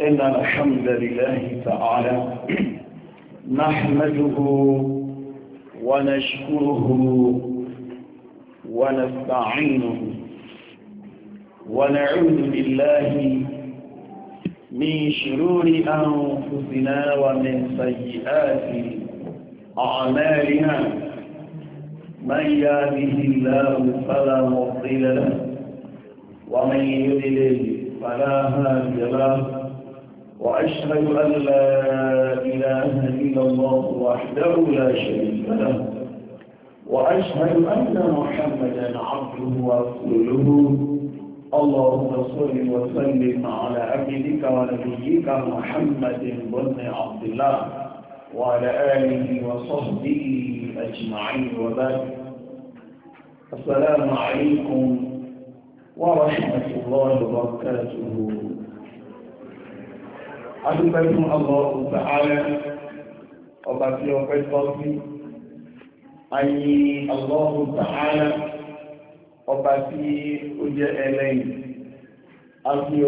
إن الحمد لله تعالى نحمده ونشكره ونستعينه ونعوذ بالله من شرور أنفسنا ومن سيئات أعمالنا من يهده الله فلا مضل له ومن يضلل فلا هادي له وأشهد أن لا إله إلا الله وحده لا شريك له وأشهد أن محمدا عبده ورسوله اللهم صل وسلم على عبدك ونبيك محمد بن عبد الله وعلى آله وصحبه أجمعين وبعد السلام عليكم ورحمة الله وبركاته adúpẹ́ fún ọmọ ọ̀gbà ààrẹ ọba tí ọpẹ́ sí ayé ọba tí ó jẹ́ ẹlẹ́yìn a fi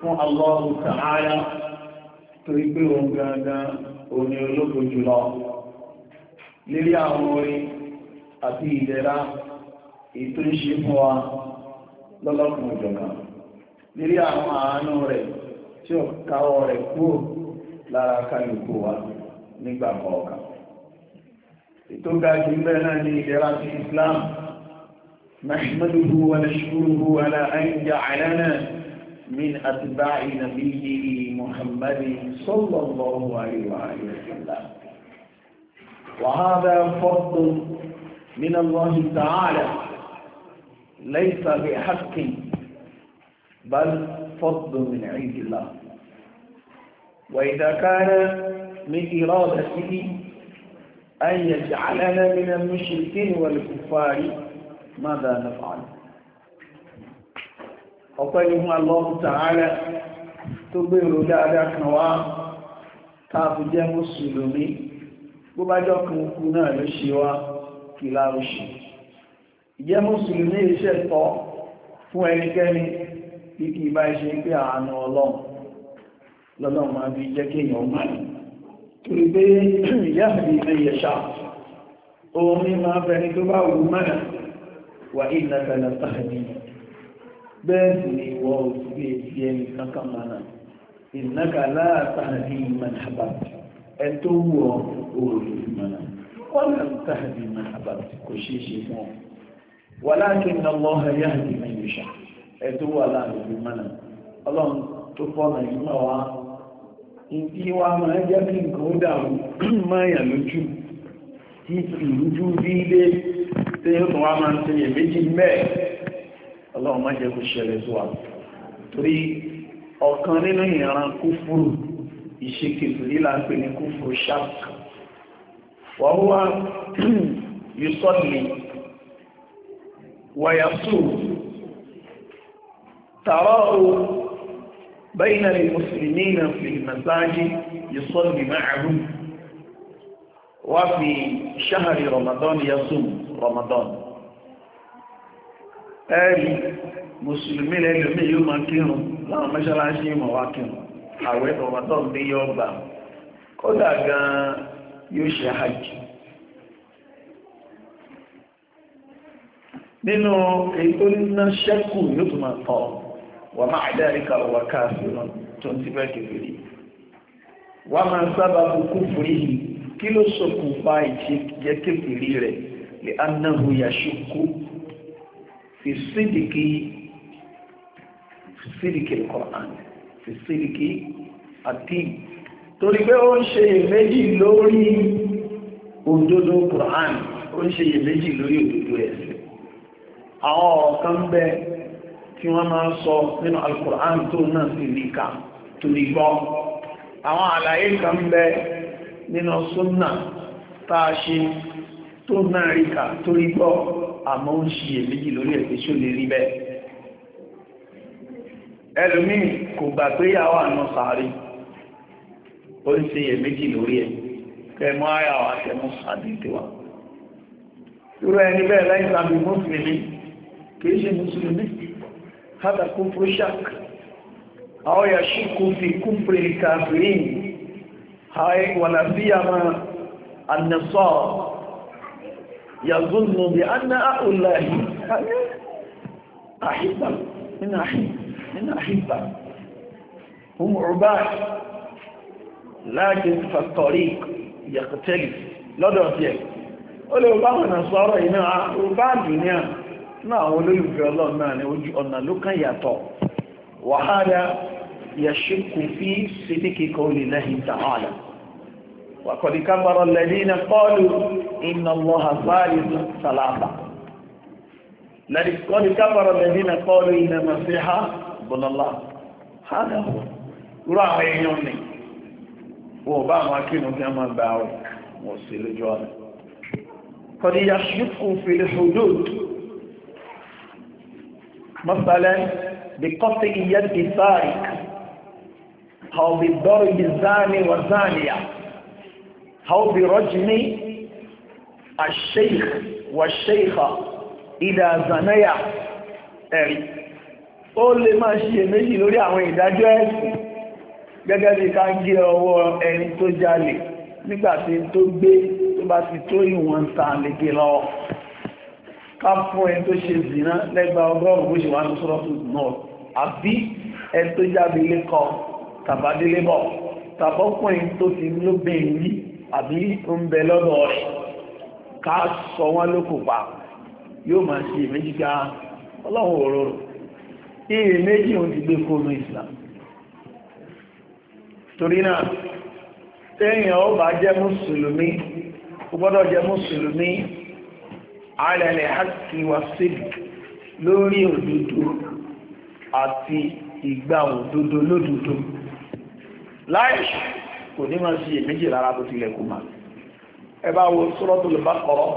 fún ọlọ́run tààrà torí pé òun òní olóko jùlọ lérí àwọn orin àti fún wa lọ́lọ́kùnrin lérí àwọn àánú tí ó káwọ́ rẹ̀ kúrò lára kálukú wa nígbà kọ̀ọ̀kan. ètò ga jù bẹ́ẹ̀ náà ní ìlera ti Islam نحمده ونشكره على أن جعلنا من أتباع نبيه محمد صلى الله عليه وآله وسلم وهذا فضل من الله تعالى ليس بحق بل فضل من عند الله وإذا كان من إرادته أن يجعلنا من المشركين والكفار ماذا نفعل أطيبها الله تعالى تبير دارك نواه تابجه مسلمين bó bá jọ kan kú náà ló ṣe wá kí bí kí bá ṣe pé àánú ọlọ́run lọ́lọ́run máa fi jẹ́ kí èèyàn máa ní torí pé ìyá mi ilé yẹ̀ṣà òun ní máa fẹni tó bá wù mọ́nà wà ìlà kàlà tààdì bẹ́ẹ̀ sì ni ìwọ òsìgbè ti ẹni kankan mọ́nà ìnáka látàdì mọ́nàbà ẹ tó wù ọ òòrùn mọ́nà wọ́n lè tàdì mọ́nàbà kò ṣeé ṣe fún ọ wàlákin Allah yahdi man ẹ̀tọ́ wà láàrin ìlú mọ́nà ọlọ́run tó fọ́nà ìmọ̀ wa ìdí wa máa jẹ́ kí nǹkan ó dàrú mọ́yà lójú tí ìrújú dídé tí ó tún wá máa ń tẹ̀yẹ̀ méjì mẹ́ẹ̀ ọlọ́run má jẹ́ kó ṣẹlẹ̀ tó wa torí ọ̀kan nínú ìran kúfúrù ìṣekèfèrí là ń pè ní kúfúrù ṣák wọ́n wá yusọ́ọ̀lì wàyàsùn تراه بين المسلمين في المساجد يصلي معهم وفي شهر رمضان يصوم رمضان ẹ̀rí mùsùlùmí lẹ́lùmí yóò máa kírun láwọn mẹ́ṣáláṣí ìmọ̀ na kírun àwẹ̀ rọ̀mọ́tọ́n ní yóò gbà kódà gan yóò ṣe hajj nínú èyí tó ní ṣẹ́kù yóò tún máa wà máa dárìkà wà káàsì náà tó ń tibẹ̀ kẹfìrí wà máa sábà kú fúri yìí kí ló ṣokùnfà ìjẹ́ kẹfìrí rẹ̀ lè anáhu yasukú fi sídìkì fi sídìkì kọ̀ọ̀án fi sídìkì àti torí pé ó ń ṣe iyèméjì lórí òdodo kọ̀ọ̀án ó ń ṣe iyèméjì lórí òdodo ẹ̀sìn àwọn ọ̀kan bẹ́ẹ̀ tí wọ́n máa ń sọ nínú alukur'an tó náà sì ní ká tó ní gbọ́ àwọn àlàyé kan bẹ nínú súnà tá a ṣe tó náà rí ká tó rí gbọ́ àmọ́ ń ṣe èméjì lórí ẹ̀fẹ́ ṣó lè rí bẹ́ẹ̀ ẹlòmíì kò gbà pé yàwó àna sàárì ó ń ṣe èméjì lórí ẹ̀ kẹmọ́ àyàwó àtẹmọ́ sàdédé wa irú ẹni bẹ́ẹ̀ lẹ́yìn tàbí mùsùlùmí هذا كفر شك أو يشك في كفر الكافرين هاي ولا سيما النصارى يظن بأن الله أحبة من أحبة من أحبة هم عباد لكن في الطريق يختلف لا دوت ولو بعض النصارى هنا عباد هنا náà àwọn olólùfẹ́ ọlọ́run náà ní ojú ọ̀nà ló kàn yàtọ̀ wàhálà yẹ̀ṣíkù fi sídìkì kan lè lẹ́yìn tàhálà kò kábàrọ̀ tààlà náà kọ́ọ̀lù iná lọ́ha báyìí sàlàbà لقد كفر الذين قالوا إن المسيح ابن الله هذا هو rọ àwọn èèyàn ni wọ́n bá àwọn akínú kí wọ́n máa gba àwọn wọ́n sí lójú ọ̀nà kọ̀díyà ṣùkú fil hudud مثلا بقطع يد سارق أو بضرب الزاني والزانية أو برجم الشيخ والشيخة إذا زنيا أري ó lè máa ṣe méjì lórí àwọn ìdájọ́ ẹ̀sìn gẹ́gẹ́ bí ká gé ọwọ́ ẹni tó jalè nígbàtí tó gbé tó bá ti tó ìwọ̀n ta lè gé lọ́wọ́ ká fún ẹ tó ṣe zìnà lẹ́gbà ọgọ́rùn-ún bó ṣe wà ní sọ́rọ́tù náà àbí ẹ tó jáde ilé kọ tàbádélé bọ̀ tàbọ́kùnrin tó ti lóbìnrin yìí àbí ń bẹ lọ́dọ̀ rẹ̀ ká sọ wọ́n lókò pa yóò máa ṣe èméjì ká ọlọ́run òróró iye méjì òun ti gbé kó Islam torí náà tẹ́yìn ọ bá jẹ́ mùsùlùmí ó gbọ́dọ̀ jẹ́ mùsùlùmí alẹ́lẹ̀ hàkì wà sílì lórí òdodo àti ìgbà òdodo lódodo láì kò ní máa ṣe èméjì rárá tó tilẹ̀ kò máa ẹ bá wo Suratul Baqara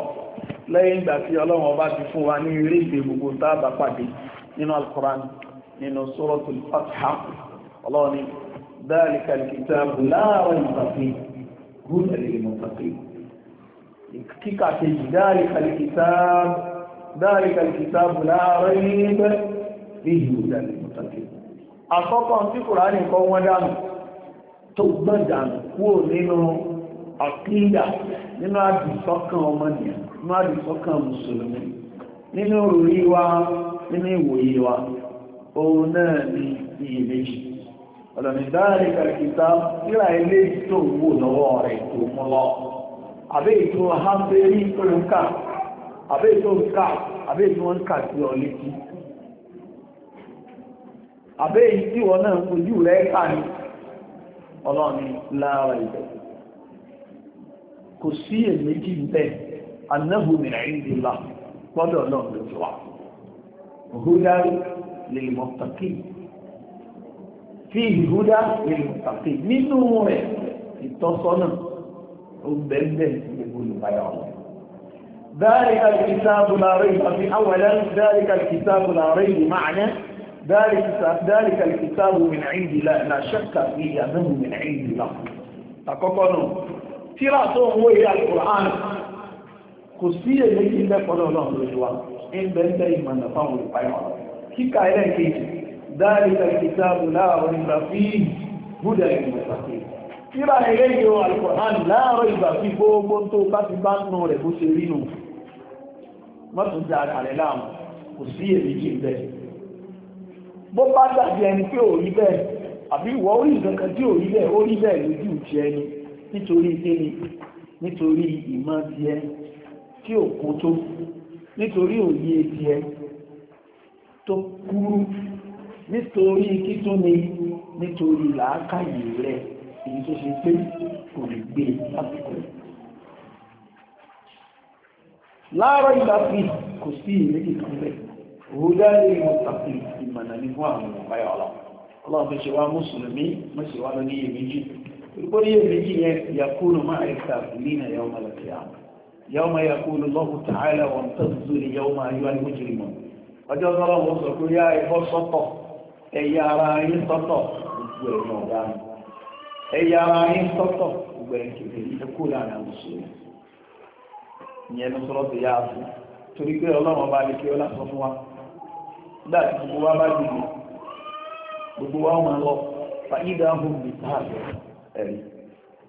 lẹ́yìn ìgbà tí ọlọ́run ọba ti fún wa ní eré ìgbè gbogbo tá a bá pàdé nínú Al-Qur'an nínú Suratul Fatiha ọlọ́run ní dhalika al-kitabu la rayba fihi hudan lil-muttaqin kíkà kejì dhalika al-kitab dhalika al-kitab la rayba fihi hudan lil-muttaqin àkọ́kọ́ tí kùránì kọ́ wọ́n dánù tó gbọ́dànù kúrò nínú àkídà nínú àdìsọ́kàn ọmọnìyàn nínú àdìsọ́kàn mùsùlùmí nínú orí wa nínú àbẹ́ ètò àhámbérí òǹkà àbẹ́ ètò òǹkà àbẹ́ ètò wọ́n ń kà sí ọ létí àbẹ́ èyí tí wọ́n náà ojú rẹ̀ kà ní ọlọ́ni lára ìbẹ̀ kò sí èméjì bẹ́ annahu min indillah gbọ́dọ̀ náà ló ìtọ́sọ́nà ذلك الكتاب لا ريب في أولا ذلك الكتاب لا ريب معنى ذلك ذلك الكتاب من عند لا لا شك فيه انه من عند الله تكونوا ترى صوم هو إلى القرآن خصية لكي لا قدر الله رجوع إن بنت من فهو القيام كي كائنا ذلك الكتاب لا ريب فيه هدى المتقين kíra ẹ̀rẹ́ yíò alùkọ̀hán láàárọ̀ ìgbà fi gbogbo tó bá ti bá nù rẹ̀ bó ṣe rínú mọ́tún já àkàrẹ̀ láàmù kò sí èmi jì bẹ́ẹ̀ bó bá dàbí ẹni pé ò rí bẹ́ẹ̀ àbí ìwọ orí tí ò rí bẹ́ẹ̀ ó rí bẹ́ẹ̀ lójú ti ẹni nítorí kíni nítorí ìmọ̀ ti ẹ tí ò kó tó nítorí ti ẹ tó kúrú nítorí nítorí làákàyè tó ṣe pé kò lè gbé lásìkò láàárọ̀ ìlàfí kò sí ìrètí kan bẹ́ẹ̀ òhúdá ní ìmọ̀tàfí ìmọ̀nà ní fún àwọn ọ̀páyà ọlọ́run ọlọ́run fi ṣe wá mùsùlùmí mọ́ṣẹ̀ wá lóní èméjì orúkọ ní èméjì yẹn yakúnù máa ẹ̀ka lẹ́nà yàwó malàkíyà yàwó máa yakúnù lọ́hùn tààlà wọn tó zúri yàwó máa yọ ẹ̀yà ara yín sọ́tọ̀ gbẹ̀rẹ̀ ẹ̀kú láàrin àwọn mùsùlùmí ìyẹn ló sọ̀rọ̀ sí yáa fún torí pé ọlọ́run ọba ní kí ọlá sọ fún wa nígbà tí gbogbo wa bá dìbò gbogbo wa máa lọ fàyídà ahùn mi táàbì ẹ̀rí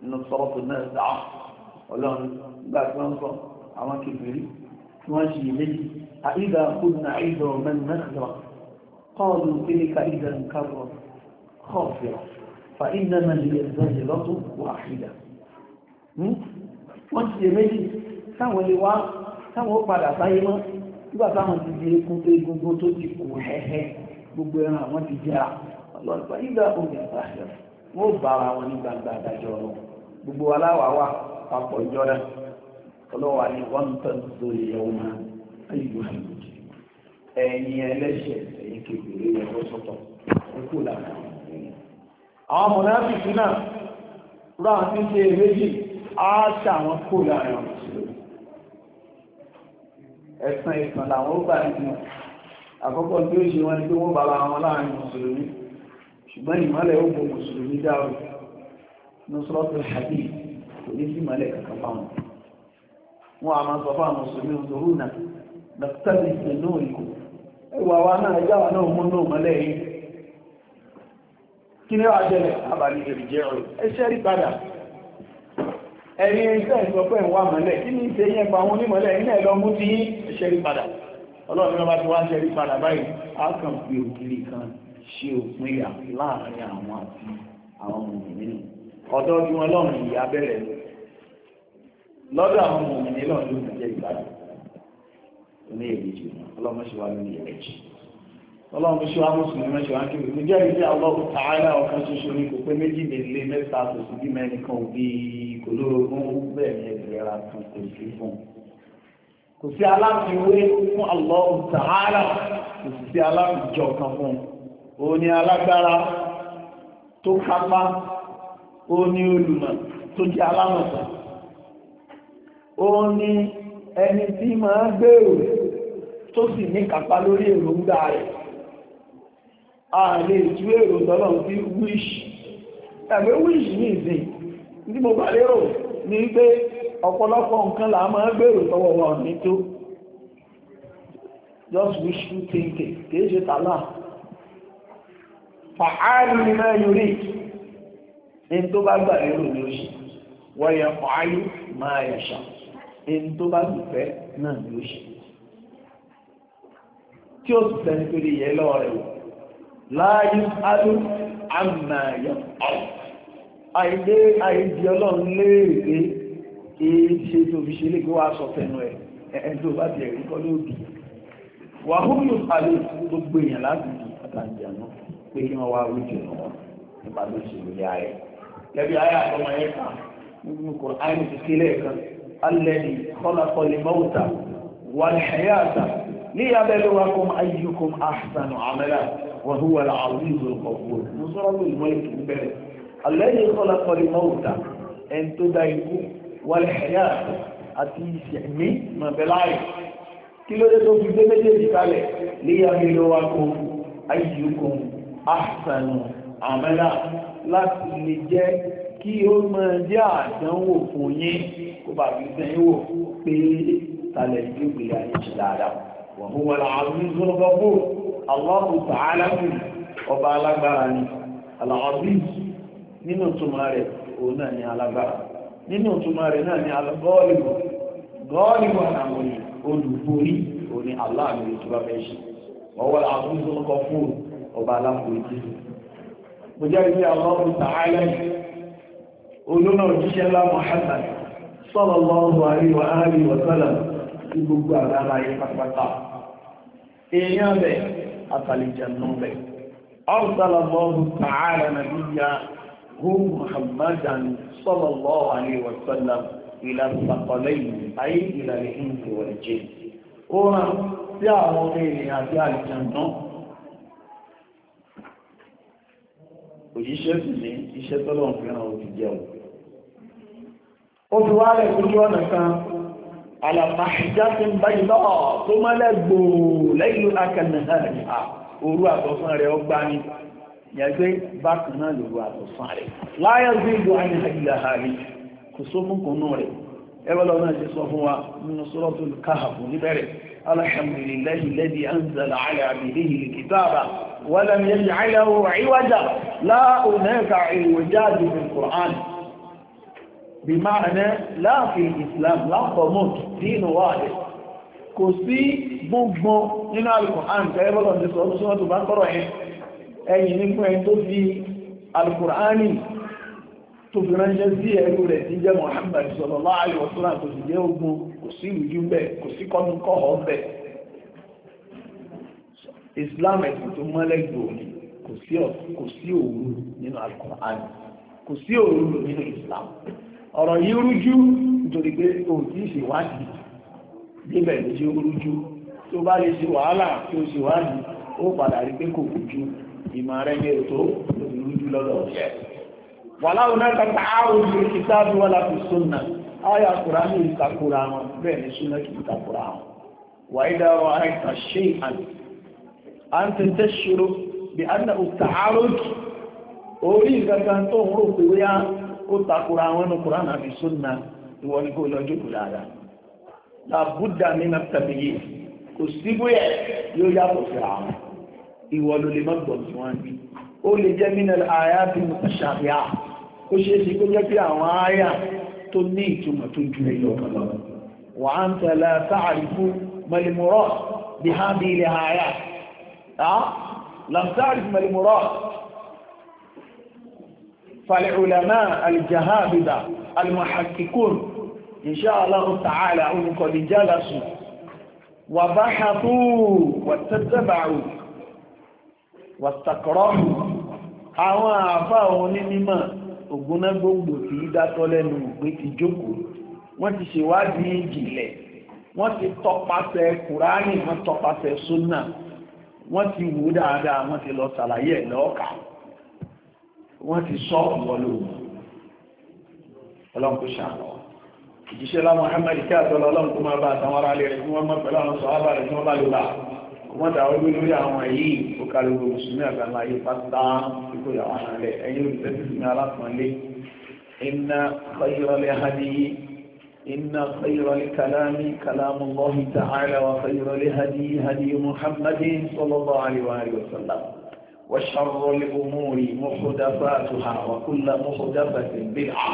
nínú sọ̀rọ̀ tó náà dáa ọlọ́run nígbà tí wọ́n sọ àwọn kìkìrì tí wọ́n ṣì lé àìdá kúnnà àìdá ọ̀mẹ́ni mẹ́sàn-án kọ́ọ̀lù kílíkà ìdá nǹkan kọ́ọ̀fì فإنما هي زجرة واحدة wọ́n ti ṣe méjì táwọn lè wá táwọn padà sáyé mọ́ nígbà táwọn ti di egun tó egungun tó ti kù hẹ́hẹ́ gbogbo ẹran àwọn ti jẹ́ra ọlọ́ọ̀pá nígbà omi àbáṣẹ wọ́n bá ara wọn ní gbangba àdájọ́ ọ̀rọ̀ gbogbo aláwà wà papọ̀ ìjọra ọlọ́wà ni wọ́n ń tọ́ lórí ẹ̀wọ̀n máa ń yọ ẹ̀yìn ẹlẹ́ṣẹ̀ ẹ̀yìn kékeré ẹ̀kọ́ sọ́tọ̀ ẹ̀kú làwọn àwọn mọ̀náfíìsì náà rá àti ṣe méjì áṣà àwọn kò láàrin ọ̀nà ẹ̀sàn ìsàn làwọn ó gbà nínú àkọ́kọ́ tí ó ṣe wọ́n ni pé wọ́n bàbá wọn láàrin mùsùlùmí ṣùgbọ́n ìmọ́lẹ̀ ó mùsùlùmí hadith kò ní sí ìmọ́lẹ̀ kankan fáwọn wọn a máa sọ fáwọn mùsùlùmí òṣòro náà dr ìsìn náà ẹwà wa náà kí ní wà jẹ́lẹ̀ àbàlì ìrìjẹ́ ọ̀rọ̀ ẹṣẹ́ rí padà ẹ̀rí iṣẹ́ ìsọpẹ́ ìwà mọ̀lẹ̀ kí ní ṣe yẹn pa àwọn onímọ̀lẹ̀ ní ẹ̀lọ mú ti ẹṣẹ́ rí padà ọlọ́run bá ti wá ṣe rí padà báyìí a kàn fi ògiri kan ṣe òpin yà láàrin àwọn àti àwọn mòmìnì ọ̀dọ́ tí wọn lọ́rùn yìí abẹ́rẹ́ lọ́dọ̀ àwọn mòmìnì lọ́rùn ló ti jẹ́ ìpadà ní èrè jù ọlọ́mọṣẹ́wá lórí ẹ̀rẹ́ jù ọlọ́run ṣe wá mùsùlùmí mẹ́ṣẹ̀ wá kí mo jẹ́ ìdí Allahu Ta'ala ọ̀kan ṣoṣo ní kò pé méjì lè lé mẹ́ta kò sí bí mẹ́rin kan bí kò lórogún bẹ́ẹ̀ ni ẹgbẹ̀rẹ̀ kan kò sí fún kò sí aláfiwé fún Allahu Ta'ala kò sì sí aláfijọ kan fún òun ni alágbára tó kápá òun ni olùmọ̀ tó jẹ́ alámọ̀tà òun ni ẹni tí máa gbèrò tó sì ní kápá lórí èròǹgbà rẹ̀ ààlè ìtú èrò tọ́lọ̀ sí wish ẹ̀mẹ́ wish ní ìsìn tí mo bá lérò ní pé ọ̀pọ̀lọpọ̀ nǹkan là máa ń gbèrò tọwọ́ wọn ní tó just wishful thinking kìí ṣe tàlà fàáàlì ní náà yorí in tó bá gbà lérò ní oṣù wọ́yẹ fàáàlì máa yẹ̀ṣà in tó bá gbùfẹ́ náà ní oṣù tí ó sì tẹ́ni pé yẹ rẹ̀ wọ̀ láàyè alú àmàyà àìdé àìdí ọlọ́run léèrè èé ṣe tó fi ṣe lè kó wá sọ fẹ́nu ẹ̀ ẹ̀ tó bá ti ẹ̀rí kọ́ lóòdì wàhúrù àlè gbogbo èèyàn láti di àtàǹjà náà pé kí wọ́n wá rújù wọn nípa tó ṣe lórí ayẹ lẹ́bí ayé àtọmọ yẹn kà nínú kò ayé ti kílẹ̀ kan alẹ́ ní kọ́lákọ́lé mọ́wúta wàlẹ̀ ẹ̀yà àtà ní abẹ́lẹ́wà kọ́m ayyukum ahsanu amala وهو العزيز الغفور نصره الملك البارد الذي خلق الموت ان تدايكو والحياة àti ìṣẹ̀mí mọ̀bẹ̀láì kí ló dé tó fi gbé méjèèjì kalẹ̀ léyàmílò wa kó ayyukum ahsanu amala láti lè jẹ́ kí ó máa jẹ́ àdánwò fún yín kó bá fi sẹ́yìn wò pé talẹ̀ ìdíògbè àyíṣẹ́ dáadáa wọ́n mú wọn làwọn ní sọ́lọ́gbọ́n Allahu ta'ala ọba alágbára ni alàọ́bí nínú ìtumọ̀ rẹ̀ òun náà ni alágbára nínú ìtumọ̀ rẹ̀ náà ni gọ́ọ̀lìbọ̀ gọ́ọ̀lìbọ̀ àwọn olùborí òun ni aláàmì ìtura fẹ́ ṣe ọwọ́ àbúrúsọ ń kọ fún ọba aláforíjì mo jẹ́ ilé Allahu ta'ala olóná òjíṣẹ́ ńlá Muhammad sallallahu afàlìjànú rẹ̀ ọ̀sálàmọ́rù tààrà nàbíyà hún muhammadan sallallahu alaihi wasallam ìlà sàkọlẹ́yìn ayé ìlàlẹ̀ ìǹkì wọ̀ jẹ́ ó rán sí àwọn ènìyàn àti àlìjànú òjíṣẹ́ sì ní iṣẹ́ tọ́lọ̀ alàmàṣíjáfin báyìí náà tó mọ́lẹ̀ gbòò lẹ́yìn akẹ́nà náà òru àtọ̀sán rẹ̀ ó gbá ní yẹgbẹ́ bákan náà lòru àtọ̀sán rẹ̀ láyé sí ìlú àyíká àárín kò sómùkùnú rẹ̀ ẹgbẹ́lọ náà ti sọ fún wa nínú suratul Kahf níbẹ̀rẹ̀ alhamdulillahi alladhi anzala ala abdihi alkitaba wa bìmáàrẹ láàfin islam láàpọ̀mọ́t dínú wáàdẹ̀ kò sí gbogbo nínú Al-Qur'an tẹ́rẹ́bọ́lọ̀ ti sọ ọ́sọ́ tó bá kọ́rọ̀ ẹ̀ ẹ̀yìn ní fún ẹni tó fi Al-Qur'ani tó fi ránṣẹ́ sí ẹrú rẹ̀ tí jẹ́ Muhammad sallallahu alaihi wasallam kò sì sí ìrújú nínú al kò sí òru nínú islam ọ̀rọ̀ yìí rújú nítorí pé o ti ṣèwádìí débẹ̀ ló ṣe rújú tó bá lè ṣe wàhálà tí ó ṣèwádìí ó padà rí pé kò rújú ìmọ̀ rẹ̀ ní ètò òfin rújú lọ́dọ̀ ọ̀ṣẹ́ wàláwù náà kàtà áwùn ní kìtàbí wà láti sunna áyà kùrá ní ìtakùrà wọn bẹ́ẹ̀ ní sunna kì orí ìgbàgbà tó ń rò pé wíyá ó takora àwọn ẹnu kùránà àbí súnà ìwọ ni kó lọ jókòó lára làbúdà mi náà tàbí yìí kò sí bóyá yóò yàtọ̀ sí àwọn ìwọ ló lè má gbọ̀n tí wọ́n bí ó lè jẹ́ mínal àyà bí mo ṣàbíà ó ṣe é ṣe kó jẹ́ pé àwọn àyà tó ní ìtumọ̀ tó ju èyí ọ̀kan wà á ń tẹ̀lé sáàrífù mẹlẹmọ́rọ̀ bí hábí ilẹ̀ àyà láǹtàrífù mẹlẹmọ́rọ̀ فالعلماء الجهابدة المحققون إن شاء الله تعالى هم قد وبحثوا واتتبعوا واستقرموا àwọn àfáà onímọ̀ ògúnná gbogbo tí í dátọ́ lẹ́nu ògbé ti jókòó wọ́n ti ṣèwádìí ìjìnlẹ̀ wọ́n ti tọpasẹ̀ kùránì wọ́n tọpasẹ̀ súnà wọ́n ti wò dáadáa wọ́n ti lọ ṣàlàyé ẹ̀ wọ́n ti sọ ìwọlò wọn ọlọ́nkú ṣàlọ́ ìjíṣẹ́ láwọn Muhammad kí àtọ́lọ ọlọ́nkú máa bá àtàwọn ará rẹ̀ tí wọ́n mọ́ pẹ̀lú àwọn sọ̀hábà rẹ̀ tí wọ́n bá lò bá wọ́n tàwọn gbé lórí àwọn èyí ó kárí gbogbo mùsùlùmí àgbàlá yìí pátá ikú ìyàwó àwọn rẹ̀ ẹ̀yìn olùtẹ́sí sí alápọ̀nlé iná kọ́yọ́lẹ́ hadiyi iná kọ́yọ́lẹ́ kalámi kalamu lọ́hìtà àìlẹ́wà kọ́yọ́lẹ́ hadiyi hadiyi Muhammadin sallallahu alaihi wa sallam وشر الأمور محدثاتها وكل محدثة بدعة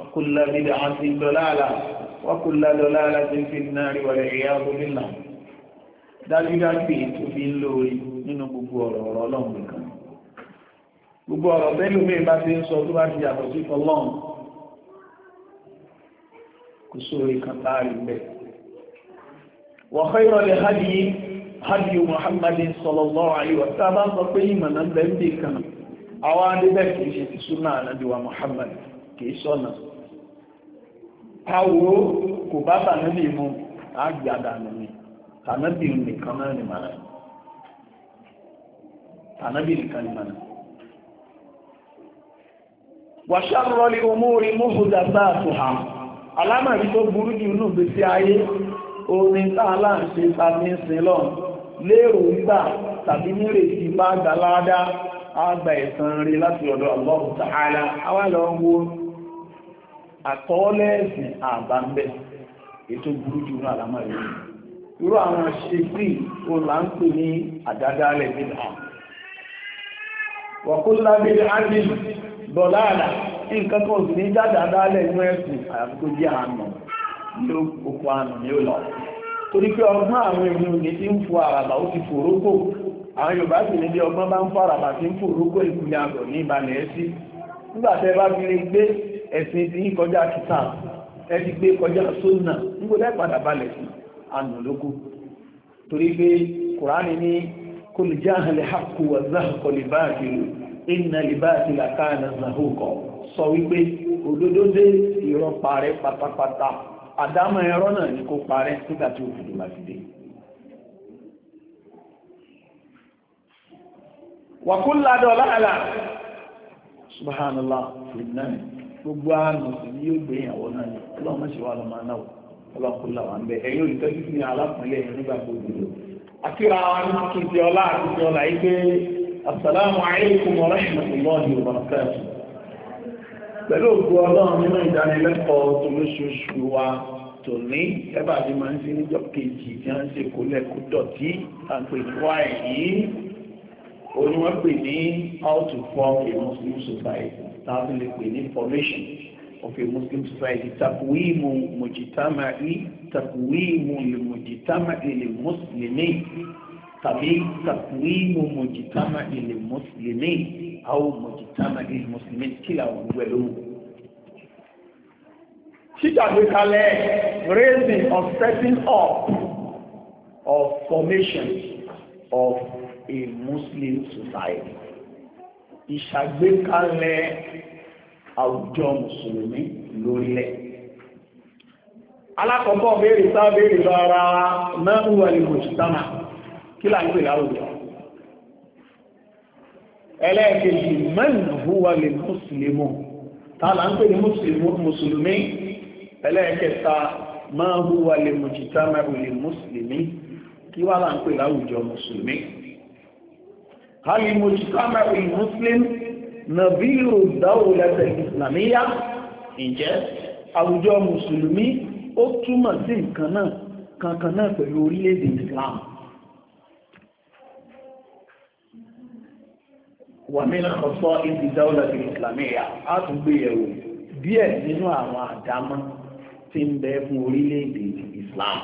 وكل بدعة ضلالة وكل ضلالة في النار والعياذ بالله dájúdájú ètò fi ń lórí nínú gbogbo ọ̀rọ̀ ọ̀rọ̀ ọlọ́run nìkan gbogbo ọ̀rọ̀ bẹ́lú mi bá ti ń sọ tó bá ti yàtọ̀ sí ọlọ́run kò sóore kan táàrí bẹ́ẹ̀ wọ̀kọ́ ìrọ̀lẹ̀ hádìí Hadi Muhammadu sallallahu alaihi wa ta bá sọ mana ìmọ̀nà ń bẹ ń bè kan àwọn adébẹ̀ kìí ṣe ti súnà ànábíwa muhammad kìí sọ́nà táwo kò bá tànábì mu àgbàdà nìmi tànábì nìkan ni màrà tànábì nìkan ni màrà wàṣàrọ̀lì omóorí mọ́hùdá sáàtù ha alámàrí tó burú jù nù gbèsè si ta lérò ńgbà tàbí nírètí bá gbàládá àgbà ẹ̀sán rí láti ọ̀dọ̀ Allah Ta'ala awálọ̀ wo àtọ́ọ́lẹ́ẹ̀sì àbámbẹ́ ètò burú jù náà lámà rẹ̀ irú àwọn ṣèṣì òun là ń pè ní àdádálẹ̀ bíbá wàkúlá bíi ádìlì bọ̀láàlà nǹkan kan sì ní dáadáa ẹ̀sìn àánú torí pé ọgbọ́n àwọn ènìyàn ní ti ń fò àràbà ó ti fòrókò àwọn Yorùbá sì ní bí ọgbọ́n bá ń fò àràbà ti ń fòrókò ìpínlẹ̀ àgọ̀ ní ìbàlẹ̀ ẹ̀sí nígbà bá fi lè gbé ẹ̀sìn ti ń kọjá kìtà ẹ gbé kọjá sónà nígbà tẹ́ padà balẹ̀ sí àná lóko torí pé Kùránì ní kul jahal haqqu wa zahqa al àdámọ̀ ẹ̀rọ náà ní kó parẹ́ nígbà tí òfin ìgbà ti dé wàkúnládọ̀ láàlá subhanallah fìdínàì gbogbo ààrùn sí ní yóò gbé náà ní ọlọ́mọ sí ọlọ́kúnlá wà ń bẹ pẹ̀lú òkú ọlọ́run nínú ìdánilẹ́kọ̀ọ́ tó lóṣooṣù wa tò ní ẹbà ní máa ń sí níjọ́ kejì tí wọ́n ṣe kó lẹ́kú dọ̀tí àpèjúwà èyí oní wọ́n pè ní how to form a Muslim society tàbí lè pè ní formation of a Muslim society takwimu mujitama i lè mujitama ilẹ̀ Muslimin tàbí tàkùímù mọ̀jìtámà ilẹ̀ mùsùlùmí àwọn mọ̀jìtámà ilẹ̀ mùsùlùmí kí làwọn wẹ̀ lówó. ṣíṣàgbékalẹ̀ raising of setting up of formation of a Muslim society ìṣàgbékalẹ̀ àwùjọ mùsùlùmí lórílẹ̀. alákọ̀ọ́kọ́ béèrè sábẹ́rẹ̀ lọ ara mẹ́rùn-ún ẹ̀lẹ́gbòsítàmà kí là ń pè láwùjọ ẹlẹ́ẹ̀kejì mẹ́rin húwa lè mùsùlùmù ta là ń pè ní mùsùlùmí ẹlẹ́ẹ̀kẹta máa húwa lè mùjìtá mẹ́rin lè mùsùlùmí kí wá là ń pè láwùjọ mùsùlùmí hali mùjìtá mẹ́rin mùsùlùmí nàbírù dáwòlẹ́tẹ̀ ìsìlàmíyá ǹjẹ́ àwùjọ mùsùlùmí ó túmọ̀ sí nǹkan náà kankan náà pẹ̀lú orílẹ̀-èdè Islam wà nínú ọ̀sọ́ ibi dáúlẹ̀ ìsìlámíyà á tún gbé yẹ̀wò díẹ̀ nínú àwọn àdámọ́ tí ń bẹ fún orílẹ̀-èdè Islam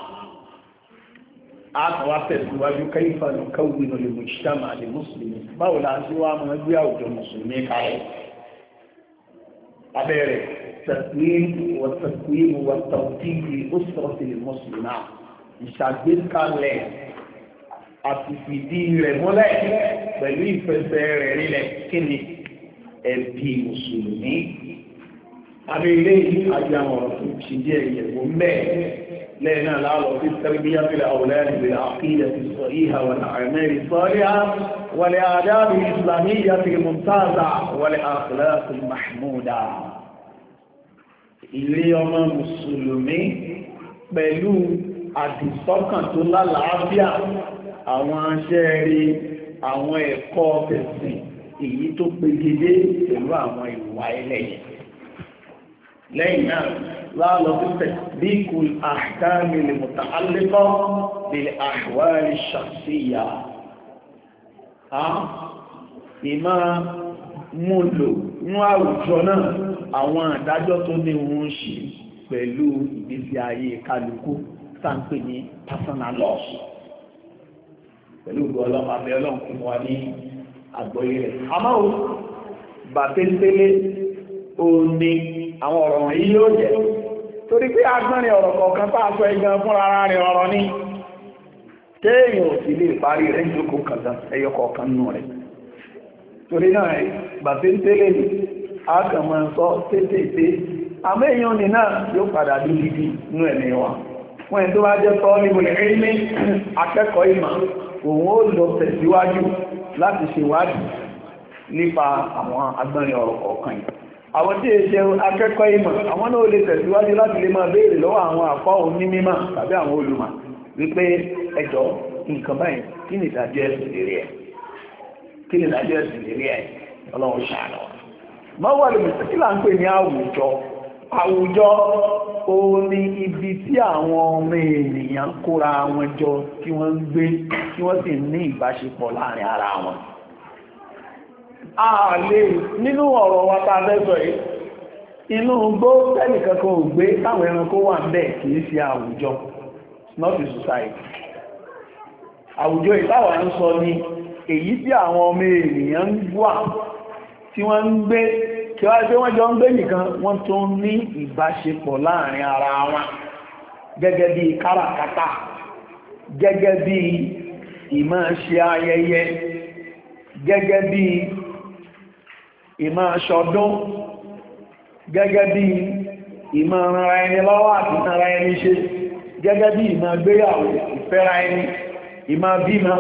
a kàn wá tẹ̀síwájú kaifa nukawwinu lil mujtama lil mùsùlùmí báwo la ṣe wá máa gbé àwùjọ mùsùlùmí kalẹ̀ abẹ́rẹ́ tẹ̀síwìn àtìfìdí rẹ̀ mọ́lẹ̀ pẹ̀lú ìfẹsẹ̀ rẹ̀ rílẹ̀ kíni ẹbí mùsùlùmí abẹ́lé àjàmọ̀ tó ti jẹ́ ìyẹ̀wò mẹ́ lẹ́yìn náà láàlọ́ sí tẹ́lẹ̀bíyà fílẹ̀ àwòlẹ́yìn bí àkíyà ti sọ ìhà wọn àmẹ́rì sọ́ríà wọlé àdáàbì islamiyya fi mumtaza wọlé àkùlẹ́sì mahmuda ilé ọmọ mùsùlùmí pẹ̀lú àdìsọ́kàn tó lálàáfíà àwọn aṣẹ́rí àwọn ẹ̀kọ́ tẹ̀sìn èyí tó pegedé pẹ̀lú àwọn ìwà ẹlẹ́yìn lẹ́yìn náà láàlọ́ tó tẹ̀ bí kò àkáàmì lè mọ̀tà alẹ́kọ́ lè àwárí ṣàṣeyà ìmá mú lò ní àwùjọ náà àwọn àdájọ́ tó ní wọ́n ṣe pẹ̀lú ìgbésí ayé kálukú sáńpé ní personal loss pẹ̀lú ìgbọ́ ọlọ́mọ abẹ́ ọlọ́run fún wa ní àgbọ́yé rẹ̀ àmọ́ ò bàtẹ́tẹ́lé òní àwọn ọ̀rọ̀ wọ̀nyí yóò jẹ́ torí pé agbọ́nrin ọ̀rọ̀ kọ̀ọ̀kan tá a sọ fún ara rẹ̀ ọ̀rọ̀ ni téèyàn ò sì lè parí rẹ̀ jókòó kàdán ẹyọ kọ̀ọ̀kan nù rẹ̀ torí náà bàtẹ́tẹ́lé ni a kàn máa ń sọ tètè àmọ́ èèyàn ni náà yóò padà bí gidi nú ẹ̀mí wa fún ẹ̀ tó bá jẹ́ sọ níbo lè rí ní akẹ́kọ̀ọ́ ìmọ̀ òun ó lọ tẹ̀síwájú láti ṣèwádìí nípa àwọn agbọ́nrin ọ̀rọ̀ kọ̀ọ̀kan yìí àwọn tí èṣe akẹ́kọ̀ọ́ ìmọ̀ àwọn náà lè tẹ̀síwájú láti lè máa béèrè lọ́wọ́ àwọn àpá òní mímọ̀ tàbí àwọn olùmọ̀ wípé ẹjọ́ nǹkan báyìí kí ni ẹ̀sìn lérí ẹ̀ ẹ̀ ọlọ́run ṣàánú. àwùjọ o ní ibi tí àwọn ọmọ ènìyàn kóra wọn jọ tí wọ́n ń gbé tí wọ́n sì ní ìbáṣepọ̀ láàrin ara wọn a lè nínú ọ̀rọ̀ wa ta fẹ́sọ̀ yìí inú gbó ò gbé táwọn ẹranko wà ń bẹ̀ ṣe àwùjọ ni èyí tí àwọn ọmọ ènìyàn wà tí wọ́n kí wá pé wọ́n jọ ń gbé nìkan wọ́n tún ní ìbáṣepọ̀ láàrin ara wọn gẹ́gẹ́ bí káràkátà gẹ́gẹ́ bí ìmọ̀ ṣe ayẹyẹ gẹ́gẹ́ bí ìmọ̀ ṣọdún gẹ́gẹ́ bí ìmọ̀ ara ẹni lọ́wọ́ àti ara ẹni ṣe gẹ́gẹ́ bí ìmọ̀ gbéyàwó ìfẹ́ra ẹni ìmọ̀ bímọ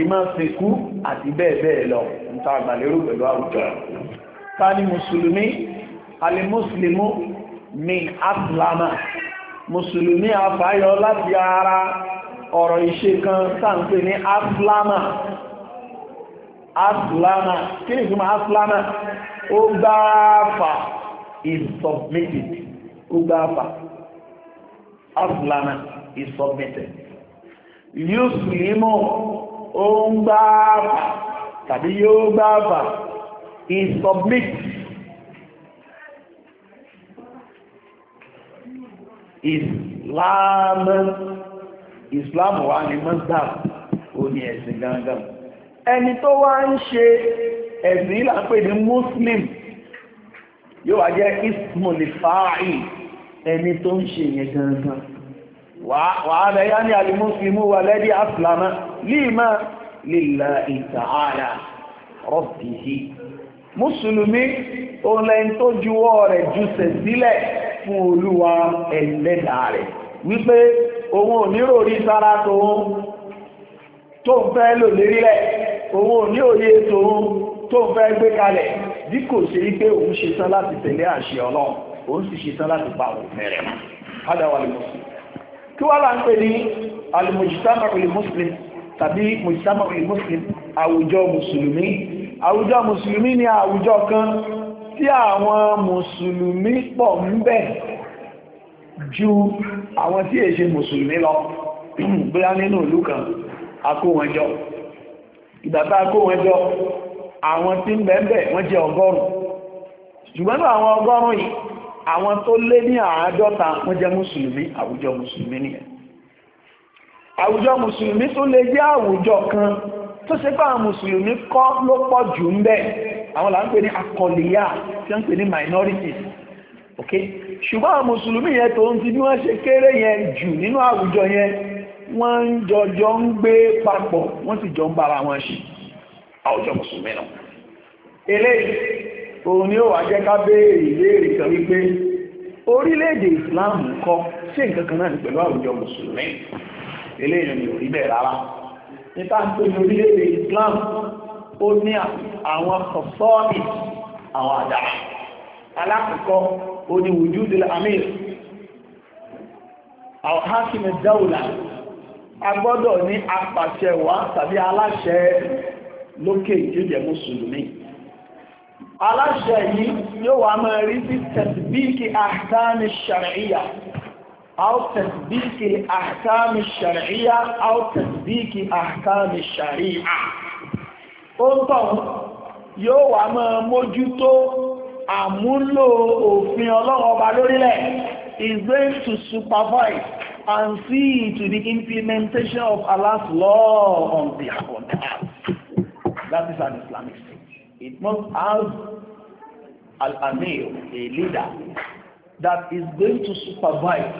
ìmọ̀ sìnkú àti bẹ́ẹ̀ bẹ́ẹ̀ lọ ń ta àgbàlérò pẹ̀lú tani mùsùlùmí alimuslimu min aslama mùsùlùmí àfàyọ láti ara ọ̀rọ̀ ìṣe kan sáǹpé ní aslama aslama kí ni ìtumọ̀ aslama ó gbáfà is submitted ó gbáfà aslama is submitted yuslimu ó ń gbáfà tàbí yóò gbáfà he submits Islam Islam wa ni mazhab ó ní ẹ̀sìn gangan ẹni tó wá ń ṣe ẹ̀sìn ìlà pè ní muslim yóò wá jẹ́ ismulifa'i ẹni tó ń ṣe yẹn gangan wàá rẹ̀ yá ní alimuslimu wà lẹ́dí aslama lima lillahi ta'ala rabbihi mùsùlùmí òun lẹ́yìn tó juwọ́ rẹ̀ jùsẹ̀ sílẹ̀ fún olúwa ẹ̀lẹ́dà rẹ̀ wípé òun ò ní ròrí sára tòun tó ń fẹ́ lò lérílẹ̀ òun ò ní òye tòun tó ń fẹ́ gbé kalẹ̀ bí kò ṣe wípé òun ṣetán láti tẹ̀lé àṣẹ ọlọ́run òun sì ṣetán láti pa òfin rẹ̀ mọ́ hádàwà àwùjọ mùsùlùmí ni àwùjọ kan tí àwọn mùsùlùmí pọ̀ ń bẹ̀ ju àwọn tí èṣe mùsùlùmí lọ bóyá nínú ìlú kan akówọnjọ ìgbàtà akówọnjọ àwọn tí ń bẹ̀ẹ̀bẹ̀ wọ́n jẹ́ ọgọ́rùn ṣùgbọ́n àwọn ọgọ́rùn yìí àwọn tó lé ní àádọ́ta wọ́n jẹ́ mùsùlùmí àwùjọ mùsùlùmí nìyẹn àwùjọ mùsùlùmí tó lè jẹ́ àwùjọ kan tó ṣe pé àwọn mùsùlùmí kọ́ ló pọ̀ jù ń bẹ àwọn là ń pè ní akọlìyà tí wọ́n ń pè ní minorities ok ṣùgbọ́n àwọn mùsùlùmí yẹn tó ń ti bí wọ́n ṣe kéré yẹn jù nínú àwùjọ yẹn wọ́n ń jọjọ ń gbé papọ̀ wọ́n sì jọ ń bára wọn ṣe àwùjọ mùsùlùmí náà eléyìí òun ni ó wà jẹ́ ká béèrè ìbéèrè kan wípé orílẹ̀-èdè Islam kọ́ ṣé nǹkan kan náà pẹ̀lú àwùjọ mùsùlùmí eléyìí ni ò rí bẹ́ẹ̀ rárá nípa tó ní orílẹ̀-èdè Islam ó ní àwọn kọ̀sọ́ọ̀nì àwọn àdá alákọ̀ọ́kọ́ ó ní wùjúdì amir àwọn hákìmì dáúlà agbọ́dọ̀ ní apàṣẹ wà tàbí aláṣẹ lókè ìjọ́jẹ̀ mùsùlùmí aláṣẹ yìí yóò wà máa rí sí tẹ̀síbíkì àhkámi ṣàríyà أو تثبيت الأحكام الشرعية أو تثبيت أحكام الشريعة Oúntọ̀un yóò wà máa mójútó àmúlò òfin ọlọ́run ọba lórílẹ̀ is going to supervise and see to the implementation of Allah's law on the earth. That is an Islamic state. It must have an amir, a leader, that is going to supervise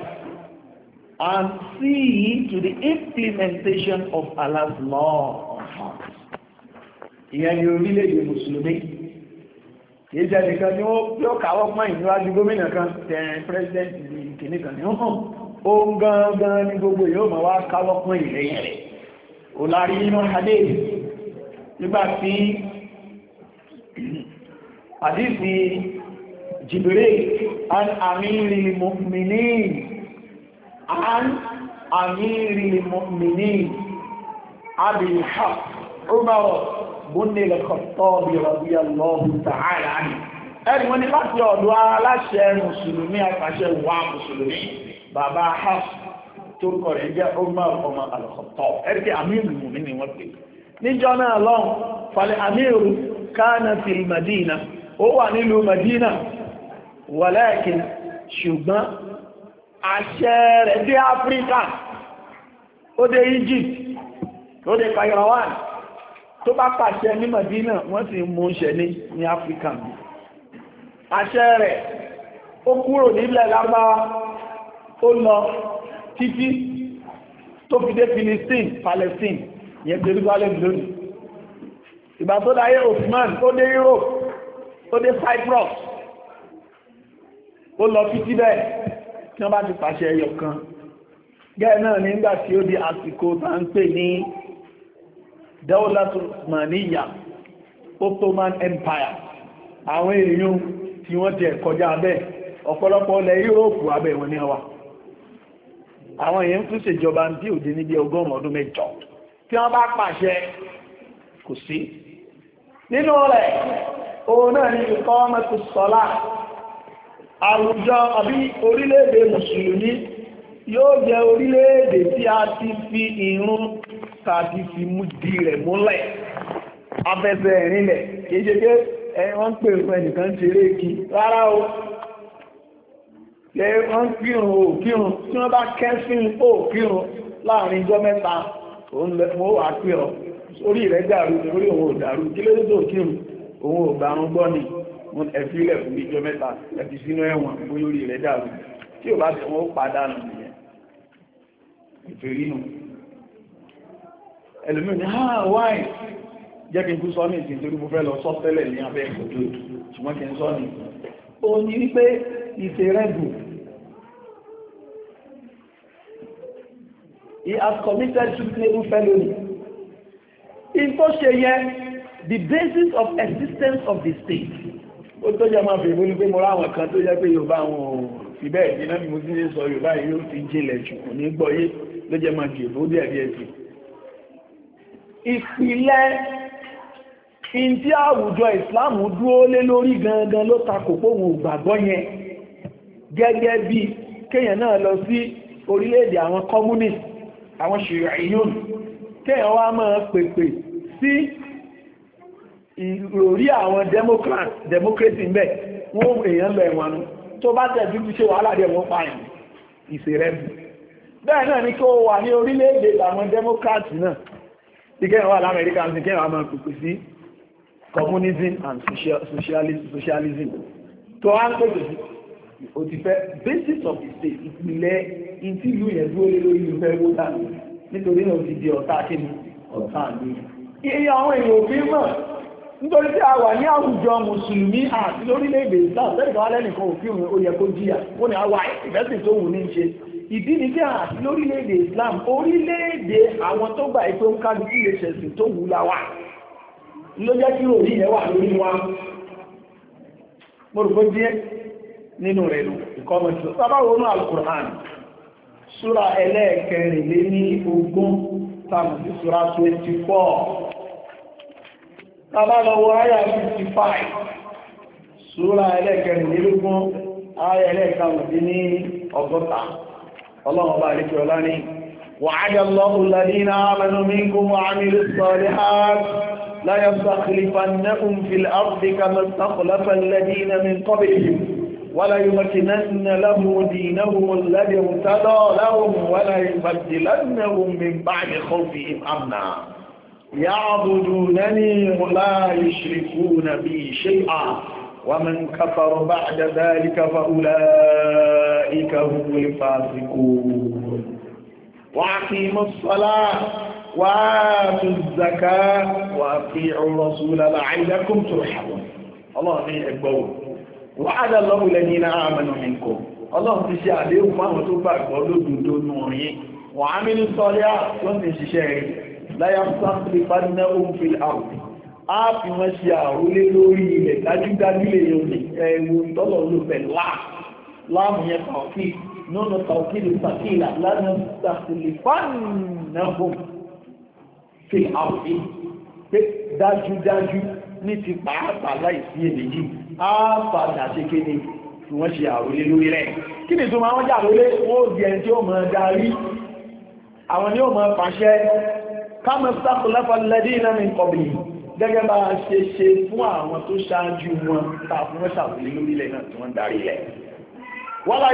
and see to the implementation of Allah's law on earth. Ìyẹn ni orílẹ̀-èdè Mùsùlùmí. Kìí jẹ́ nìkan ni ó kàwọ́ pọ́n ìníwájú gómìnà kan tẹ̀rẹ̀ president ìkìní kan ni ó hàn. Ó ń gangan ní gbogbo yóò máa wá káwọ́ pọ́n ìlẹ́yìn rẹ̀. Ò lárí nínú Adé nígbà tí àdìsí Jibril an Amiri Mùmìnì an amiri mọ̀mìnì abìlhà rúbàwọ̀ búnnilẹ̀ kọ̀tọ́bì radiyallahu ta'ala anhu ẹni wọ́n ni láti ọ̀dọ̀ aláṣẹ mùsùlùmí àpàṣẹ wà mùsùlùmí bàbá haf tó kọ̀rẹ̀ jẹ́ Umar ọmọ al-Khattab ẹni tí amíru mùmí ni wọ́n pè níjọ́ náà lọ́n falẹ̀ amíru kánà fi Madina ó ṣùgbọ́n àṣẹ rẹ̀ dé áfíríkà ó dé Egypt ó dé Kairouan tó bá pàṣẹ ní Madina wọ́n sì mú ṣẹ ní ní áfíríkà àṣẹ rẹ̀ ó kúrò nílẹ̀ lágbára ó lọ títí tó fi dé Philistine Palestine yẹn Jerusalem lónìí ìgbà tó dáyé Osman ó dé Europe ó dé Cyprus ó lọ títí bẹ́ẹ̀ tí wọ́n bá ti pàṣẹ ẹyọ kan gẹ́ẹ̀ náà nígbà tí ó di àsìkò tá ń pè ní Dawlatul Usmaniya Ottoman Empire àwọn èèyàn tí wọ́n ti ẹ̀kọjá abẹ́ ọ̀pọ̀lọpọ̀ ilẹ̀ Yúróòpù abẹ́ wọn ní ọwà àwọn èèyàn tún ṣèjọba tí ò dé níbi ọgọ́rùn ọdún mẹ́jọ tí wọ́n bá pàṣẹ kò sí nínú rẹ̀ òun náà ni ìkọ́ mẹ́kù sọ́lá àwùjọ àbí orílẹ̀-èdè mùsùlùmí yóò jẹ orílẹ̀-èdè tí a ti fi ìrun tàbí fi mú di rẹ̀ múlẹ̀ afẹ́fẹ́ ìrìnlẹ̀ kìí ṣe pé wọ́n pè fún ẹnìkan ṣeré kí rárá o wọ́n kírun o kírun tí wọ́n bá kẹ́sìn o kírun láàrin ijọ́ mẹ́ta òun lẹ́fún ó wà pé ọ orí rẹ̀ dàrú orí òun ò dàrú kí ló dé tó kírun òun ò gbàrún wọ́n ẹ̀fílẹ̀ fún ìjọ mẹ́ta ẹ̀fí sínú ẹ̀wọ̀n bóyórí rẹ̀ dàrú tí ò bá tẹ̀ wọ́n pàdánù nìyẹn ẹlùmí ni ha wáì jẹ́ kí n kú sọ ní ìsìn torí mo lọ sọ tẹ́lẹ̀ ní abẹ́ ìkòtò ṣùgbọ́n kí n sọ ní ó ní wípé ìṣe he has committed suitable felony in tó ṣe yẹ the basis of existence of the state ó tó jẹ́ máa fi ìwé pé mo ráwọn kan tó jẹ́ pé Yorùbá wọn ò fi bẹ́ẹ̀ ní náà bí mo ti ń sọ Yorùbá yìí ó ti jinlẹ̀ jù kò ní gbọ́ yé ló jẹ́ máa jù ìbò díẹ̀ díẹ̀ sí. ìpìlẹ̀ ìntí àwùjọ Islam dúró lé lórí gangan ló takò póhùn ògbàgbọ́ yẹn gẹ́gẹ́ bí kéèyàn náà lọ sí orílẹ̀-èdè àwọn communist àwọn ṣèrè àyíyàn kéèyàn wá máa pèpè sí ìròrí àwọn democrat democracy ń bẹ̀ wọ́n èèyàn lọ ẹ̀wọ̀n nu tó bá tẹ̀ dúdú ṣe wàhálà dẹ̀ wọ́n pààyàn ìṣèrẹ́bù bẹ́ẹ̀ náà ni kí ó wà ní orílẹ̀-èdè àwọn democrat náà tí kẹ́yìn wà lámẹ́ríkà ń sin kẹ́yìn àmọ́ pèpè sí communism and socialism tó wá ń pèpè sí ó basis of the state ìpìlẹ̀ ìtìlú yẹn dúró lé lórí ìfẹ́ owó dànù nítorí náà ó ti di ọ̀tá kí ni ọ̀tá àgbẹ̀. iye àwọn èèyàn òfin mọ̀ nítorí tí a wà ní àwùjọ mùsùlùmí àti lórílẹ̀-èdè islam alẹ́nìkan òfin òun yẹ kó jíyà ó ní àwà ìfẹ́sìn tó wù ní ṣe ìdí ni kí àti lórílẹ̀ islam orílẹ̀-èdè àwọn tó gbà ètò ń kájú kí lè ṣẹ̀sìn tó wù láwà ló jẹ́ kí òní yẹn wà lórí wa mo rò pé díẹ̀ nínú rẹ̀ nù alukur'an súra tàbálọ́wọ́ àyà 55 ṣúra ẹlẹ́kẹrìnlélógún àyà ẹlẹ́kàwòdí ní ọgọ́ta ọlọ́wọ́ bá rí kí ọlá ní وعد الله الذين آمنوا منكم وعملوا الصالحات لا يستخلفنهم في الأرض كما استخلف الذين من قبلهم ولا يمكنن لهم دينهم الذي ارتضى لهم ولا يبدلنهم من بعد خوفهم أمنا يعبدونني ولا يشركون بي شيئا ومن كفر بعد ذلك فأولئك هم الفاسقون وأقيموا الصلاة وآتوا الزكاة وأطيعوا الرسول لعلكم ترحمون الله ní ẹgbọ́wò وعد الله الذين آمنوا منكم ọlọ́run ti ṣe àdéhùn fáwọn tó gbàgbọ́ lódòdó nù ọ̀yìn wọ́n á mílí sọ́lẹ́ láyá sáàpìlì pàdínà òǹfìlì àrùn á fi wọ́n ṣe àrólé lórí ilẹ̀ dájúdájú lè yọ̀nì ẹ̀wò ìtọ́lọ̀ ló fẹ̀ láà láàmù yẹn tàwọ́kì nínú tàwọ́kì lè sàkìlà lánà sáàpìlì pàdínà òǹfìlì àrùn pé dájúdájú ní ti pàápàá láìsí èdè yìí á padà ṣe kéde tí wọ́n ṣe àrólé lórí rẹ̀ kí ni tó máa wọ́n jà lólé ó di ẹni tí ó mọ̀ darí àwọn ni ó mọ̀ pàṣẹ kama sáfùlẹ́fà lẹ́dínà ní kọ̀bí gẹ́gẹ́ bá ṣe ṣe fún àwọn tó ṣáájú wọn tààfún wọn ṣàwùlé lórílẹ̀ náà tí wọ́n darí lẹ̀ wọ́lá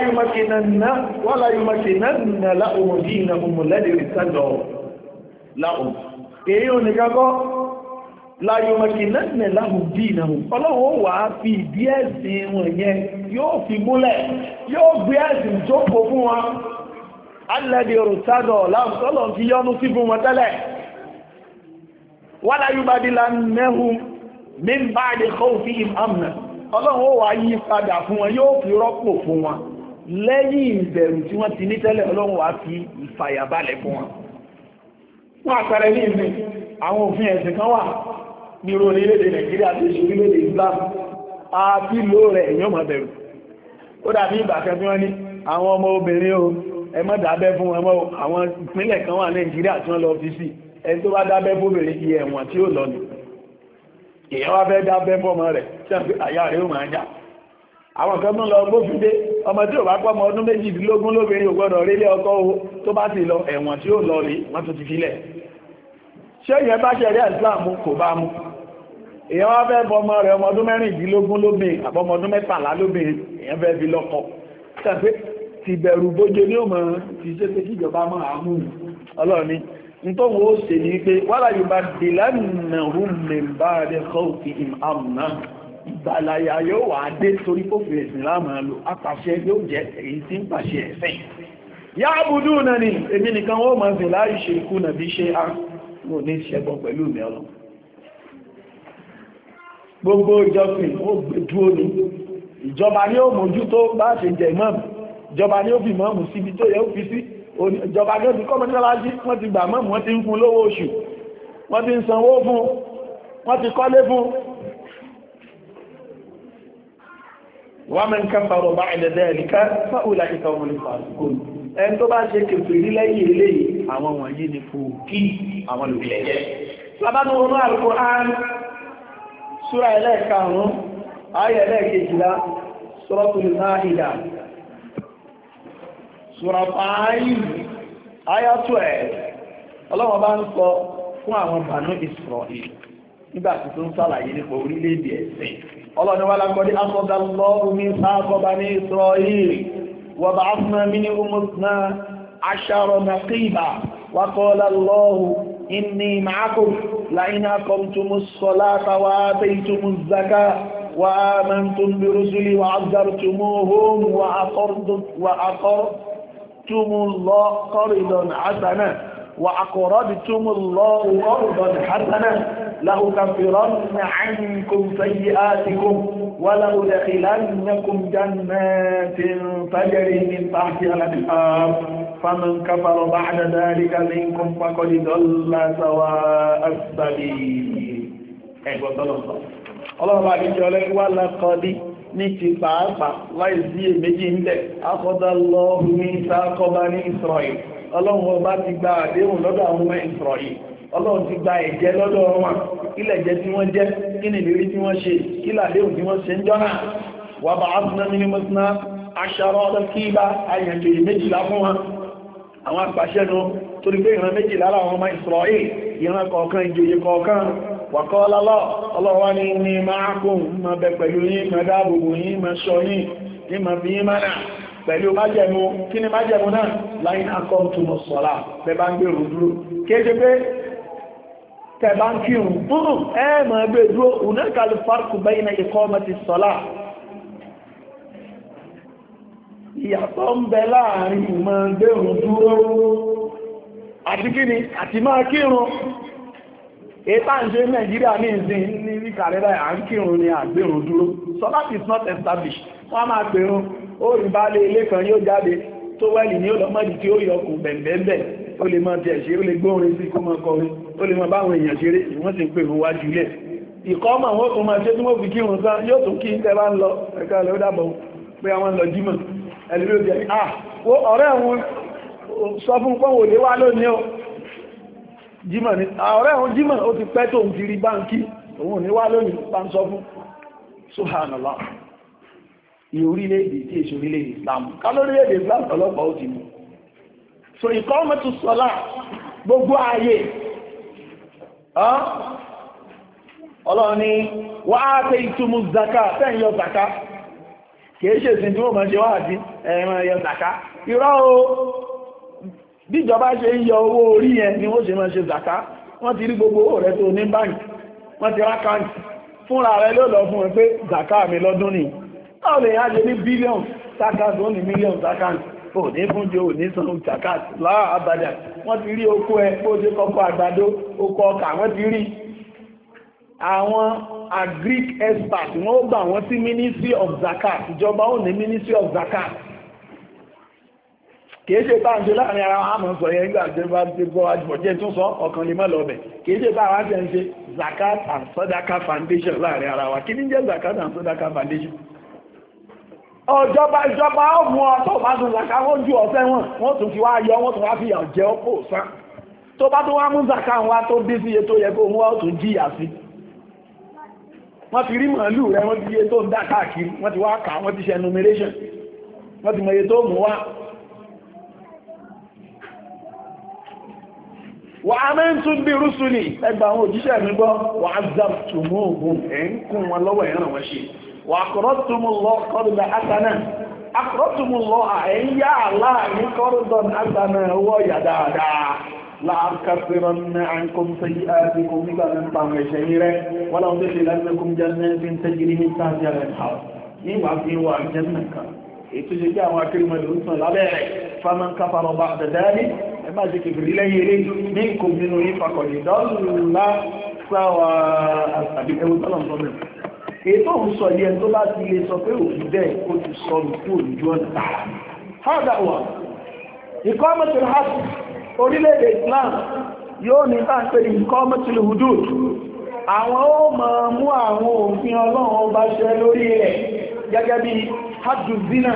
yùmọ̀kì náà nà láhùn dínà mọ̀lẹ́dẹ̀ ìtẹ́lọ̀ láhùn èyí ò ní kákọ́ láyọmọ̀kì náà nà láhùn dínà ọlọ́run wà á fi ìdí ẹ̀sìn wọn wala yubadilannahum min ba'di khawfihim amna ọlọ́run ó wá yí padà fún wọn yóò fi rọ́pò fún wọn lẹ́yìn ìbẹ̀rù tí wọ́n ti ní tẹ́lẹ̀ ọlọ́run wá fi ìfàyàbalẹ̀ fún wọn fún àpẹẹrẹ ní ìsìn àwọn òfin ẹ̀sìn kan wà ní orí orílẹ̀-èdè nàìjíríà tó ṣe orílẹ̀-èdè Islam àti ló rẹ̀ ẹni tó bá dábẹ́ bóbìnrin di ẹ̀wọ̀n tí ó lọ nì èèyàn wá fẹ́ dábẹ́ bọ́mọ rẹ̀ tí a fi àyà rẹ̀ ó máa já àwọn kan tún lọ gbófinde ọmọ tí ò bá pọ́ ọmọ ọdún méjìdínlógún lóbìnrin ò gbọ́dọ̀ rélé ọkọ o tó bá ti lọ ẹ̀wọ̀n tí ó lọ rí wọ́n tún ti filẹ̀ ṣé ìyẹn bá ṣẹ̀rí Islam kò bá mu èèyàn wá fẹ́ bọ́ ọmọ rẹ̀ ọmọ ọdún mẹ́rìndínlógún lóbìnrin àbọ̀mọ ọdún mẹ́tàlá lóbìnrin èèyàn fẹ́ fi lọ́kọ ti bẹ̀rù bójú ní ọmọ ti ṣe pé kíjọba mọ́ àmú ọlọ́ni nítọ́wọ́ ó ṣe ní pé wala yubaddilannahum min ba'di khawfihim amna ìgbàláyà yóò wà dé torí kófin ẹ̀sìn láàmà lò apàṣẹ yóò jẹ́ èyí tí ń pàṣẹ ẹ̀fẹ́ yá àbúdú náà ni èmi nìkan wọ́n máa fẹ̀ láì ṣe ikú nà bí ṣe á mò ní ṣẹbọ pẹ̀lú mẹ́rọ gbogbo ìjọsìn ó gbé dúró ni ìjọba ni ó mójútó bá ṣe jẹ ìmáàmù ìjọba ni ó fi ìmáàmù síbi tó yẹ ó fi sí ìjọba gẹ́gẹ́ kọ́ mọ́sálásí wọ́n ti gbà mọ́mù wọ́n ti ń fún lówó oṣù wọ́n ti ń sanwó fún wọ́n ti kọ́lé fún wọ́n kẹfàrọ̀ bá ẹ̀dẹ̀dẹ̀ ẹ̀ríká fáwọlá ìta ọmọ nípa àsìkò ẹn tó sura five aya twelve ọlọ́wọ́n bá ń sọ fún àwọn bànú Israel nígbà tí tó ń sàlàyé nípa orílẹ̀-èdè ẹ̀sìn ọlọ́ni wà lágbọ́dí asọ́dá lọ́rùn ní sáàkọ́bà ní Israel wọ́bà áfúnà mini umusna aṣàrọ̀ na kíbà wákọ́ọ́lá lọ́rùn inni ma'akum túmùlọ́ kọ́rìdọ̀n àtànà wà àkọ̀rọ̀dì túmùlọ́ ọ̀rọ̀dọ̀n àtànà لأكفرن عنكم سيئاتكم ولأدخلنكم جنات تجري من تحتها الأنهار فمن كفر بعد ذلك منكم فقد ضل سواء السبيل. أيوة الله الله عليك ولقد ní ti pàápàá láì sí èméjì ń bẹ̀ afọ́dálọ́hùn ní sákọ́bá ní Ísírẹ́lì ọlọ́run ọba ti gba àdéhùn lọ́dọ̀ àwọn ọmọ Ísírẹ́lì ọlọ́run ti gba ẹ̀jẹ́ lọ́dọ̀ wọn kílẹ̀ jẹ́ tí wọ́n jẹ́ kí ni ìlérí tí wọ́n ṣe kí làdéhùn tí wọ́n ṣe ń jọ́nà wà bá ásùnà mínímọ́sùnà aṣàrọ̀ ọ̀dọ̀ kí bá ayànjò wàkọ́ọ́lá lọ ọlọ́wọ́ ni ní máa kún ma bẹ pẹ̀lú yín ma dáàbòbò yín ma ṣọ́ yín ní ma fi pẹ̀lú kí ni náà láyín akọ́ntùmọ̀ sọ́lá bẹ ń gbèrò dúró kéje pé tẹ̀bá ń búrú ẹ ma gbé e dúró unákàlù fárkù bẹ́yìn ikọ́ ọmọ ti sọ́lá ìyàtọ̀ ń bẹ láàrin ètà ń ṣe nàìjíríà ní ìsìn ní ní kàrẹ́lá ni àgbèrún dúró so that is not established wọ́n máa pèrún ó rí balẹ̀ ilé kan yóò jáde tó wẹ́lì ní ọlọ́mọdì tí ó yọkù bẹ̀m̀bẹ̀m̀bẹ̀ ó lè mọ́ ti ẹ̀ṣẹ́ ó lè gbóhùn sí kó mọ́ kọrin ó lè mọ́ báwọn èèyàn ṣeré ìwọ́n sì ń pè fún wájú ilẹ̀ ìkọ́ ọmọ wọn kò máa ṣe tí wọ́n fi kí wọn sán yóò tún kí ń ah ọ̀rẹ́ òun sọ fún pọ́wọ́ lé wá lónìí jímọ̀ ní ọrụ òun jímọ̀ ó ti pẹ́ tó ń ti rí báńkì òun ní wá lónìí bá ń sọ fún ṣùhánàlá orílẹ̀-èdè tí èso orílẹ̀-èdè Islam kálórílẹ̀-èdè ọlọ́pàá ó ti mú so ìkọ́ mẹ́tù sọ́lá gbogbo ayé ọlọ́ni wà á tẹ ìtumù zaka tẹ́ yọ zaka kìí ṣe bí ìjọba ṣe ń yọ owó orí yẹn ni wọ́n ṣe máa ṣe zàká wọ́n ti rí gbogbo owó rẹ̀ tó ní báńkì wọ́n ti rákàǹtì fúnra rẹ̀ ló lọ fún ẹ pé zàká mi lọ́dún ni báwo lè yáa ṣe ní bílíọ̀n sákàtì ó ní mílíọ̀n sákàtì ò ní fúnjẹ ò ní san sàkàtì láàbàdà wọ́n ti rí oko ẹ bó ṣe kọ́kọ́ àgbàdo oko ọkà wọ́n ti rí àwọn agric experts wọ́n gbà wọ́n sí ministry of zakat ìjọba ó ní ministry of zakat kìí ṣe bá ń ṣe láàrin ara wọn àmọ́ sọ yẹn nígbà tí bá ti gbọ́ àjùmọ̀jẹ́ tún sọ ọkàn lè mọ́ lọ́bẹ̀ kìí ṣe bá wa jẹ́ ń ṣe zakat and sodaka foundation láàrin ara wa kí ní jẹ́ zakat and sodaka foundation ọjọba ìjọba ó mú ọ tó bá tún zaka wọ́n ju ọ̀sẹ̀ wọn wọ́n tún fi wá yọ wọ́n tún wá fi ọ̀jẹ́ ọ̀pọ̀ sán tó bá tún wá mú zaka wá tó bí sí iye tó yẹ kó mú tún jìyà sí wọ́n ti rí màálù rẹ̀ wọ́n ti iye tó ń dá káàkiri wọ́n ti wá kà wọ́n ti ṣe enumeration wọ́n ti mọ iye tó mú wá wà á mẹ́ tún bí rúsùlì ẹgbà àwọn òjíṣẹ́ mi gbọ́ wà á zà tùmú ògùn ẹ̀ ń kún wọn lọ́wọ́ ìran wọn ṣe wà àkọ́rọ́tùmù lọ kọ́dùdà àtànà àkọ́rọ́tùmù lọ ẹ̀ jẹ́ àwọn akérèmọ̀lẹ̀ ń sàn lábẹ́ rẹ̀ fámán káfàrọ̀ bá bá ṣe kèfèrè lẹ́yìn eré ní kò nínú yí fakọ̀lẹ̀ dọ́lá sáwà àtàbí ẹwọ tọ́lọ̀ tọ́lọ̀ ètò òun sọ yẹn tó bá ti lè sọ pé òfin bẹ́ẹ̀ ó ti sọ lù kú òjú ọ̀nà tààrà hádà wà ikọ́ mẹ́tìlì hàt orílẹ̀-èdè Islam yóò ní bá ń pè ní ikọ́ mẹ́tìlì hudud àwọn ó mọ̀ mú àwọn òfin Ọlọ́run ọba ṣẹ lórí rẹ̀ gẹ́gẹ́ bí hajjuzina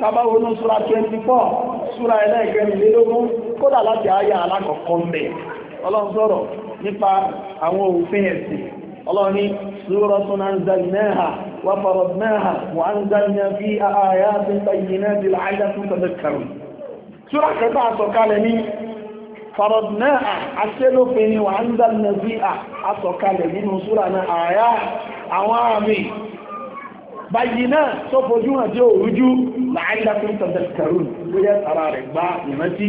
tabawonu sura 24 sura ẹlẹ́ẹ̀kẹ́rìnlélógún kódà láti ayá alákọ̀ọ́kọ́ ń bẹ̀ ọlọ́run sọ̀rọ̀ nípa àwọn òfin ẹ̀sìn ọlọ́run ní suratun anzalnaha wa faradnaha wa anzalna fiha ayatin bayyinatin la'allakum tadhakkarun súra kẹta àsọ̀kalẹ̀ ní faradnaha aṣẹ́lófin ni wa anzalna fiha àsọ̀kalẹ̀ nínú súra náà àyà àwọn àmì báyìí náà tó fojú hàn tí ó rújú la'allakum tadhakkarun ló yẹ tara rẹ̀ gbá ìrántí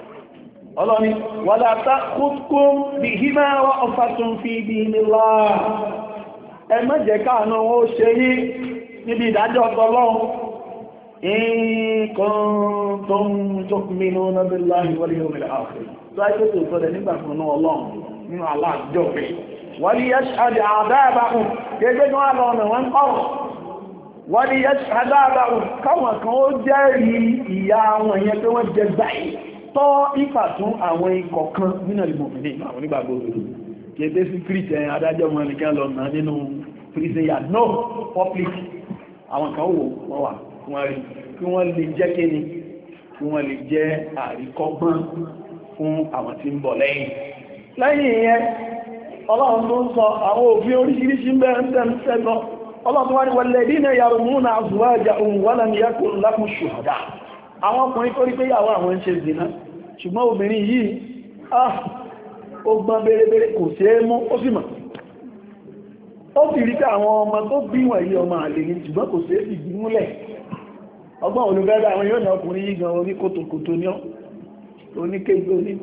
ọlọ́ni wàlá àtàkùnkùn bí hímá wà ọfàtún fi ibi nílá ẹ má jẹ́ káànà wọn ó ṣe yí níbi ìdájọ́ ọlọ́run nǹkan tó ń tó mínú náàbí láàrin wọlé omi àfẹ́ tó ájé tó sọ́dẹ̀ nígbà fún náà ọlọ́run nínú aláàjọ́ pé wọ́lí yẹ́ṣàdẹ̀ àdáàbàkùn gẹ́gẹ́ tó káwọn kan ó jẹ́rìí ìyá wọn yẹn pé wọ́n jẹ báyìí tọ́ ìfà àwọn ikọ̀ kan nínú ìmọ̀mìnì àwọn onígbàgbọ́ òdòdó kí ẹgbẹ́ sí kìrìtẹ̀ adájọ́ wọn lọ náà nínú prison yard no public àwọn kan wò wọ́n wà kí wọ́n lè jẹ́ kíni kí àwọn tí ń bọ̀ lẹ́yìn lẹ́yìn ìyẹn ọlọ́run tó ń sọ àwọn òfin ṣùgbọ́n obìnrin yìí ah ó gbọ́n bérebére kò sí é mú ó sì mọ̀ ó sì rí àwọn ọmọ tó bíwọ̀n yìí ọmọ àlè ní ṣùgbọ́n kò sí é sì bí múlẹ̀ ọgbọ́n olùgbẹ́gbẹ́ àwọn yóò náà ọkùnrin yìí gan orí kòtòkòtò ní oníkéjì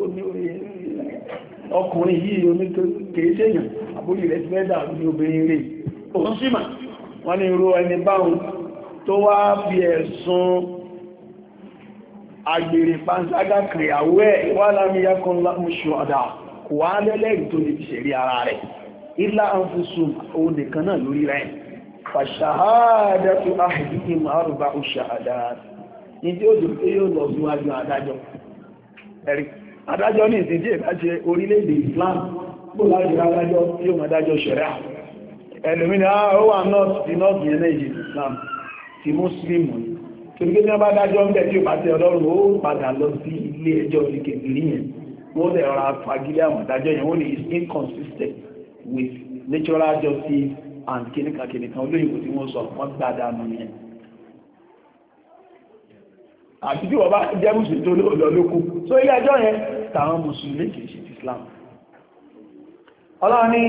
ọkùnrin yìí oníkéjì èèyàn àbúrò rẹ̀ ti mẹ́dà ní obìnrin rẹ̀ òun sì mà wọ́n ní irú ẹni báhùn tó wá fi ẹ̀sùn agbèrè pàǹságá kan ẹ̀ wà lámìyá kan lámúṣù kò wá lẹ́lẹ́rì tó lè rí ara rẹ̀ ilá àǹfùsù òun nìkan náà lórí rẹ̀ fàṣàhádà tó àhìdíkì márùbá òṣàhádà ní tí ó dùn pé yóò lọ adájọ́ ẹ̀rí adájọ́ ní orílẹ̀-èdè Islam adájọ́ adájọ́ ṣẹ̀rẹ́ ah, ó wà Muslim torípé ní wọ́n bá dájọ́ ń bẹ̀ tí ó bá tẹ ọlọ́run ó padà lọ sí ilé ẹjọ́ ti kèbìrí yẹn wọ́n lè ra fagilé àwọn ìdájọ́ yẹn wọ́n lè is inconsistent with natural justice and kìnìkan kìnìkan olóyìnbó tí wọ́n sọ wọ́n gbà dànù yẹn àti tí wọ́n bá jẹ́ mùsùlùmí tó lọ lókù so ilé ẹjọ́ yẹn tàwọn mùsùlùmí kìí ṣe Islam ọlọ́ni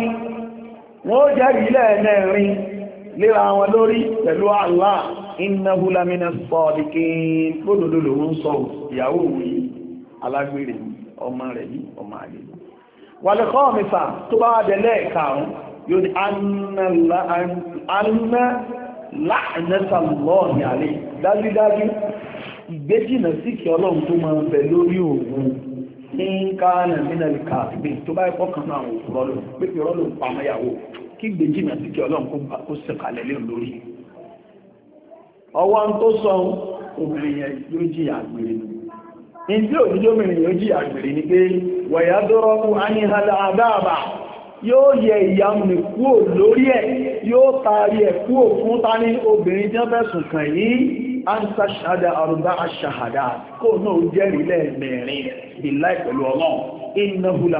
wọ́n jẹ́rìí lẹ́ẹ̀mẹ́rin léra wọn lórí pẹ̀lú Allah innahu lamina sadiqin lódòdó lòun sọ ìyàwó òun yìí alágbèrè ọmọ rẹ̀ yìí ọmọ àlè wàlẹ̀kọ́ mẹ́fà tó bá wà dẹ̀lẹ́ ẹ̀kàrún yóò ní anna láàrínẹ́sàlọ́ọ̀nì àlè dájúdájú ìgbéjìnà sí kí ọlọ́run tó máa bẹ lórí òun ní káàrínà mínàlì kààbí tó bá ẹ̀kọ́ kan náà òkúrọ́lù pépè rọ́lù pàmọ́yàwó kí ìgbéjìnà sí kí ọlọ́run kó sẹ̀kalẹ̀ lórí ọwọ́ tó sọ obìnrin yẹn yóò jí àgbèrè ní ìdí òjíjómìnrin yóò jí àgbèrè ní pé wẹ̀yà dọ́rọ́ mú aníhàlá àbáàbà yóò yẹ ìyàmùnì kúò lórí ẹ̀ yóò taari ẹ̀ kúò fún tání obìnrin tí wọ́n fẹ̀sùn kàn yìí ansa ṣàdá àrùbá aṣàhàdá kó náà jẹ́rìí lẹ́ẹ̀mẹ̀rin ìláì pẹ̀lú ọlọ́run iná húlà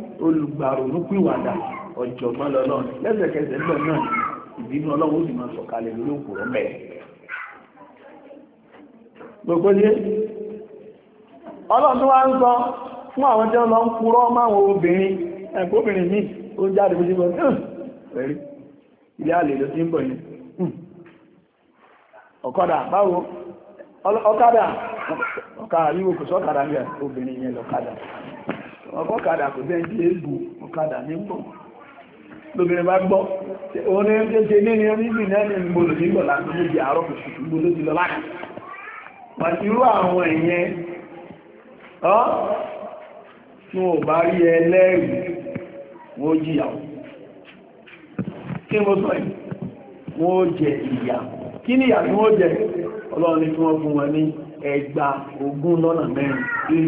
olùgbàrònúpìwàdà ọ̀jọ̀gbọ́n lọ́lọ́run lẹ́sẹ̀kẹsẹ̀ lọ náà ìbínú ọlọ́run ó sì máa lórí òkúrọ̀ mẹ́ẹ̀. gbogbo ní fún àwọn tí wọ́n lọ ń purọ́ máwọn obìnrin ẹ̀kọ́ obìnrin ó jáde pẹ̀lú ilé àlè ọkọ̀kadà kò bẹ́ tí èébù ọ̀kadà ní gbọ́ lóbìnrin bá gbọ́ oní ẹgbẹ́ ní ní onígbì ní láti àárọ̀ kò láti rú àwọn ọ́ tí wọ́n bá rí wọ́n kí sọ yìí wọ́n jẹ ìyà kí ni ìyà wọ́n jẹ ọlọ́run ni wọn ní ẹgbàá ogún lọ́nà mẹ́rin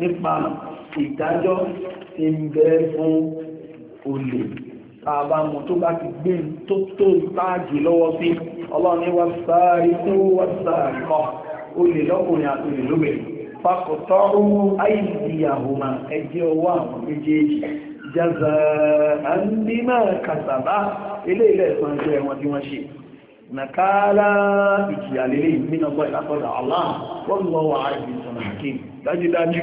nípa ìdájọ́ ti ń bẹ fún olè tàbá mọ̀ tó bá ti gbé tó tó táàgì lọ́wọ́ sí ọlọ́ni wà sáàrí tó wà sáàrí kọ́ olè lọ́kùnrin àti olè lóbìnrin fakọ̀tọ́rú àìdíyàwòmà ẹjẹ́ ọwọ́ àwọn méjèèjì jaza àndímà kàtàbá nàkàlá ìjìyà lélẹ́yìn nínú ọgbọ́ ìlàkọ́dà aláà wọ́n lọ́wọ́ àìbìsàn hakim dájúdájú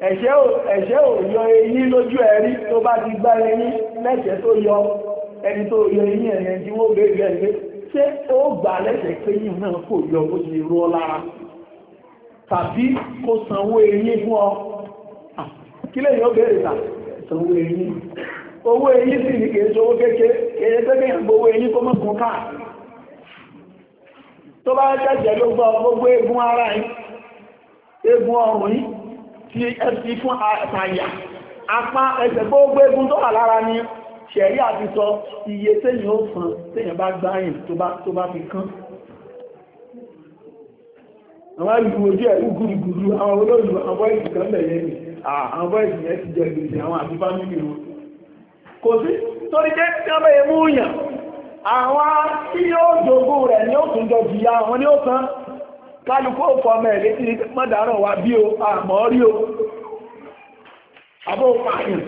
ẹ̀ṣẹ̀ ò yọ eyín lójú ẹ̀rí tó bá ti gbá eyín lẹ́ṣẹ̀ tó yọ ẹni tó yọ eyín ẹ̀yẹn tí wọ́n bèèrè ẹ̀gbẹ́ ṣé ó gbà lẹ́ṣẹ̀ pé yìí náà kò yọ bó ṣe rọ lára tàbí kó sanwó eyín fún ọ kí lẹ́yìn ó bèèrè tà sanwó eyín owó eyín sì ní kìí ṣe owó kékeré kìí ṣe pé owó eyín kó mọ̀ kún káà tó bá jẹ́ jẹ́ ló gbọ́ gbogbo egun ara yìí ti ẹ̀sì fún àtàyà apá ẹsẹ̀ gbogbo egun tó wà lára ní ṣẹ̀rí àti sọ iye tẹ́yìn ó fún tẹ́yìn bá gbáyìn tó bá fi kán àwọn ìlú ojú ẹ̀rú gúrùgúrú àwọn olóòlù àwọn ìsìnkán lẹ̀yẹ́ ni àwọn ìsìnkán ti jẹ gbèsè àwọn àti fámílì wọn kò sí torí jẹ́ tí wọ́n bẹ̀yẹ mú yàn àwọn tí yóò jogún rẹ̀ ni ó tún jọ jìyà wọn ni ó tán kálukú òkọ̀ ọmọ ẹ̀lẹ́ tí mọ́dáràn wà bí o àmọ́ rí o àbó pààyàn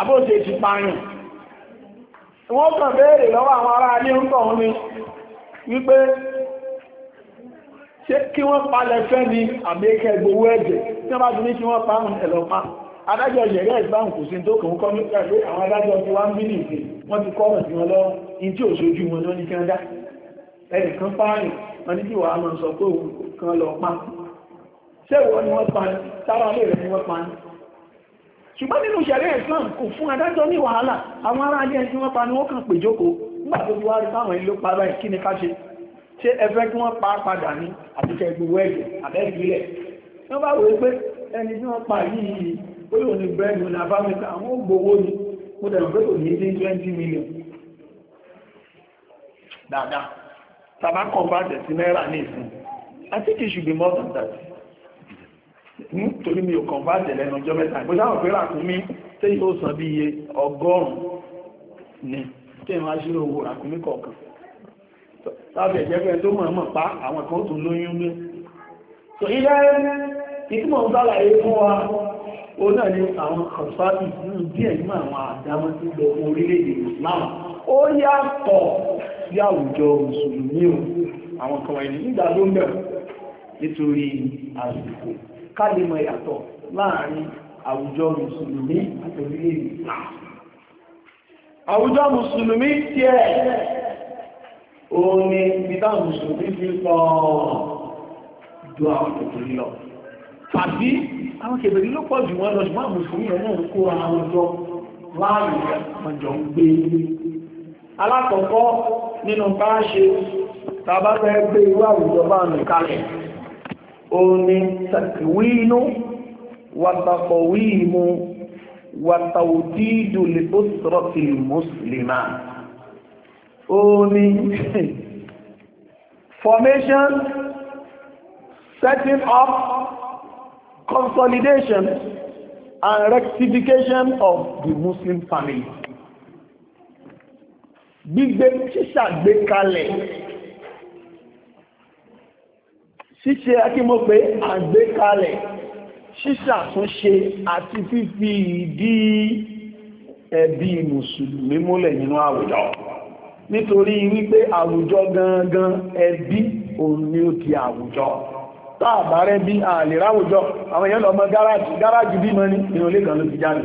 àbó ṣe ti pààyàn wọ́n kàn béèrè lọ́wọ́ àwọn ará ní ń kọ̀ ní wípé ṣé kí wọ́n palẹ̀ fẹ́ ni àbíkẹ́ gbowó ẹ̀jẹ̀ tí wọ́n bá ti ní kí wọ́n pa ń ẹ̀lọ́pá adájọ́ ìyẹ̀rẹ́ ìbáhùn kò sí tó kàn kọ́ ní pẹ̀lú àwọn adájọ́ tí wá ń bí nìsí wọ́n ti kọ́ ọ̀nà sí wọn lọ́wọ́ in tí ò ṣojú wọn lọ́ ní kí wọ́n dá ẹnìkan pààyàn wọ́n ní kí wàá máa sọ pé òun kan lọ pa ṣé ìwọ ni wọ́n pa sára lè rẹ̀ ni wọ́n pa ní ṣùgbọ́n nínú ìṣẹ̀lẹ̀ Islam kò fún adájọ́ ní wàhálà àwọn ará ilé ẹni tí wọ́n pa ní wọ́n kàn pè jókòó nígbà tó ti wá rí táwọn ilé pa báyìí kí ni ká ṣe ṣé ẹ fẹ́ kí wọ́n pa padà ní àtúnṣe gbogbo ẹ̀jẹ̀ àbẹ́bílẹ̀ wọ́n bá wòye pé ẹni tí wọ́n pa yìí ó lò ní bẹ́ẹ̀nù ní abámẹ́ta àwọn ògbówó ni mo dẹ̀rùn pé kò ní dín twenty million dáadáa tàbá convert sí náírà ní ìsìn I think it should be more than that hmm? torí mi ò convert lẹ́nu ọjọ́ mẹ́ta ìgbésà àwọn òpèrà kún mi tí yóò san bí iye ọgọ́rùn-ún ni tí ìwọ̀n aṣírò owó ràkúnmí kọ̀ọ̀kan láti ẹ̀jẹ́ pẹ́ tó mọ̀ọ́mọ̀ pa àwọn kan tó lóyún ní so ilẹ̀ ìtumọ̀ ń sálàyé fún wa ó náà ní àwọn kọ̀sátì nínú díẹ̀ nínú àwọn àdámọ́ sí orílẹ̀-èdè Islam ó yàtọ̀ sí àwùjọ mùsùlùmí o àwọn kan wáyé nígbà ló ń bẹ̀rù nítorí àsìkò ká lè ìyàtọ̀ láàrin àwùjọ mùsùlùmí àti orílẹ̀-èdè àwùjọ mùsùlùmí tí ẹ̀ mùsùlùmí fi sọ ju àwọn kèfèrí lọ tàbí àwọn ló lọ alákọ̀ọ́kọ́ nínú bá ṣe tàbá fẹ́ gbé irú àwùjọ bá nù kalẹ̀ òun ni tàkìwínú wàtàkọ̀wíìmú wàtàwùdídù lè ó sọ́rọ̀tì mùsùlùmá òun ni formation setting up consolidation and rectification of the Muslim family gbígbé ṣíṣàgbékalẹ̀ ṣíṣe akímọ̀pé àgbékalẹ̀ ṣíṣàtúnṣe àti fífi ìdí ẹbí mùsùlùmí múlẹ̀ nínú àwùjọ nítorí wípé àwùjọ gangan ẹbí òun ni ó ti àwùjọ táàbárẹ́ bí àlè ráwùjọ àwọn èèyàn lọ mọ gáràjì gáràjì bímọ ní ìrọ̀lẹ́gàn ló ti jáde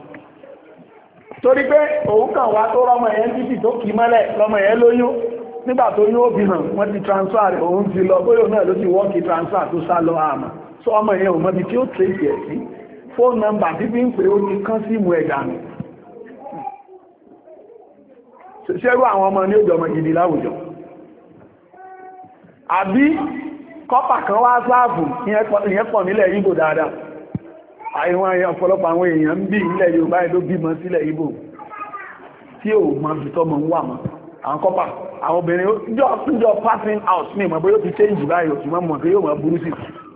torí pé òun kàn wá tó rọmọ ẹ̀yẹn títì tó kì mọ́lẹ̀ lọmọ ẹ̀yẹn lóyún nígbà tó yóò bí wọ́n ti transfer rẹ̀ òun ti lọ bóyá náà ló ti wọ́ọ̀kì transfer tó sá lọ àmà sọ ọmọ ẹ̀yẹn ò mọ́bi tí ó tèèkì ẹ̀ sí fóònù nọ́mbà bíbí ń pè ó ti kán sí ìmú ẹ̀dà nù ṣẹ́rú àwọn ọmọ ní òjò ọmọ gidi láwùjọ àbí kọ́pà kan wá sáàbù ìyẹn pọ̀ nílẹ̀ yíbò dáadáa àìwọn ayé ọ̀pọ̀lọpọ̀ àwọn èèyàn ń bí ilẹ̀ Yorùbá ló bímọ sílẹ̀ Ìgbò tí ò mọ bí tọ́mọ ń wà mọ́ àwọn kọ́pà àwọn obìnrin jọ jọ passing out ní ìmọ̀ bóyá ti change báyìí òtún mọ́ pé yóò mọ́ burú sí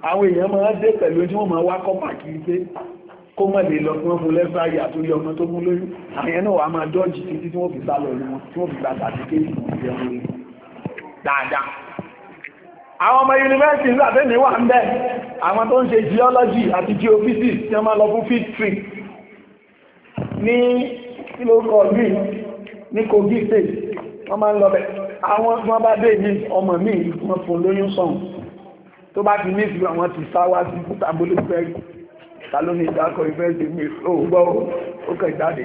àwọn èèyàn máa dé pẹ̀lú tí wọ́n máa wá kọ́pà kiri pé kó mọ̀ lè lọ fún wọn fún lẹ́fẹ́ ayé àtúrí ọmọ tó mú lóyún àwọn náà wà máa dọ́ọ̀jì títí tí wọ́n fi sá lọ àwọn ọmọ yunifásitì ìgbàtẹ́mì wà ń bẹ àwọn tó ń ṣe geology àti geophysics tí wọ́n máa lọ fún field trip ní kílókọ̀ rí ní Kogi state wọ́n máa ń lọ bẹ̀ àwọn wọ́n bá dé ní ọmọ mi wọ́n fún lóyún sàn tó bá ti ní ìfìlú àwọn ti sáwá sí tábólú fẹ́ tàlóní ìdákọ̀ ìfẹ́ sí mi ò gbọ́ ó kẹ̀ jáde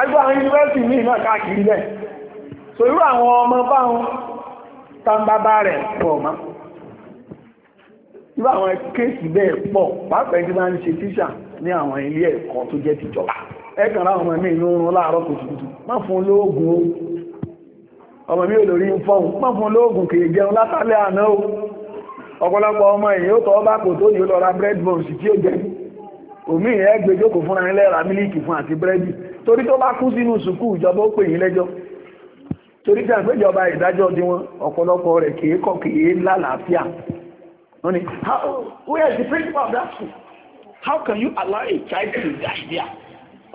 àgbà àwọn yunifásitì míì náà káàkiri bẹ́ẹ̀ so irú àwọn ọmọ báwọn tánbábá rẹ̀ pọ̀ mọ́ nígbà àwọn kéèsì bẹ́ẹ̀ pọ̀ pàápàá tí máa ń ṣe tíṣà ní àwọn ilé ẹ̀kọ́ tó jẹ́ tìjọba ẹ̀kàn láwọn ọmọ mi inú oorun láàárọ̀ kùtùkùtù má fún lóògùn o ọmọ mi ò lórí ń má fún lóògùn kì í jẹun látàlẹ́ o ọ̀pọ̀lọpọ̀ ọmọ ọba kò tó lọ́ra bread buns tí ó jẹ omi fúnra mílíkì fún àti búrẹ́dì torí tó bá kú sínú ìjọba ó pè yín lẹ́jọ́ torí tí pé ìjọba ìdájọ́ di wọn ọ̀pọ̀lọpọ̀ rẹ̀ kìí kọ́ kìí lálàáfíà wọ́n ni where is the principal of that school how can you allow a child to die there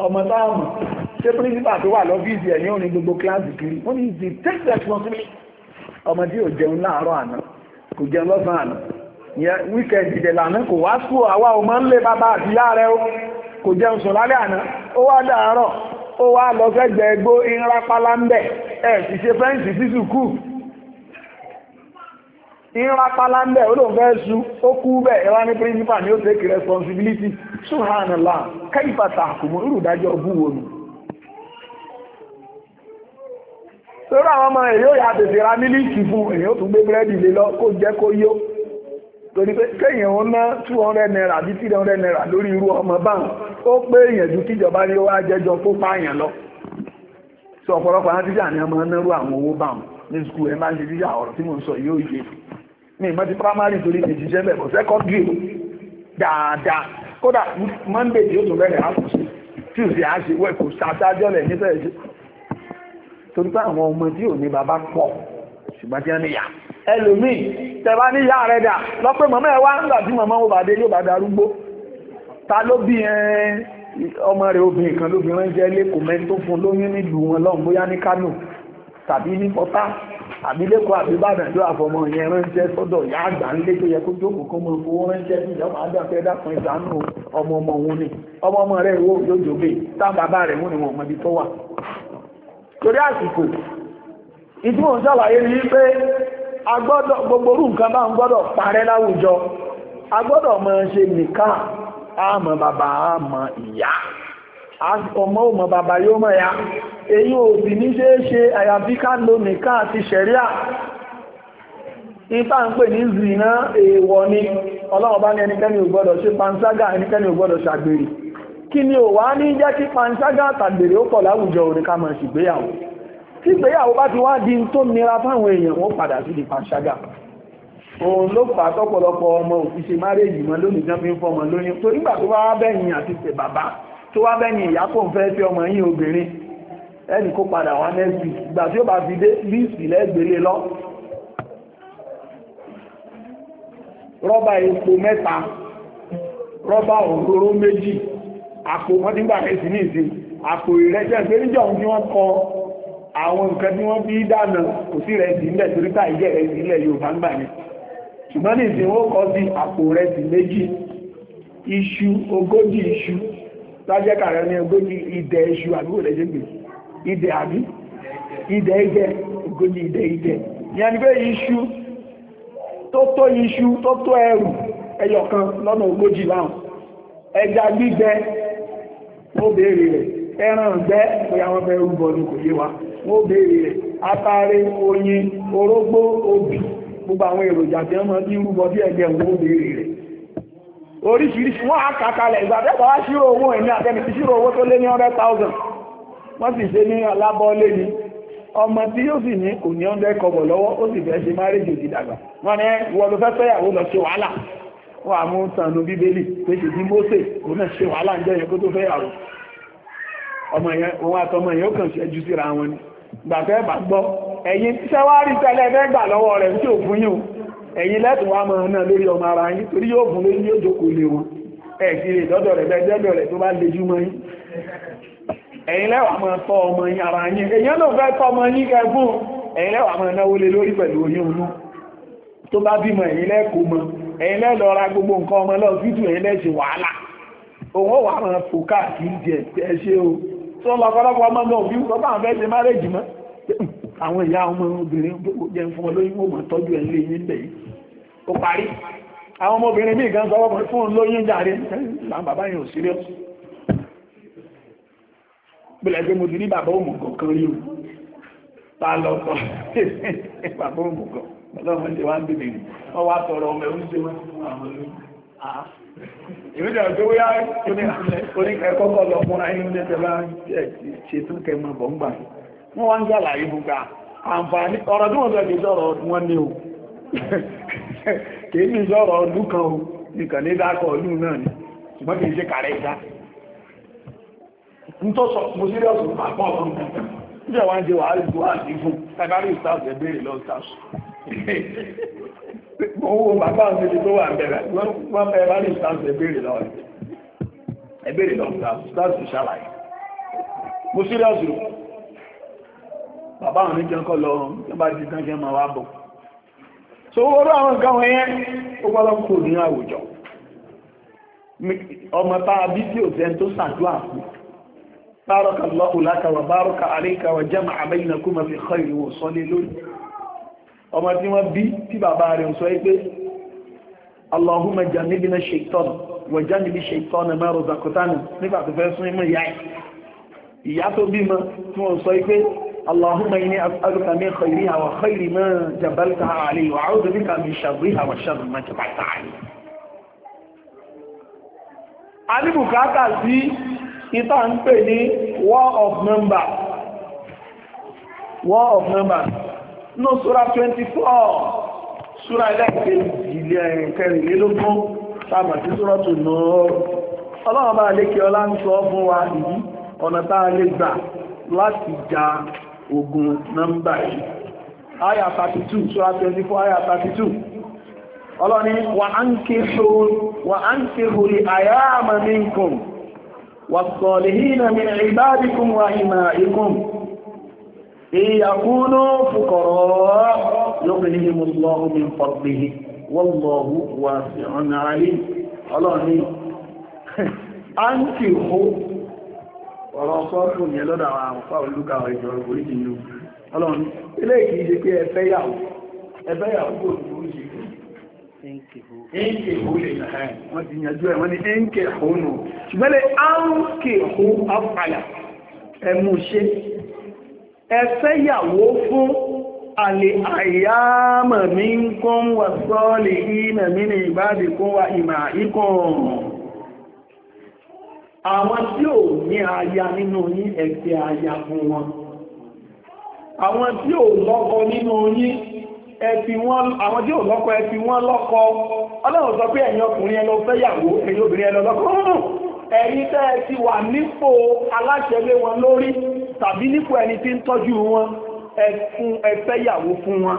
ọmọ táàmù ṣé principal tó wà lọ́fíìsì ẹ̀ ní òní gbogbo kíláàsì kiri wọ́n ni take responsibility ọmọ tí ò jẹun láàárọ̀ àná kò jẹun lọ́sàn-án àná weekend ìdẹ̀lẹ̀ àná kò wá school àwa ò máa ń lé bàbá àti kò jẹun sùn lálẹ́ àná ó ó wá lọ fẹ́gbẹ̀ ẹgbó ìrapálá ń bẹ̀ ẹ̀ sì ṣe fẹ́ǹsì sí sùkú ìrapálá ń bẹ̀ ó lóun fẹ́ su ó kú bẹ̀ ẹ̀wá ní principal ni ó take responsibility subhanallah kẹ́yìnfà tààkùmọ̀ irúdájọ́ bú wo nù torí àwọn ọmọ èyí ó yà tètè ra mílíìkì fún èyí ó tún gbé búrẹ́dì lé lọ kó jẹ́ kó yó torí pé kéèyàn ó ná two hundred naira àbí three hundred naira lórí irú ọmọ báwọn ó pé èèyàn ju kíjọba ní wá jẹjọ kó pààyàn lọ sọ ọ̀pọ̀lọpọ̀ àwọn tíjà ni ọmọ nírú àwọn owó báwọn ní skul ẹ máa ń ṣe tíjà ọ̀rọ̀ tí mò ń sọ yóò yé mi ìmọ̀ ti primary torí mi ṣiṣẹ́ bẹ̀ bọ̀ secondary dáadáa kódà monday tí ó tún bẹ̀rẹ̀ àkùsí tuesday á ṣe wẹ̀ kò ṣàtàjọ́lẹ̀ nífẹ̀ẹ́ ṣe torí pé àwọn ọmọ tí ò ní bàbá pọ̀ ṣùgbọ́n tí wọ́n níyà ẹlòmíì tẹ̀wá níyà rẹ̀ dà lọ́pẹ́ mọ̀mọ́ ẹ̀ wá nígbà tí mọ̀mọ́ bà dé yóò bá darúgbó ta ló bí ọmọ rẹ̀ obìnrin kan lóbìnrin jẹ́ lẹ́kọ̀ọ́ mẹ́tò fún lóyún nílùú wọn lọ́hùn bóyá ní Kánò tàbí ní pọ́tà àbí lẹ́kọ̀ọ́ àbí àfọmọ yẹn ránṣẹ́ sọ́dọ̀ àgbà tó yẹ kó jókòó kó mọ owó ránṣẹ́ sí ọmọ ọmọ òun ọmọ ọmọ rẹ̀ ìdúró ń ṣàlàyé ní pé agbọ́dọ̀ gbogbo orú nǹkan bá ń gbọ́dọ̀ parẹ́ láwùjọ agbọ́dọ̀ mọ̀ ṣe nìkan àmọ́ bàbá àmọ́ ìyá ọmọ yóò mọ̀ ya èyí ò ní ṣe é ṣe àyàfi ká lo nìkan àti ṣẹ̀ríà ń pè ní èèwọ̀ ni ọlọ́run bá ní ẹnikẹ́ni ò gbọ́dọ̀ ṣe tí ìgbéyàwó bá ti wá di tó nira fáwọn èèyàn wọ́n padà sí di pàṣágà òun ló fà tọ́pọ̀lọpọ̀ ọmọ òfíṣe márèjì mọ́ lónìí jẹ́ fi ń fọmọ lóyún tó nígbà tó wá bẹ́yìn àti tẹ̀ bàbá tó wá bẹ́yìn ìyá kò ń fẹ́ fi ọmọ yín obìnrin ẹnì kó padà wá nẹ́sì ìgbà tí ó bá fi dé líìsì lẹ́gbẹ̀lẹ́ lọ rọ́bà epo mẹ́ta rọ́bà òróró méjì àpò wọ́n nígbà ẹ̀sìn ní ìsìn àpò ìrẹsẹ̀ pé níjọ́ òun tí wọ́n kọ àwọn nǹkan tí wọ́n bí dáná kò sí rẹ̀ sí ilẹ̀ toríta ìjẹ́ rẹ̀ sí ilẹ̀ Yorùbá ń gbà ní ṣùgbọ́n ní ìsìn ó kọ́ sí àpò rẹ̀ sí méjì iṣu ogójì iṣu lájẹ́kà rẹ̀ ní ogójì ìdẹ̀ iṣu àbúrò rẹ̀ jẹ́ ìdẹ̀ àbí ìdẹ̀ ìdẹ̀ ogójì ìdẹ̀ pé iṣu tó tó iṣu tó tó ẹrù ẹyọkan ogójì láwọn ẹja wọ́n bèèrè rẹ̀ atare oyin orógbó obì gbogbo àwọn èròjà tí wọ́n bí rúbọ bí ẹgbẹ́ wọ́n bèèrè rẹ̀ oríṣiríṣi wọ́n á kàkalẹ̀ ìgbàtẹ́gbà wá ṣírò owó wọ́n ni ọmọ tí yóò sì ní kò ní 100 kọ́bọ̀ lọ́wọ́ ó sì fẹ́ ṣe márèjì òdìdàgbà wọ́n ní wọ́n ló fẹ́ fẹ́yàwó lọ ṣe wàhálà wọ́n àmú tànú bíbélì pé ṣe bí Mósè òun náà ṣe wàhálà ń jẹ́ yẹn kó tó fẹ́yàwó ọmọ yẹn òun àtọmọ yẹn ó kàn ṣẹ́jú síra wọn ni gbàtẹ́ bà gbọ́ ẹ̀yin sẹ́wárí tẹ́lẹ̀ fẹ́ gbà lọ́wọ́ rẹ̀ tí ò fún yín ẹ̀yin lẹ́tùn wá mọ̀ náà lórí ọmọ ara yín torí yóò fún lórí yóò jókòó lé wọn ẹ̀sì rẹ̀ dọ́dọ̀ rẹ̀ bẹ́ẹ̀dọ́ rẹ̀ tó bá lejú mọ́ yín ẹ̀yin lẹ́wà mọ́ tọ́ ọmọ yín ara yín èyàn ló fẹ́ tọ́ ọmọ yín kẹfún ẹ̀yin lẹ́wà mọ́ náwó lé lórí pẹ̀lú oyún inú tó bá bímọ ẹ̀yin lẹ́kọ̀ọ́ mọ́ ẹ̀yin lẹ́lọ ra gbogbo nǹkan ọmọ lọ fídíò ẹ̀yin lẹ́sẹ̀ wàhálà òun ó wà mọ́ fòkà kìí jẹ ẹ ṣe o tí wọ́n lọ́pọ̀lọpọ̀ ọmọ náà bí wọ́n bá ń fẹ́ ṣe márèjì mọ́ àwọn ìyá ọmọ obìnrin jẹ ń fún olóyún ó mọ̀ tọ́jú ẹ̀ lé yín lẹ́yìn ó parí àwọn ọmọbìnrin míì gan sọ wọ́pọ̀ fún olóyún jàre láwọn bàbá yẹn ò sílẹ̀ gbọ́dọ̀ pé mo ti rí bàbá òmùgọ̀ kan rí o ta lọ sọ bàbá òmùgọ̀ ọlọ́run ti wá ń bèbè wọ́n wá tọrọ ọmọ ẹ̀ ń ṣe wọ́n ìrìnà àjọwéyá oníkẹ́kọ́kọ́ lọ múra inú mẹ́tẹ̀lá ṣetún kẹmọ̀ bọ̀ǹgbà wọ́n wá ń jàlàyé gbogbo àǹfààní ọ̀rọ̀ tí wọ́n sọ kìí sọ̀rọ̀ wọn ní o kìí ní sọ̀rọ̀ ọdún kan o owó bàbá òṣèlú tó wà bẹ̀rẹ̀ wọ́n fẹ́ bá ní ìsáǹsì ẹgbẹ̀rẹ̀ lọ́wọ́ ẹgbẹ̀rẹ̀ lọ́wọ́ ìsáǹsì ṣàlàyé mo síríọ̀sì bàbá òní jẹ́ kọ́ lọ nígbà tí tán jẹ́ ma wá bọ̀ so orú àwọn nǹkan wọn yẹn ó gbọ́dọ̀ kò ní àwùjọ ọmọ tá a bí tí ò fẹ́ tó ṣàdúrà fún bárọkà lọ́kùlákà wà bárọkà àríkà wà jẹ́ màá bẹ́yìn kúmọ̀ fi kọ́ ìrìwò sọ́lé lórí ọmọ tí wọ́n bí tí bàbá rẹ̀ sọ pé allahumma jannibna shaitan wa jannibi shaitan ma razaqtana nígbà tó fẹ́ sún ìmọ̀ ìyá ìyá tó bí mọ́ tí wọ́n sọ pé allahumma inni as'aluka min khayriha wa khayri ma jabaltaha alayhi wa a'udhu bika min sharriha wa sharri ma jabaltaha alayhi a sí ìta ń pè ní war of number war of number ní ṣúra 24 ṣúra ẹlẹ́kẹ̀ẹ́lélógún sábàtí ṣúra tó náà ọlọ́run bá lékè ọlá ń sọ fún wa ìdí ọ̀nà tá a lè gbà láti ja ogun nọ́mbà yìí aya 32 ṣúra 24 aya 32 ọlọ́ni wà á ń ké hori àyàmà minkum wà sọ̀lẹ̀ hínà min ìbádikùn wà ìmà ikùn ìyàkúnú fukọ̀rọ̀ lókèlè ní ọ̀rọ̀ sọ́ọ̀fún yẹ lọ́dà àwọn ilé ìkìí ṣe pé yàwó yàwó kò ní oríṣìí Ẹ́ńkè hó lè ṣàkáyà. Wọ́n ti yànjú ẹ̀ wọ́n ni ẹ́ńkè hó nù. Ṣùgbẹ́lẹ̀ áńkè hó ẹfẹ́ yàwó fún àlè àyàmà mi ń kún wà sọ́ọ̀lì ìnà mi ní ìbáàdì kún wà ìmà ikùn àwọn tí ò ní aya nínú yín ẹ̀fẹ́ aya fún wọn àwọn tí ò lọ́kọ nínú yín ẹ̀fì wọn àwọn tí ò lọ́kọ ẹ̀fì wọn lọ́kọ ọlọ́run sọ pé ẹ̀yin ọkùnrin ẹlọ fẹ́ yàwó ẹ̀yin obìnrin ẹlọ lọ́kọ ẹ̀yin tẹ́ ẹ ti wà nípò aláṣẹ́lé wọn lórí tàbí nípò ẹni tí ń tọ́jú wọn ẹfún ẹfẹ́yàwó fún wọn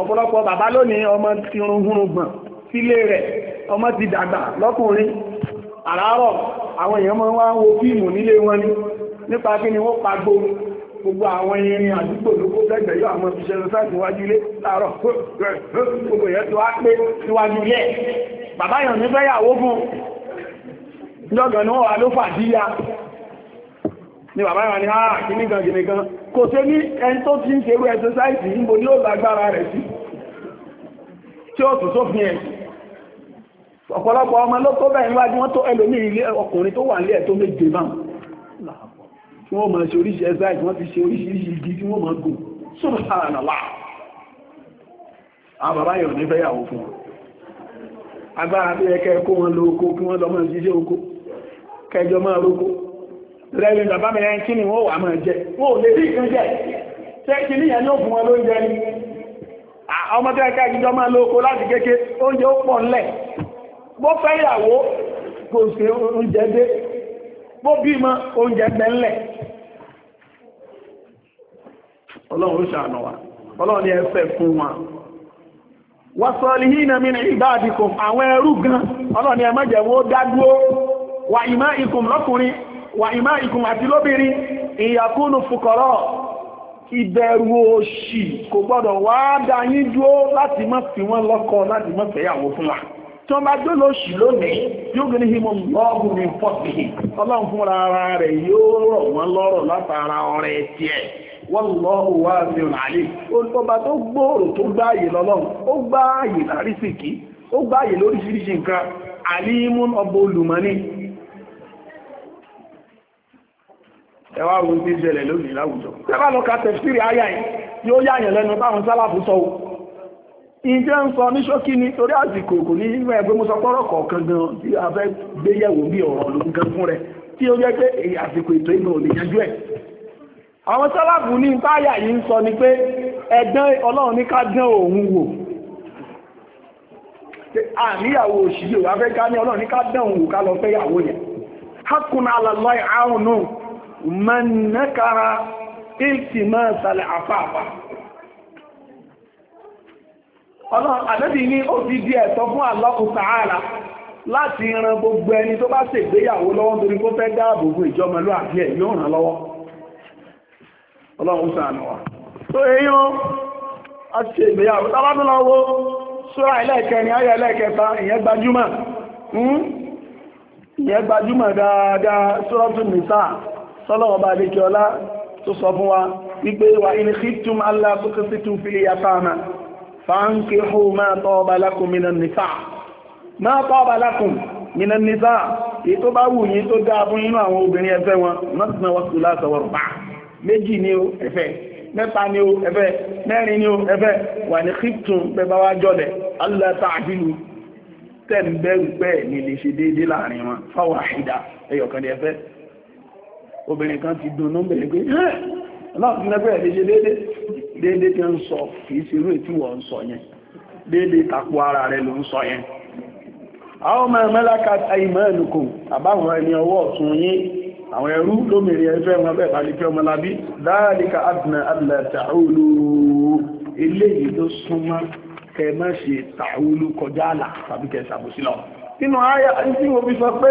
ọ̀pọ̀lọpọ̀ bàbá lónìí ọmọ ti run húnrùngbọ̀n sílé rẹ̀ ọmọ ti dàgbà lọ́kùnrin àràárọ̀ àwọn èèyàn máa ń wá wo fíìmù nílé wọn ni nípa kí ni wọ́n pàgbó gbogbo àwọn irin àdúgbò lókó lẹ́gbẹ̀ẹ́ yóò àwọn òṣìṣẹ́ lọ́sáàtì wájú ilé láàárọ̀ gbogbo èèyàn tó wá pé níwájú ilé bàbá yàn ní fẹ́yàwó fún lọ́gàn náà wà ló fàdíyà ni bàbá ìwà ní àà kí nígan gìnìgan kò sí ní ẹni tó ti ń ṣe ewé ẹsẹsáìtì níbo ní ó lágbára rẹ̀ sí tí ó tún sófin ẹ̀ ọ̀pọ̀lọpọ̀ ọmọ ló tó bẹ̀rẹ̀ níwájú wọ́n tó ẹlòmí ilé ọkùnrin tó wà nílé tó méje bá kẹjọ rẹ̀lẹ̀ bàbá mi ẹni kí ni wọ́n wà máa jẹ wọ́n lè rí ìkan jẹ tẹ́kì níyàn ní òfin wọn ló ń jẹ ní ọmọ tó ẹ̀ka ìjọ máa láti kéke oúnjẹ ó pọ̀ ńlẹ̀ bó fẹ́ ìyàwó oúnjẹ dé bó bímọ oúnjẹ gbẹ ọlọ́run wa ọlọ́run ni wà ìmá ìkùn àti lóbìnrin ìyàkúnnù fukọ̀rọ̀ ìbẹ̀rù òṣì kò gbọ́dọ̀ wá dá yín dúró láti má fi wọ́n lọ́kọ láti má fẹ́yàwó fún wa tí wọ́n bá dó lóṣì lónìí yóò gbé ní himo lọ́ọ̀gùn ní fọ́sìhì ọlọ́run fúnra ara rẹ̀ yóò rọ̀ wọ́n lọ́rọ̀ látara ọrẹ tiẹ̀ wọ́n lọ wá sí ọ̀nà àlè ọba tó gbòòrò tó gbáàyè nǹkan àlímú ọba olùmọ́ni ẹ wá wo bí ìṣẹ̀lẹ̀ lónìí láwùjọ ẹ bá lọ ka tẹ̀síìrì ayá yìí yóò yáyàn lẹ́nu báwọn sálàfù sọ o ìjẹ́ ń sọ ní ṣókí ni torí àsìkò kò ní ìwé ẹgbẹ́ mọ́sọ pọ́rọ̀ kọ̀ọ̀kan gan tí a fẹ́ gbé yẹ̀wò bí ọ̀rọ̀ ló gan fún rẹ̀ tí ó jẹ́ pé àsìkò ètò ìgbà ò lè yanjú ẹ̀ àwọn sálàfù ní táyà yìí ń sọ ni pé ẹ̀dán ọlọ́run ní ká dán òun wò àníyàwó òṣìṣẹ́ wà fẹ́ ká ní ọlọ́run ní ká dán òun wò ká lọ fẹ́yàwó yẹn hákùnà alàlọ́ àrùn náà man nakara iltimasal afafa ọlọ́run àdẹ́bì ní òfìdí ẹ̀tọ́ fún Allahu láti ran gbogbo ẹni tó bá ìgbéyàwó lọ́wọ́ torí kó fẹ́ dáàbò fún ìjọmọlú àbí ẹ̀ yóò ràn lọ́wọ́ ọlọ́run tó èyàn a ìgbéyàwó sóra ìyẹn gbajúmọ̀ hmm? tọ́lọ́wọ́ bá lè kí ọlá tó sọ fún wa wípé wà in khiftum allá tuqsitu fil yatama fankihu ma taba lakum minan nisa ma taba lakum minan nisa èyí tó bá wù yín tó dáa fún inú àwọn obìnrin ẹfẹ́ wọn mọ́sánà wa thulatha wa ruba méjì ni ó ẹfẹ́ mẹ́ta ni ó ẹfẹ́ mẹ́rin lè ṣe déédéé láàrin wọn fáwọn àṣìdá ẹyọ̀kan ni ẹfẹ́ obìnrin kan ti dùn nọ́mbẹ̀ ẹgbẹ́ ọlọ́run ti lẹ́gbẹ̀ẹ́ lè ṣe déédé déédé tí ó ń sọ kìí ṣe irú ètí wọ́n ń sọ yẹn déédé tapo ara rẹ̀ ló ń sọ yẹn àwọn ọmọ ẹ̀mẹ́láka àìmọ́ ẹ̀lùkù àbáwọn ẹni ọwọ́ ọ̀tún yín àwọn ẹrú lómìnirin ẹfẹ́ wọn bẹ́ẹ̀ bá lè fẹ́ ọmọlábí dáàlìkà adìnà adìnà tàúlù eléyìí tó súnmọ́ kẹ má ṣe tàúlù kọjá àlà tàbí kẹ ṣàbòsílọ nínú àyà tí mo fi sọ pé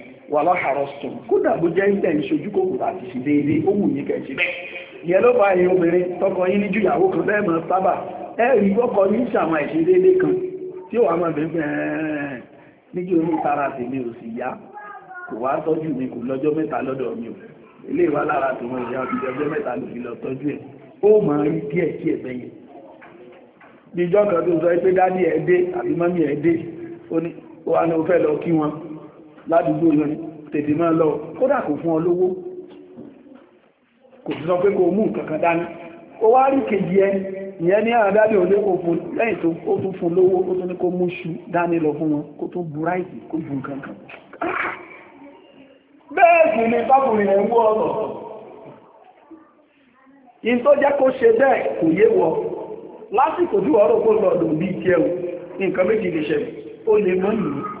wà lọ́hàrọ̀ sùn kódà bó jẹ́ ìdẹ̀ ìṣojú kòkòrò àti ìṣìdéédé ó wù ní kẹ̀jì bẹ́ẹ̀ ìyẹn ló fa ẹ̀yin obìnrin tọkọ yín ní ju ìyàwó kan bẹ́ẹ̀ mọ́ sábà ẹ rí ọkọ yín ṣàwọn ìṣìdéédé kan tí ó wà máa bẹ̀rẹ̀ fẹ́ẹ́ níjú orí tara tèmi ò sì yá kò wá tọ́jú mi kò lọ́jọ́ mẹ́ta lọ́dọ̀ mi ò ilé ìwà lára tó wọn ìyá òbí ọjọ́ mẹ́ta ló fi lọ tọ́jú ẹ̀ ó máa rí díẹ̀ díẹ̀ bẹ́yẹn bí ìjọ kan tó sọ pé dádì ẹ̀ dé àbí mọ́mí ẹ̀ dé ó ní ó wà ó fẹ́ lọ kí wọn ládùúgbò yẹn tètè máa lọ kódà kò fún ọ lówó kò sọ pé kò mú nǹkan kan dání o wá rí kejì ẹ ìyẹn ní àádáde òun ló fún lẹ́yìn tó ó tún fún lówó ó tún ní kó mú ṣu dání lọ fún wọn kó tún buráìtì kó ju nǹkan kan bẹ́ẹ̀ sì ni bákùnrin ẹ̀ ń wú ọ̀rọ̀ in tó jẹ́ kó ṣe bẹ́ẹ̀ kò yé wọ lásìkò tí wọ́n rò kó lọ́dọ̀ bíi tiẹ̀ nǹkan méjì lè ṣẹlẹ̀ ó lè mọ́ nìyí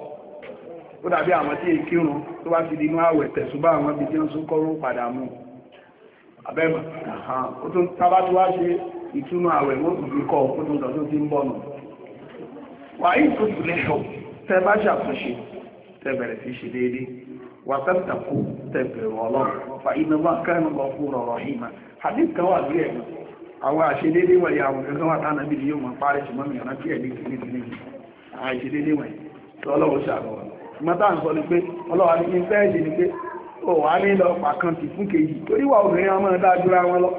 ó dàbí àwọn tí ìkírun tó bá ti dínú àwẹ̀ tẹ̀sùbá àwọn ibi tí ó ń sún padà mú abẹ́mọ̀ ó tún tábá tó wá ṣe ìtúnú àwẹ̀ wọ́n tún kọ́ ó tún tọ́jú tí ń bọ̀ nù tó tún lè ṣọ tẹ bá ṣàtúnṣe tẹ bẹ̀rẹ̀ sí ṣe wà tẹ bẹ̀rù ọlọ́run fa wọ̀nyí mọ́tà ń sọ ni pé ọlọ́wà ní fẹ́ẹ̀lì ni pé ó wà ní lọ pàkàntì fún kejì tó níwà obìnrin ọmọ dájúra wọn lọ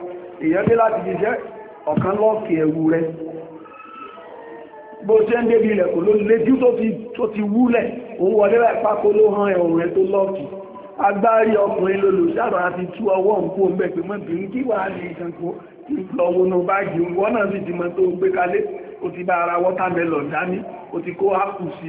èyàn dé láti jíṣẹ́ ọ̀kan lọ́ọ̀kì ẹ̀wù rẹ bó ṣe ń débi ilẹ̀ kò ló léjú tó ti wúlẹ̀ òun wọlé rẹ̀ ló han ẹ̀wù rẹ tó lọ́ọ̀kì agbárí ọkùnrin àti tú ọwọ́ ń kó pé mọ́bìnrin kí wà wọ́n náà sì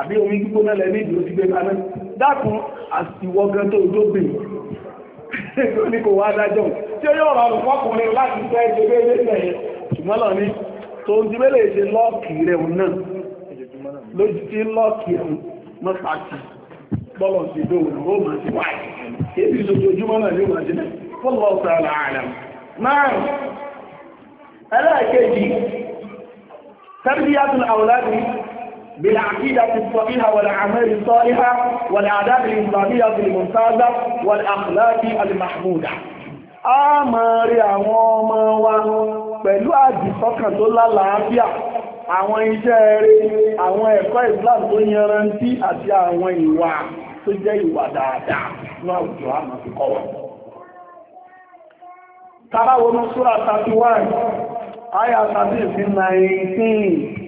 àbí omi gbígbóná lẹ́ní ìdí ó ti gbé kaná dákun àtiwọ́gán tó dóbè tó ní kò wá dájọ́ tí ó yóò rọrùn fọ́kùnrin láti fẹ́ ẹgbẹ́ ilé ṣùgbọ́n lọ ní tó ń dúró lè ṣe lọ́ọ̀kì rẹ̀ náà lójú tí lọ́ọ̀kì rẹ̀ mọ́ pàtì bọ́lọ̀ sí dóòrùn ó بالعقيدة الصحيحة والأعمال الصالحة والآداب الإنسانية الممتازة والأخلاق المحمودة a máa rí àwọn ọmọ wa pẹ̀lú àdìsọ́kàn tó lálàáfíà àwọn iṣẹ́ eré àwọn ẹ̀kọ́ Islam tó yanrantí àti àwọn ìwà tó jẹ́ ìwà dáadáa ní àwùjọ àmà fi kọ́ wọn. tàbáwọnú súra 31 àyà 13 19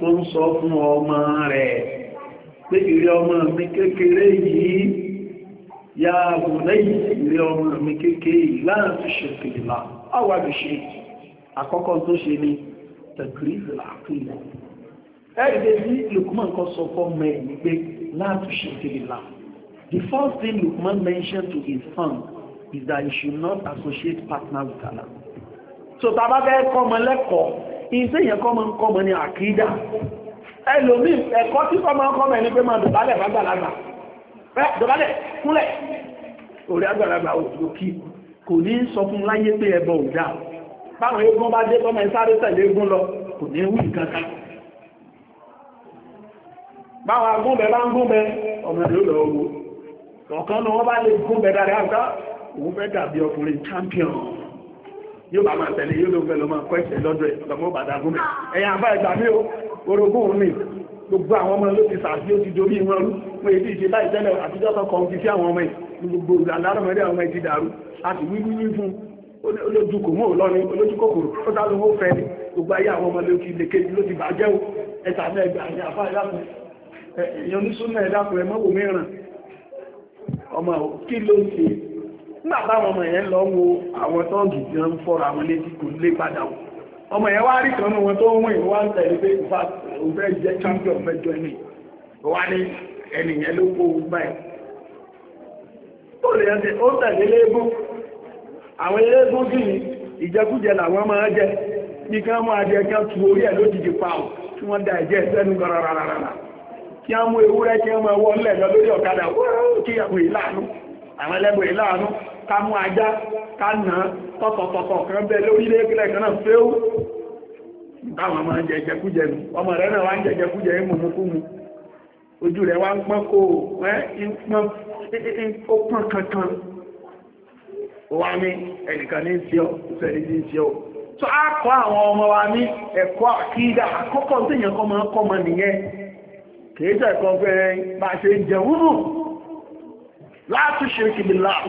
tó ń sọ fún ọmọ rẹ̀ pé ìrẹ́ ọmọ mi kékeré yìí ya bùnẹ́ ìrẹ́ ọmọ mi kékeré yìí láàrín ṣèkìlá awàbí ṣe àkọ́kọ́ tó ṣe ni tẹ̀kìrìsì àkìlá ẹ̀rẹ́ bí Lukman kan sọ fọ́ mẹ́ ní pé láàrín ṣèkìlá The first thing Lukman mentioned to his son is that he should not associate partner with Allah so tàbá bẹ́ kọmọ lẹ́kọ̀ọ́ iṣẹ́ yẹn kọmọ ń kọmọ ní àkídà ẹlòmí ẹ̀kọ́ tí kọmọ ń kọmọ ẹni pé máa dọ̀bálẹ̀ fàgbàlagbà dọ̀bálẹ̀ kúnlẹ̀ orí àgbàlagbà òkì kò ní sọ fún láyé pé ẹbọ ò dáa báwọn eégún bá dé tọ́mọ ìsáré tẹ̀lé eégún lọ kò ní wí kankan báwọn agúnbẹ bá ń gúnbẹ ọmọ ìlú lọ owó ọ̀kan ni wọ́n bá lè gúnbẹ dáadáa òun fẹ́ dàbí ọkùnrin champion yóò bá máa tẹ̀lé yóò ló fẹ́ lọ máa kọ́ ẹ̀ṣẹ̀ lọ́dọ̀ ẹ̀ lọ́mọ bàdà gún mi ẹ̀yà àbá ẹ̀gbà mi ó orogún mi gbogbo àwọn ọmọ ló ti sàbí ó ti dorí wọn rú wọn èdè ìṣe báyìí tẹ́lẹ̀ àtijọ́ tó kọ́ fi sí àwọn ọmọ yìí gbogbo àlárọ̀mọ́dé àwọn ẹ̀dí dàrú àti wíwí wí fún olójú kò mú òlọ́ni olójú kòkòrò ó dá lówó fẹ́ ni gbogbo ayé àwọn ọmọ ló ti lè kéjì ló ti bàjẹ́ o ẹ̀ta ní ẹgbẹ̀ àti àfá ẹ̀dàkùn ẹ̀yọ́nísúnà ẹ̀dàkùn ẹ̀mọ́wò mìíràn ọmọ kí ló ń ṣe nígbà táwọn ọmọ yẹn lọ wo àwọn tọ́ọ̀gì tí wọ́n ń fọ́ra àwọn létí kò lè padà wò ọmọ yẹn wá rí kan wọn tó ń wọ́n ìwọ́n tẹ̀lé pé òun jẹ́ champion mẹ́jọ ní ní ẹnìyàn ló kó ó tẹ̀lé àwọn kí mú ewúrẹ́ kí lọ lórí ọ̀kadà wọ́n kí ìlànà àwọn ẹlẹ́gbẹ̀ẹ́ láàánú ká mú ajá ká nà tọ́tọ̀tọ̀tọ̀ kan bẹ lórílẹ̀ ìpínlẹ̀ kan náà fẹ́ ó báwọn máa ń jẹ ọmọ rẹ̀ náà wá ń jẹ mú ojú rẹ̀ wá ń kó kankan wá ní wa ẹ̀kọ́ àkídà láti ṣíríkì bí láà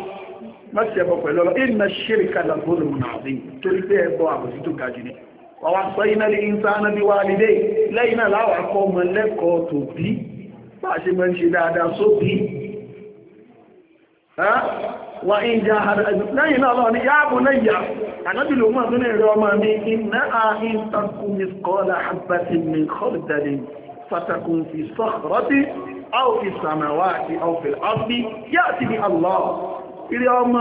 mọ́sí ẹbọ pẹ̀lú ọlọ́ iná ṣíríkà lọ́gbọ́n mọ̀ náà bí torí pé ẹbọ àbòsí tó ga jù ní wọ́n wá sọ iná lè ń sáánà bí wà nílé lẹ́yìn náà láwà kọ́ ọmọ lẹ́kọ̀ọ́ tó bí bá a ṣe mọ́ ń ṣe dáadáa ní yáàbò lẹ́yà ní ẹ̀rọ ọmọ فتكون في الصخرة أو في السماوات أو في الأرض يأتي بها الله اليوم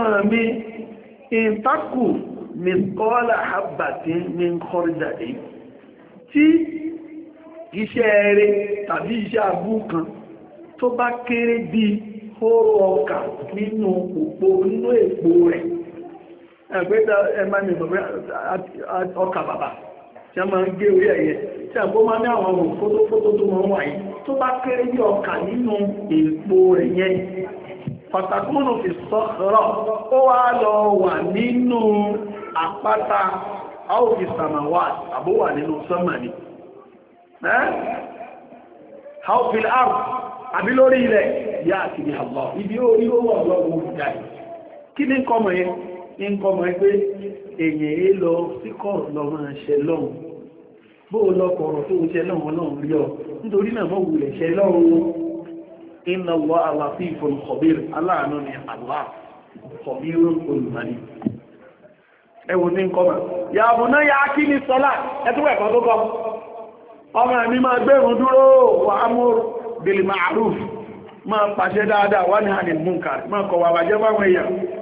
إن تكو مثقال حبة من خردل tí iṣẹ́ eré tàbí iṣẹ́ abú kan tó bá kéré bí hóró ọkà nínú òpó nínú èpò rẹ̀ ẹgbẹ́ta ẹmà ní ọkà bàbá tí a máa ń gé orí ẹ̀yẹ tí a bó máa ní àwọn ohun fótófótó tó máa ń wà yìí tó bá kéré bí ọkà nínú èpo rẹ̀ yẹn pàtàkùnù fi sọ́rọ̀ ó wá lọ wà nínú àpáta áòfi sàmàwà àbó wà nínú sọ́mà ni áòfi àrùn àbí lórí ilẹ̀ yá àti ìhàlọ́ ibi ó rí ó wọ̀ lọ́wọ́ òun jáde kí ní kọ́mọ̀ yẹn ń kọmọ pé èyàn é lọ síkọ̀ lọ́mọ ṣẹ lọ́hùn bó lọ kọ̀rọ̀ tó ń ṣẹ lọ́hùn ọlọ́run rí ọ nítorí náà mọ́ wùlẹ̀ ṣẹ lọ́hùn iná wọ àlàfí ìfòlùkọ̀bẹ̀rẹ̀ aláàánú ni àlá kọ̀bírún olùmọ̀lì ẹwù ní kọmọ yàbù náà yà kí ní sọlá ẹtú ẹ̀kọ́ tó kọ pàṣẹ dáadáa wà ní hàní múnkà máa kọ̀ wà bàjẹ́ báwọn èèyàn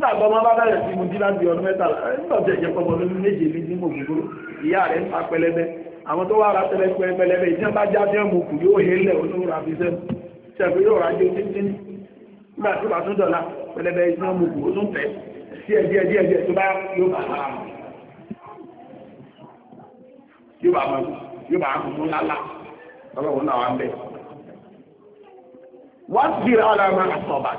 nígbàgbọ́ máa bá bẹ̀rẹ̀ sí mu jí láti ọdún mẹ́tàlá nígbàjẹ́ ìjẹpọ̀ ọmọ lórí méje ní ní mògbòrò ìyá rẹ̀ ń pa pẹlẹbẹ àwọn tó wà ra tẹlẹpẹ pẹlẹbẹ ìjẹ́ bá já jẹ́ mu kù yóò hé lẹ̀ olóòrà fi sẹ́nu sẹ́fẹ́ yóò rájó títí nígbà tó bá tún dọ̀la pẹlẹbẹ ìjẹ́ mu kù ó tún tẹ̀ díẹ̀ díẹ̀ díẹ̀ díẹ̀ tó bá yóò bá bá mu yóò bá mu yóò bá mu lálá ọlọ́run náà wà ń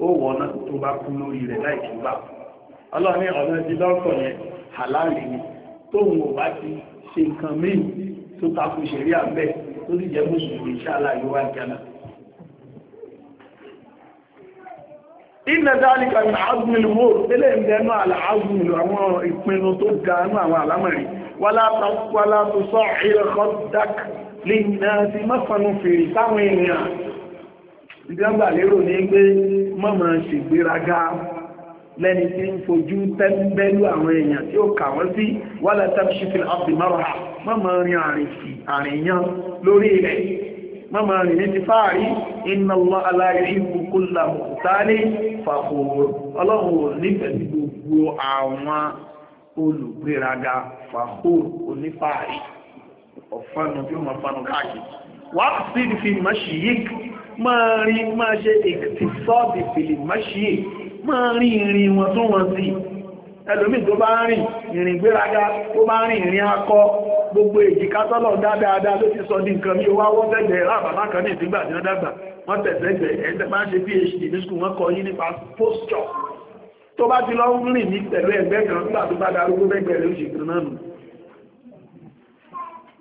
ó wọ̀nà tó bá kú lórí rẹ̀ láì tó bá kú ọlọ́ni ọ̀rọ̀ ti lọ́kọ̀ yẹn àláàrí ni tóun ò bá ti ṣe nǹkan míì tó takò ṣẹ̀rí àbẹ́ tó sì jẹ́ mùsùlùmí ṣáàlà yóò wá jẹ́nà ìlẹ̀ dáríkà ní àgbìlúwò tẹ́lẹ̀ ìbẹ̀nú àlàágbìlú àwọn ìpinnu tó gánú àwọn àlámọ̀rí wálá tó ìjọba lérò ní pé mọ́mọ́ ṣègbéraga lẹ́ni tí ń fojú tẹ́ńbẹ́lú àwọn èèyàn tí ó kà wọ́n sí wala tamshi fil ardi marha mọ́mọ́ rin àrìyàn lórí ilẹ̀ mọ́mọ́ rin ní ti fáàrí inna Allaha waqsid fi mashyik máa rí máa ṣe ìtìsọ́ọ̀bì fìlì mashyik máa rí ìrìn wọn tó wọn sí ẹlòmí tó bá rìn ìrìn gbéraga tó bá rìn ìrìn akọ gbogbo èjìká tọ́lọ̀ dáadáa ló ti sọ ní nǹkan bí wá wọ́n tẹ́gbẹ̀ ráàbàbá kan ní ìdígbà tí wọ́n dàgbà wọ́n tẹ̀sẹ̀gbẹ̀ ẹ̀ẹ́dẹ̀ máa ṣe phd ní skul wọ́n kọ yí nípa posture tó bá ti lọ rìn ní pẹ̀lú ẹgbẹ́ kan nígbà tó bá darúgbó mẹ́gbẹ̀rẹ̀ òṣèlú náà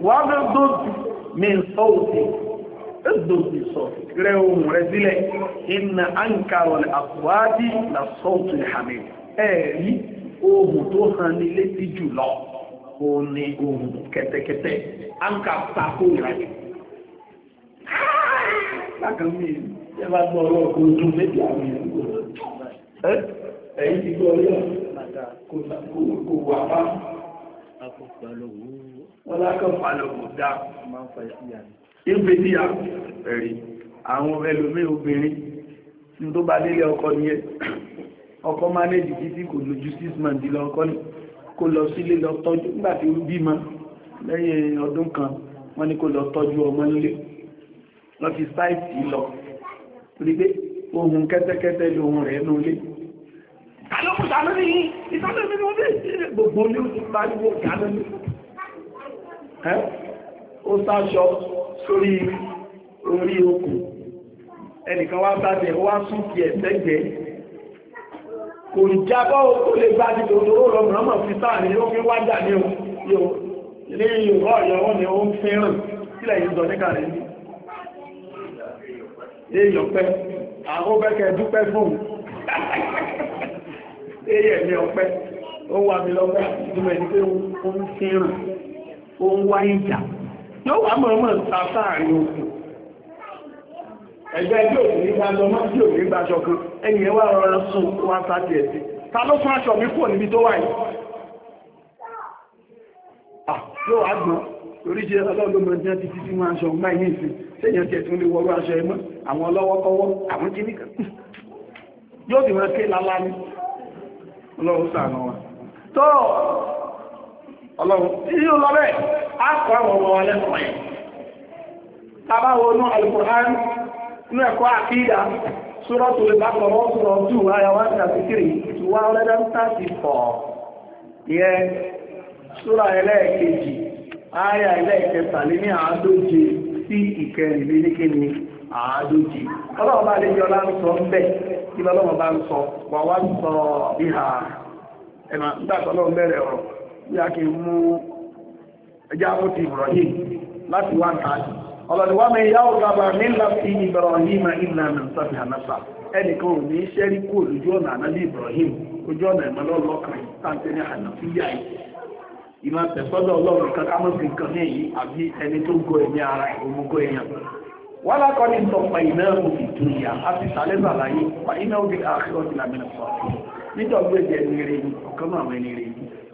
wàá dòdì mi sọ́ọ̀tì dòdì sọ́ọ̀tì rẹ ohun rẹ sílẹ̀ iná àǹkàrọ̀ àfúwádìí là sọ́ọ̀tì hàmì ẹ̀rí ohun tó hàn ní létí jùlọ ó ní ohun kẹ́tẹ́kẹ́tẹ́ àǹkà tako ìrajù bákan mi ẹ bá gbọ́ ọ̀rọ̀ kò dùn méjì àwọn èèyàn kò ẹ̀yìn ti gbọ́ ọ̀rọ̀ kò wà bá wọ́n lákọ̀ fàlọ̀mù dá ìgbé díyà ẹ̀rí àwọn ẹlòmí obìnrin tí tó bá délé ọkọ ní ẹ ọkọ mánéjì títí kò lójú six months lọ ọkọ ní kó lọ sílé lọ tọ́jú nígbàtí ó bímọ lẹ́yìn ọdún kan wọ́n ní kó lọ tọ́jú ọmọ nílé lọ fi sáìtì lọ rí pé ohun kẹ́tẹ́kẹ́tẹ́ lóhun rẹ̀ ó sáṣọ sórí orí okùn ẹnìkan wá sáṣẹ wá súnkì ẹ̀sẹ́gbẹ́ kò jábọ́ ó lè gbá ti tòrò lọ́mọ̀ ọmọ fi sáà ní ó fi wájà ní ilé Yorùbá ọ̀yọ́wọ́ ni ó ń fẹ́ràn sílẹ̀ yìí dọ̀níkà rẹ̀ ní èèyàn pẹ́ àwọn bẹ́kẹ̀ dúpẹ́ fún èèyàn ní ọpẹ́ ó wà mí lọ́pẹ́ ìdúmẹ̀ ní pé ó ń fẹ́ràn ó ń wá ìjà yóò wá mọ̀ọ́mọ̀ ta sáàrin òkun ẹgbẹ́ tí òkun nígbà lọ mọ́ tí òkun nígbà aṣọ kan ẹni ẹwà rọra sùn wá sáàtì ẹ̀sìn ta ló fún aṣọ mi kúrò níbi tó wà yìí yóò wá gbọ́n oríṣẹ́ ọlọ́ọ̀lọ́mọdé ti ti fún aṣọ máa ní ìsìn sẹ́yìn tẹ̀ tún lè wọ́rọ̀ aṣọ ẹmọ́ àwọn ọlọ́wọ́kọ́wọ́ àwọn kìíní kan yóò sì máa ké lálá ní ọlọ́run ṣàánú wa tó ọlọ́run tí ó lọ bẹ́ẹ̀ á kọ́ àwọn ọmọ wọn lẹ́nu ẹ̀ tàbá wo ní alukur'an ní ẹ̀kọ́ àkídà sọ́rọ̀ tó lè bá kọ̀ wọ́n sọ̀rọ̀ tù àyà wọn ti àti kiri tù wá ọlẹ́dẹ́ ń tà sí pọ̀ yẹ sọ́rọ̀ ẹlẹ́ẹ̀kejì àyà ẹlẹ́ẹ̀kẹtàlẹ́ ní àádóje sí ìkẹrìnlẹ́ ní kíni àádóje ọlọ́run bá lè jọ lá ń sọ ń bẹ̀ kí lọ́lọ́run bá ń sọ wà wá ń sọ bí ha ẹ̀mà ń gbàgbọ́ lọ́run bẹ̀rẹ̀ ọ̀rọ̀ bí a kì í mú Ibrahim láti wá tààdì ọlọ́dún wá mẹ́ ìyá ọ̀gábà nílá fi Ibrahim ìlà mẹ́sàbí ànáfà ẹnìkan ò ní ṣẹ́rí kú olójú ọ̀nà ànábì Ibrahim ojú ọ̀nà ìmọ̀lọ́lọ́kàn tàǹtẹ́ ní ànáfíyà yìí ìmọ̀ tẹ̀sọ́dọ̀ ọlọ́run kan ká mọ́ sí nǹkan ní èyí àbí ẹni tó gọ ẹ̀mí ara ìgbòmógó èèyàn wọ́n lákọ́ ní tọpa iná òfì ìtúnyà á ti sàlẹ́sà láyé pa iná òfì àkíọ́ ti rẹ̀ ní ọ̀kan náà mẹ́ni rẹ̀ ní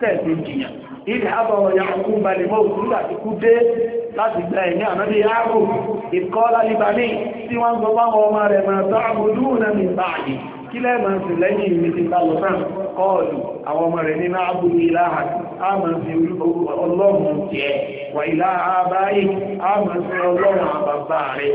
tẹ̀sí jìyàn ilẹ̀ àbọ̀wọ̀ ya kú balẹ̀ mọ́ nígbà tí kú dé láti gba ẹ̀mí ànábí ààbò ìkọ́ lálíbà ní tí wọ́n ń gbọ́gbọ́ àwọn ọmọ rẹ̀ mọ̀ tó àmójú náà mi báyìí kí lẹ́mọ̀ sí lẹ́yìn mi ti bá lọ́sàn kọ́ọ̀lù àwọn ọmọ rẹ̀ máa bú ìlàhà àmọ̀ sí ọlọ́run àbàbà rẹ̀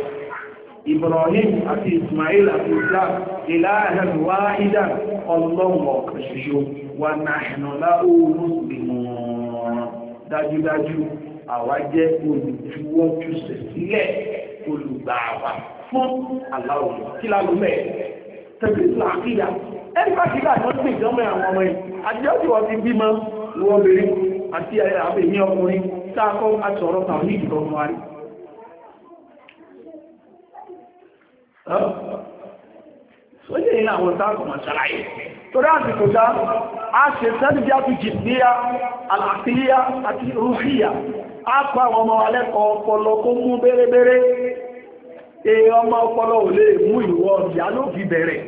Ibrahim àti Ismail àti Islam ìlàáhàn wá ìdá ọlọ́wọ̀ ṣoṣo wà náà láó mùsùlùmọ̀ dájúdájú àwa jẹ́ olùjúwọ́júṣẹ̀ sílẹ̀ olùgbààwà fún aláwọ̀ kí lálùmẹ̀ tẹ̀lé tó àkídà ẹni bá kíkà tó ń pè jọmọ àwọn ọmọ yìí àjọ tí wọ́n ti bímọ ọkùnrin sáà kọ́ àtọ̀rọ̀ tàwọn ìdìbò ó lè ní àwọn tákùnmọ̀ ṣàlàyé torí àsìkò dá a ṣe tẹ́lìjá fi jìdíyà àlàáfíyà àti rúfíyà a pa àwọn ọmọ alẹ́kọ̀ọ́ ọpọlọ kó mú bérébéré èyí ọmọ ọpọlọ ò lè mú ìwọ ìyá ló fi bẹ̀rẹ̀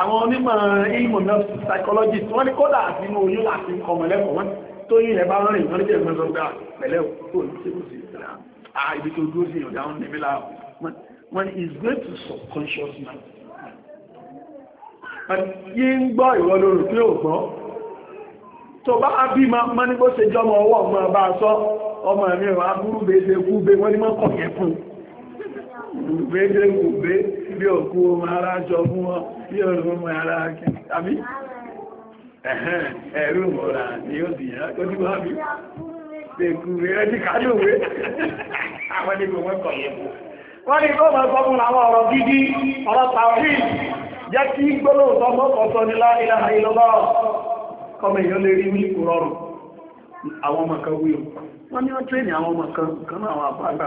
àwọn onímọ̀ ìmọ̀ náà psychologist wọ́n ní kódà àti inú oyún láti kọmọlẹ́kọ̀ọ́ wọn tó yí ẹ̀bá rìn wọ́n ní jẹ́ ìmọ̀ sọ́gbà pẹ̀lẹ́ òkú ah, tó ní sí when it's going to subconscious mind. and ń gbọ́ ìwọ lórí pé ò gbọ́. Tó bá bí ma ní bó ṣe jọmọ ọwọ́ ọmọ bá sọ, ọmọ mi wà búrú bèèdè kú bè wọ́n ní mọ́ kọ̀ yẹ kún. Bèèdè kú bí òkú ọmọ ara jọ fún wọn bí ọmọ ara kí. Àbí? Ẹ̀rù mọ̀ra ni ó dìyà, ó ti wá bí. Bèèkú bè ẹni kálùwé. Àwọn ẹni kò wọ́n ní tó mọ̀ sọ́kùn àwọn ọ̀rọ̀ gidi ọ̀rọ̀ tàwí jẹ́ kí gbólóhùn sọ́kùn ọ̀sọ̀ ní láìlà ìlọ́lọ́ kọmọ èèyàn lè rí ní ìrọ̀rùn àwọn ọmọ kan wíò wọ́n ní wọ́n àwọn ọmọ kan kan náà àwọn àpá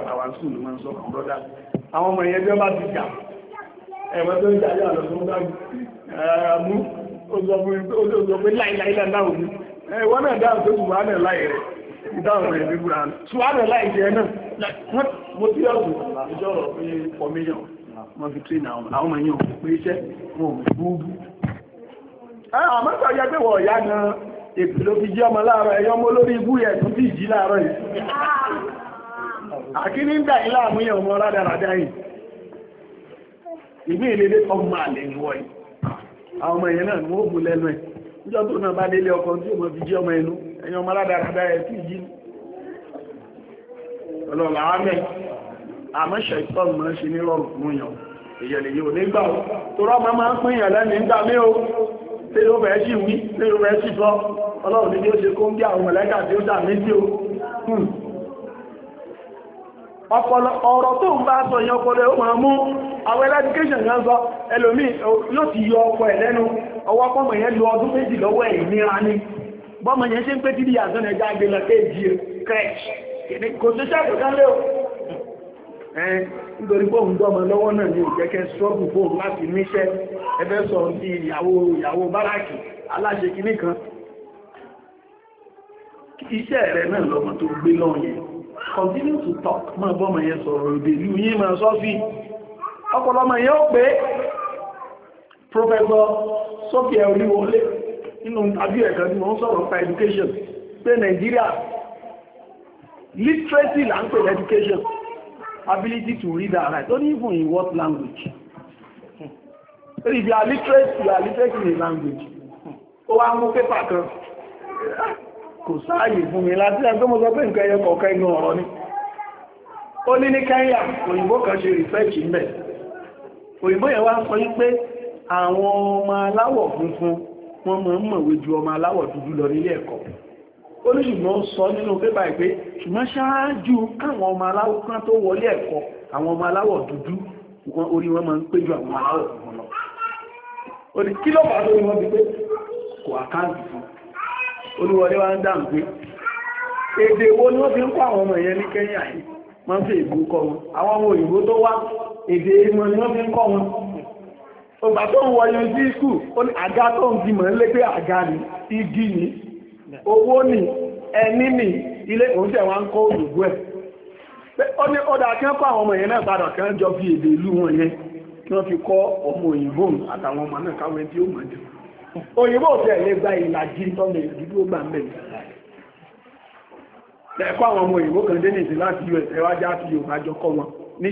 ìdáhùn rẹ̀ gbígbúra ṣùgbọ́n láìjẹ́ náà mo tí ọ̀dùn ìjọ ọ̀rọ̀ pé fọmíyàn wọ́n fi tírínà àwọn ọmọ èèyàn pé iṣẹ́ wọn ò gbúgbú àmọ́ sọ yẹ pé wọ̀ ọ̀yá gan èpè ló fi jí ọmọ láàárọ̀ ẹ̀yọ́ mọ́ lórí ibú yẹ̀ tún sí ìjí láàárọ̀ yìí àkíní ń dà ní láàmú yẹ̀ ọmọ rádaràdá yìí ìmí ìlédé ọmọ àlè ìwọ̀ yìí àwọn ọmọ èèyàn náà ni wọ́n bù lẹ́nu ẹ̀ níjọ́ tó náà bá délé ọkọ̀ tí ó mọ̀ fi jí ọmọ ẹnu ẹ̀yàn ọmọ aládàáradá ẹ̀ tí yí ọlọ́lá ámẹ́ àmọ́ṣẹ̀ ìtọ́nù máa ń ṣe ní rọrùn fún yàn èyẹ̀lẹ̀ yóò nígbà ó tó rọ́mọ máa ń pín yàn lẹ́nu nígbà mí o tí ó bẹ̀ẹ́ sì wí tí ó bẹ̀ẹ́ sì fọ́ ọlọ́run ní bí ó ṣe kó ń bí àwọn mọ̀lẹ́kà tí ó dà méjì ó hmm. ọpọlọ ọ̀rọ̀ tó ń bá sọ yẹn ọpọlọ ó máa mú àwọn ẹlẹ́dìkéṣàn yẹn sọ ẹlòmíì yóò ti yọ ọkọ̀ ẹ̀ lẹ́nu ọwọ́ pọ́mọ̀ yẹn lu ọdún méjì lọ́wọ́ ẹ̀ ìnira ni bọ́mọ yẹn ṣe ń pé dídí àzọ́ ẹja gbé lọ kéèjì crèche kò tó ṣàkó kálẹ̀ ẹn nítorí bóun dọ́mọ lọ́wọ́ náà ní láti níṣẹ́ ẹfẹ́ sọ di ìyàwó ìyàwó báràkì aláṣẹ kan iṣẹ́ rẹ̀ náà lọ́mọ tó gbé lọ́wọ́ yẹn continue to talk bọ́mọ yẹn sọ̀rọ̀ ọpọlọmọ yẹn ó pé Professor Sophia Oríwọlé nínú tàbí ẹ̀kan tí wọ́n sọ̀rọ̀ nípa education pé Nigeria literacy language education ability to read and write don't even in what language if you are literate you are literate in a language ó wá mú pépà kan kò sáàyè fún mi láti ẹgbẹ́ mo sọ pé nǹkan ẹyẹ kọ̀ọ̀kan inú ọ̀rọ̀ ni ó ní ní Kenya òyìnbó kan ṣe research ń òyìnbó yẹn wá sọ wípé àwọn ọmọ aláwọ̀ funfun wọ́n mọ̀ ń mọ̀wé ju ọmọ aláwọ̀ dúdú lọ nílé ẹ̀kọ́ ó ní ṣùgbọ́n sọ nínú pépà pé ṣùgbọ́n ṣáájú káwọn ọmọ aláwọ̀ kan tó wọlé ẹ̀kọ́ àwọn ọmọ aláwọ̀ dúdú orí wọn máa ń pé ju àwọn aláwọ̀ kan lọ ó ní kí lọ́pàá tó ní wọ́n fi pé kò àkáǹtì fún olúwọlé wa ń dáhùn pé èdè wo ọgbà tó ń wọyọ sí ikú àga tó ń gbìmọ̀ ń lé pé àga ni igi ni owó ni ẹni ni ilé òun tẹ̀ wá ń kọ́ òdòdó ẹ̀ ó ní kọ́ ọmọ yẹn náà padà kí wọ́n jọ fi èdè ìlú wọn fi kọ́ ọmọ òyìnbó àtàwọn ọmọ náà káwọn tí ó mọ̀ jù òyìnbó tẹ̀ gba ìlàjì gbà ọmọ òyìnbó kan dé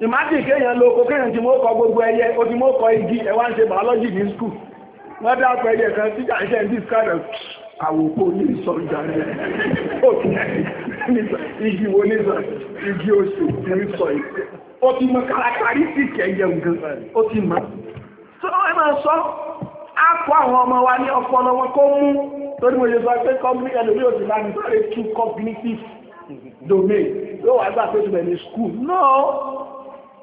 ìmájì kéèyàn ló kó kéèyàn ti mọ́ kọ gbogbo ẹyẹ o ti mọ́ kọ igi ẹwà ń ṣe biology ní school wọ́n dá ọkọ̀ ẹyẹ kan tí jàǹṣẹ́ ń discard àwòkó ní ìsọ̀jà rẹ̀ igi wo ní sọ igi oṣù ní sọ ìṣẹ́ o ti mọ kárakárí sí kẹyẹ nǹkan o ti mọ tó ẹ máa sọ á kó àwọn ọmọ wa ní ọpọlọ wọn kó mú torí mo yẹ sọ pé kọ́mí ẹlòmí òsì bá mi sáré two cognitive domain yóò wá gbà pé tùmẹ̀ ní school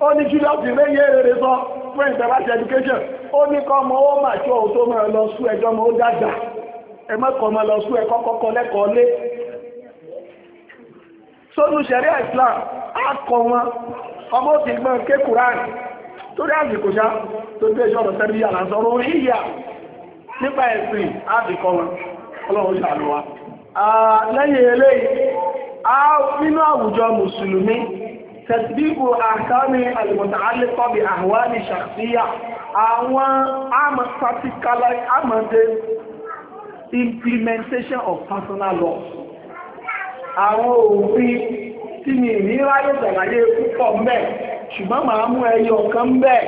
ó ní ṣúlọ́ọ̀tì lẹ́yìn èrèrè sọ fún international education ó ní kọ́ ọmọ ó mà ṣọ́ tó mọ̀ lọ sú ẹjọ́ mọ̀ ó dájà ẹ mọ́kọ̀ mọ̀ lọ sú ẹ̀kọ́ kọ́kọ́ lẹ́kọ̀ọ́ lé sónú ṣẹ̀ríà Islam á wọn ọmọ òsì tẹ̀síbíkù àkámi alìmọ̀tàálẹ́kọ́ bí àwọn ní ṣàfíyà practical, amọ̀sátíkálá the implementation of personal law àwọn òfin tí ni ìníráyé tẹ̀láyé púpọ̀ mẹ́ ṣùgbọ́n màá mú ẹyọ kan mẹ́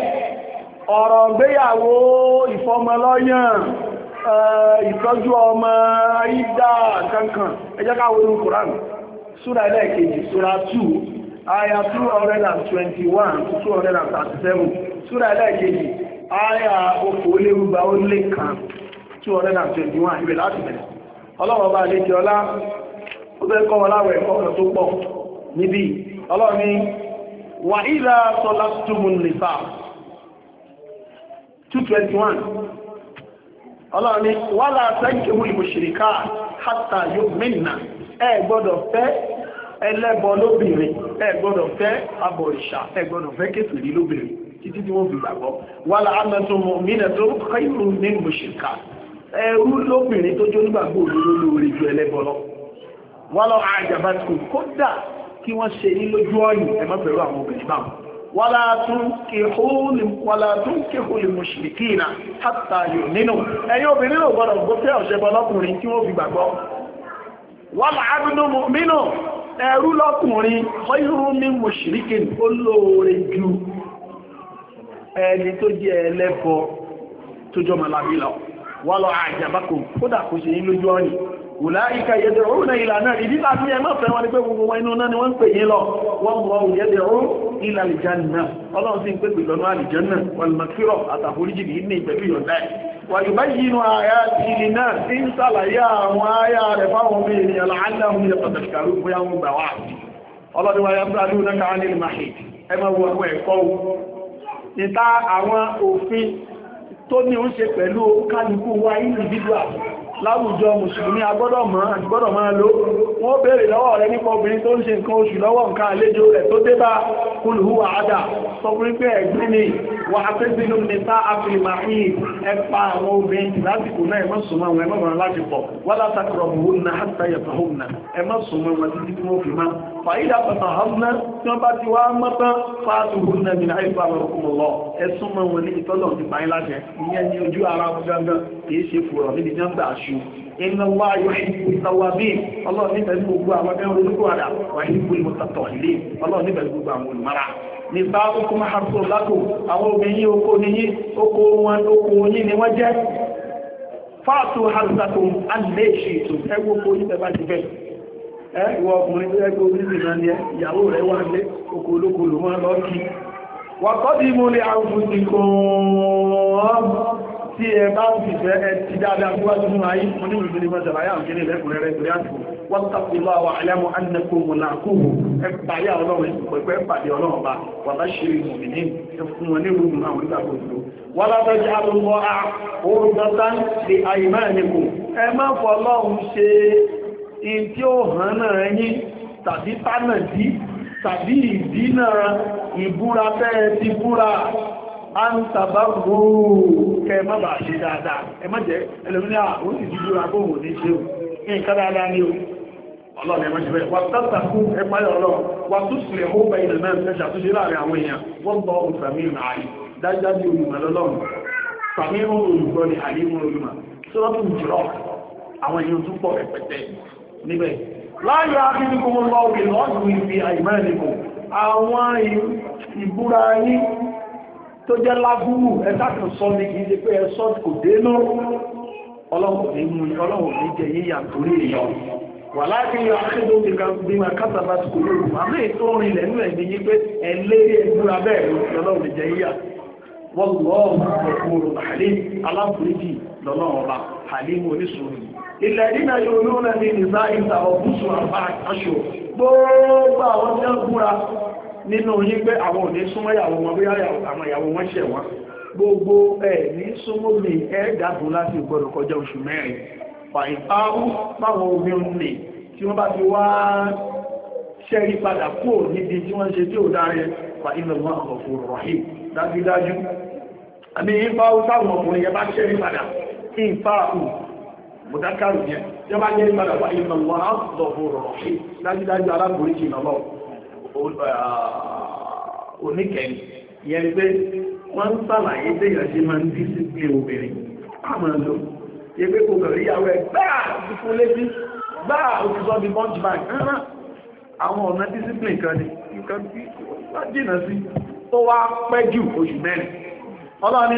ọ̀rọ̀ gbéyàwó ìfọmọlọ́yàn ìtọ́jú ọmọ ìdá kankan ẹjẹ́ káwọn olùkùránù súra ẹlẹ́ẹ̀kejì súra 2 aya 221 to 237 súra ẹlẹ́ẹ̀kejì aya okòólérúgba ó lé kan 221 ibẹ̀ láti bẹ̀rẹ̀ ọlọ́wọ́ bá lè jẹ́ ọlá ó fẹ́ kọ́ ọláwẹ̀ ẹ̀kọ́ ọ̀nà tó pọ̀ níbi ọlọ́ni wà ìlà sọlá túnmùn nìfà 221 ọlọ́ni wà látẹ́kẹ̀wò ìmòṣìríkà hátà yóò mẹ́nà ẹ gbọ́dọ̀ fẹ́ ẹlẹ́bọ lóbìnrin ẹ fẹ́ abọ̀rìṣà ẹ gbọ́dọ̀ fẹ́ kèfèrí lóbìnrin títí tí wọ́n fi gbàgbọ́ wà láàmẹ́tún mọ̀ mínà tó kẹ́yìnrún ní mùsùlùmí ẹrú lóbìnrin tó jó ju ẹlẹ́bọ lọ wà lọ wala tún kéhù lè mùsùlùmí na hátà yóò nínú ẹ̀yin obìnrin náà gbọ́dọ̀ gbọ́ lọ́kùnrin tí wala ẹrú lọ́kùnrin ọyúrúmí mùsìríkì olóore ju ẹni tó jẹ́ ẹlẹ́bọ tó jọ màlábí lọ wà lọ àjàbákò kódà kò ṣe ní lójú ọ̀nì Ùláìka yẹ̀dẹ̀ òun náà ìlànà ìdí láti ẹmọ́ fẹ́ wọn ni pé gbogbo wọn inú náà ni wọ́n ń pè yín lọ. Wọ́n mọ̀ ohun yẹ̀dẹ̀ òun ìlà àlìjánà. Ọlọ́run sì ń pè pè lọ́nà àlìjánà, wàlùmọ̀kírọ̀ àtàforíjì ní ní ìpẹ̀lú ìyọ̀dá ẹ̀. Wàyùbá yìí nu àyà ti lè náà ti ń sàlàyé àwọn àyà rẹ̀ fáwọn ọmọ láwùjọ mùsùlùmí agbọ́dọ̀ máa lò wọ́n béèrè lọ́wọ́ rẹ̀ nípa obìnrin tó ń ṣe nǹkan oṣù lọ́wọ́ nǹkan àlejò rẹ̀ tó dé bá kúlùhúwà ádà sọ wípé ẹ̀gbìn ni wà àpẹ́sìnú nípa àfihàn ẹpa àwọn obìnrin lásìkò náà ẹmọ́ súnmọ́ àwọn ẹmọ́ wọn láti pọ̀ wọ́n fàídà pẹ̀tà hàmúná tí wọ́n bá ti wá mọ́tán fáàtù húnnà ní àìfà ọkùnrin lọ ẹ̀sùn mọ́ wọn ní ìtọ́lọ̀ ti báyìí láṣẹ ìyẹn ni ojú ara wọn gangan kìí ṣe fùrọ̀ níbi jẹ́ǹdà aṣù iná wá yọ ìbú ìtawà bí ọlọ́run ni jẹ́ fáàtù alẹ́ ìṣètò ìwọ ọkùnrin tó yẹ́gbẹ́ orílẹ̀ náà ni ìyàwó rẹ̀ wà lé oko olóko ló máa lọ kí wàkọ́dí mú lè àwùjọ kan tí ẹ bá ń fìfẹ́ ẹ ti dáadáa fúwájú mú ayé mú ní ìlú nígbà sàlàyà ń kéré lẹ́kùnrẹ́rẹ́ ìgbé àtìkò wọ́n tàbí lọ àwọn alẹ́mú anẹ́kò mú náà kó wò ẹ parí ọlọ́run ìpẹ̀pẹ́ pàdé ọlọ́run bá wà bá ṣe ìmọ̀ mí ní ẹ fún wọn ní ìlú àwọn ìgbà gbogbo wọ́n lábẹ́ jẹ́ alùpọ̀ a òun dọ́tán lè àyè máa nìkò ẹ má fọ́ ọlọ́run ṣe in tí ó hàn náà yín tàbí tánàdí tàbí ìdínà ìbúra fẹ́ ti búra a ń tàbá gbòòrò kẹ má bàá ṣe dáadáa ẹ má jẹ́ ẹlòmínà ó sì ti búra bóòwò ní ṣe ní nǹkan dáadáa ní o ọlọ́run ẹ̀mọ́ ṣe bẹ́ẹ̀ wà tàbí ẹgbáyọ̀ ọlọ́run wà tó sílẹ̀ ó bẹ̀ ilẹ̀ náà ṣe àtúnṣe láàrin àwọn wọ́n bọ́ òsàmì ààyè níbẹ̀ láyé abínigún lọ́wọ́ lọ́dún ibi àìmẹ́rìnigún àwọn ìbúra yí tó jẹ́ lágúrù ẹ̀sàkùn sọ ní ilé pé ẹ̀sọ́ kò dé náà ọlọ́wọ̀ ní jẹ yíyà torí èèyàn wà láti yọ akédo bí ma kásàbà tó kòrò ògùn àmì ètò orin ilẹ̀ nílẹ̀ ní yí pé ẹ̀lẹ́rí ẹgbúra wọ́n lọ́wọ́ ọ̀pọ̀ òòrùn àlè aláforíjì lọ́lọ́wọ́ ọba àlè mú oníṣòro ìlẹ̀dínà yóò lóòrùn ní ìzá ìta ọ̀bùsù àṣò gbogbo àwọn tí ó gúnra nínú yí pé àwọn òní súnmọ́ ìyàwó wọn bí àwọn ìyàwó wọn ṣẹ̀ wọ́n gbogbo ẹ̀ ní súnmọ́ mi ẹ́ẹ̀dàbùn láti gbọ́dọ̀ kọjá oṣù mẹ́rin fàìpáhù báwọn obìnrin nì tí wọ́n bá ti wá ṣẹ́rí padà kúrò níbi tí wọ́n ṣe tí ò dáre fàìlọ́wọ́n ọ̀fọ̀ rọ̀hìn dájúdájú àmì ìpáhù táwọn ọkùnrin yẹ bá ṣẹ́rí padà ìpáhù mùdákàrù yẹn tí ó bá jẹ́ ìpadà wà ìmọ̀ wọn á lọ́bù rọ̀ṣì dájúdájú aláboríjì lọ́lọ́ oníkẹ̀yìn yẹn pé wọ́n ń sàlàyé ṣe máa ń dí sí pé obìnrin àmọ́ yẹ pé kò bẹ̀rẹ̀ ìyàwó ẹ̀ gbáà ti fún létí gbáà ó ti sọ bí punch bag rárá àwọn ọ̀nà discipline kan ni nǹkan tí wọ́n jìnà sí wá pẹ́ jù oṣù mẹ́rin ọlọ́ni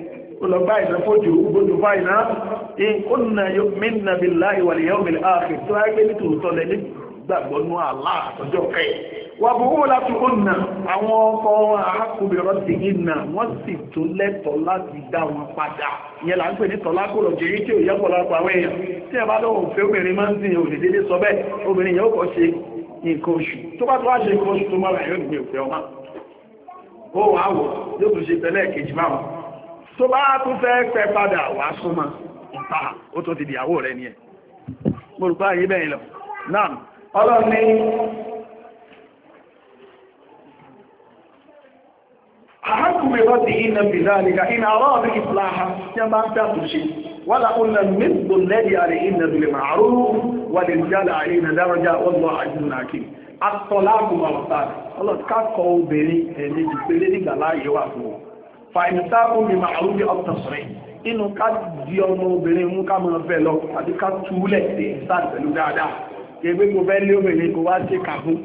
olọ́gbà ìsẹ́fọ́jú gbogbo fáìná in kunna yu'minna billahi wal yawmil akhir tó ẹgbẹ́ ní tòótọ́ lẹ́ni gbàgbọ́ nú àlá àtọ́jọ́ kẹ́ wà bú wọ́n láti ọ̀nà àwọn ọkọ̀ arákùnrin ti ìnà wọ́n sì tún lẹ́tọ̀ọ́ láti dá wọn padà ìyẹn là ń pè ní tọ́lákùnrin jẹ́ tí ò yẹ́pọ̀ lápá àwọn èèyàn tí ẹ bá lọ́wọ́ fẹ́ obìnrin máa ń sìn òdìdílé sọ bẹ́ẹ̀ obìnrin yẹn ó kọ́ ṣe nǹkan oṣù tó bá tó wá ṣe nǹkan oṣù tó mọ́ rẹ̀ yóò gbé òfẹ́ ọmọ ó wàá wọ̀ yóò tó bá tún fẹ́ pẹ padà wà súnmọ́ ìta ó tó ti dìyàwó rẹ̀ ní ẹ̀ mo rò pé ayé bẹ́ẹ̀ lọ náà ọlọ́ni àhákùnmẹ̀ rọ́dì iná bìláàlìkà iná aláàbí ìfìláha tí a máa ń tàbí ṣe wọ́la ọ̀nà mẹ́gbò lẹ́dí iná bìlẹ̀ màárù wà lè jálà àrẹ iná obìnrin ẹ̀mẹ́jì pé nígbà láàyè wà fún wọn fàìmìsáàkù mi máa rúbí ọ̀tọ̀sọ̀rẹ́ inú ká di ọmọ obìnrin mú ká máa fẹ́ lọ àti ká túlẹ̀ sí ìsáàdì pẹ̀lú dáadáa kẹgbẹ́ kò fẹ́ lé obìnrin kò wá ṣe kàfún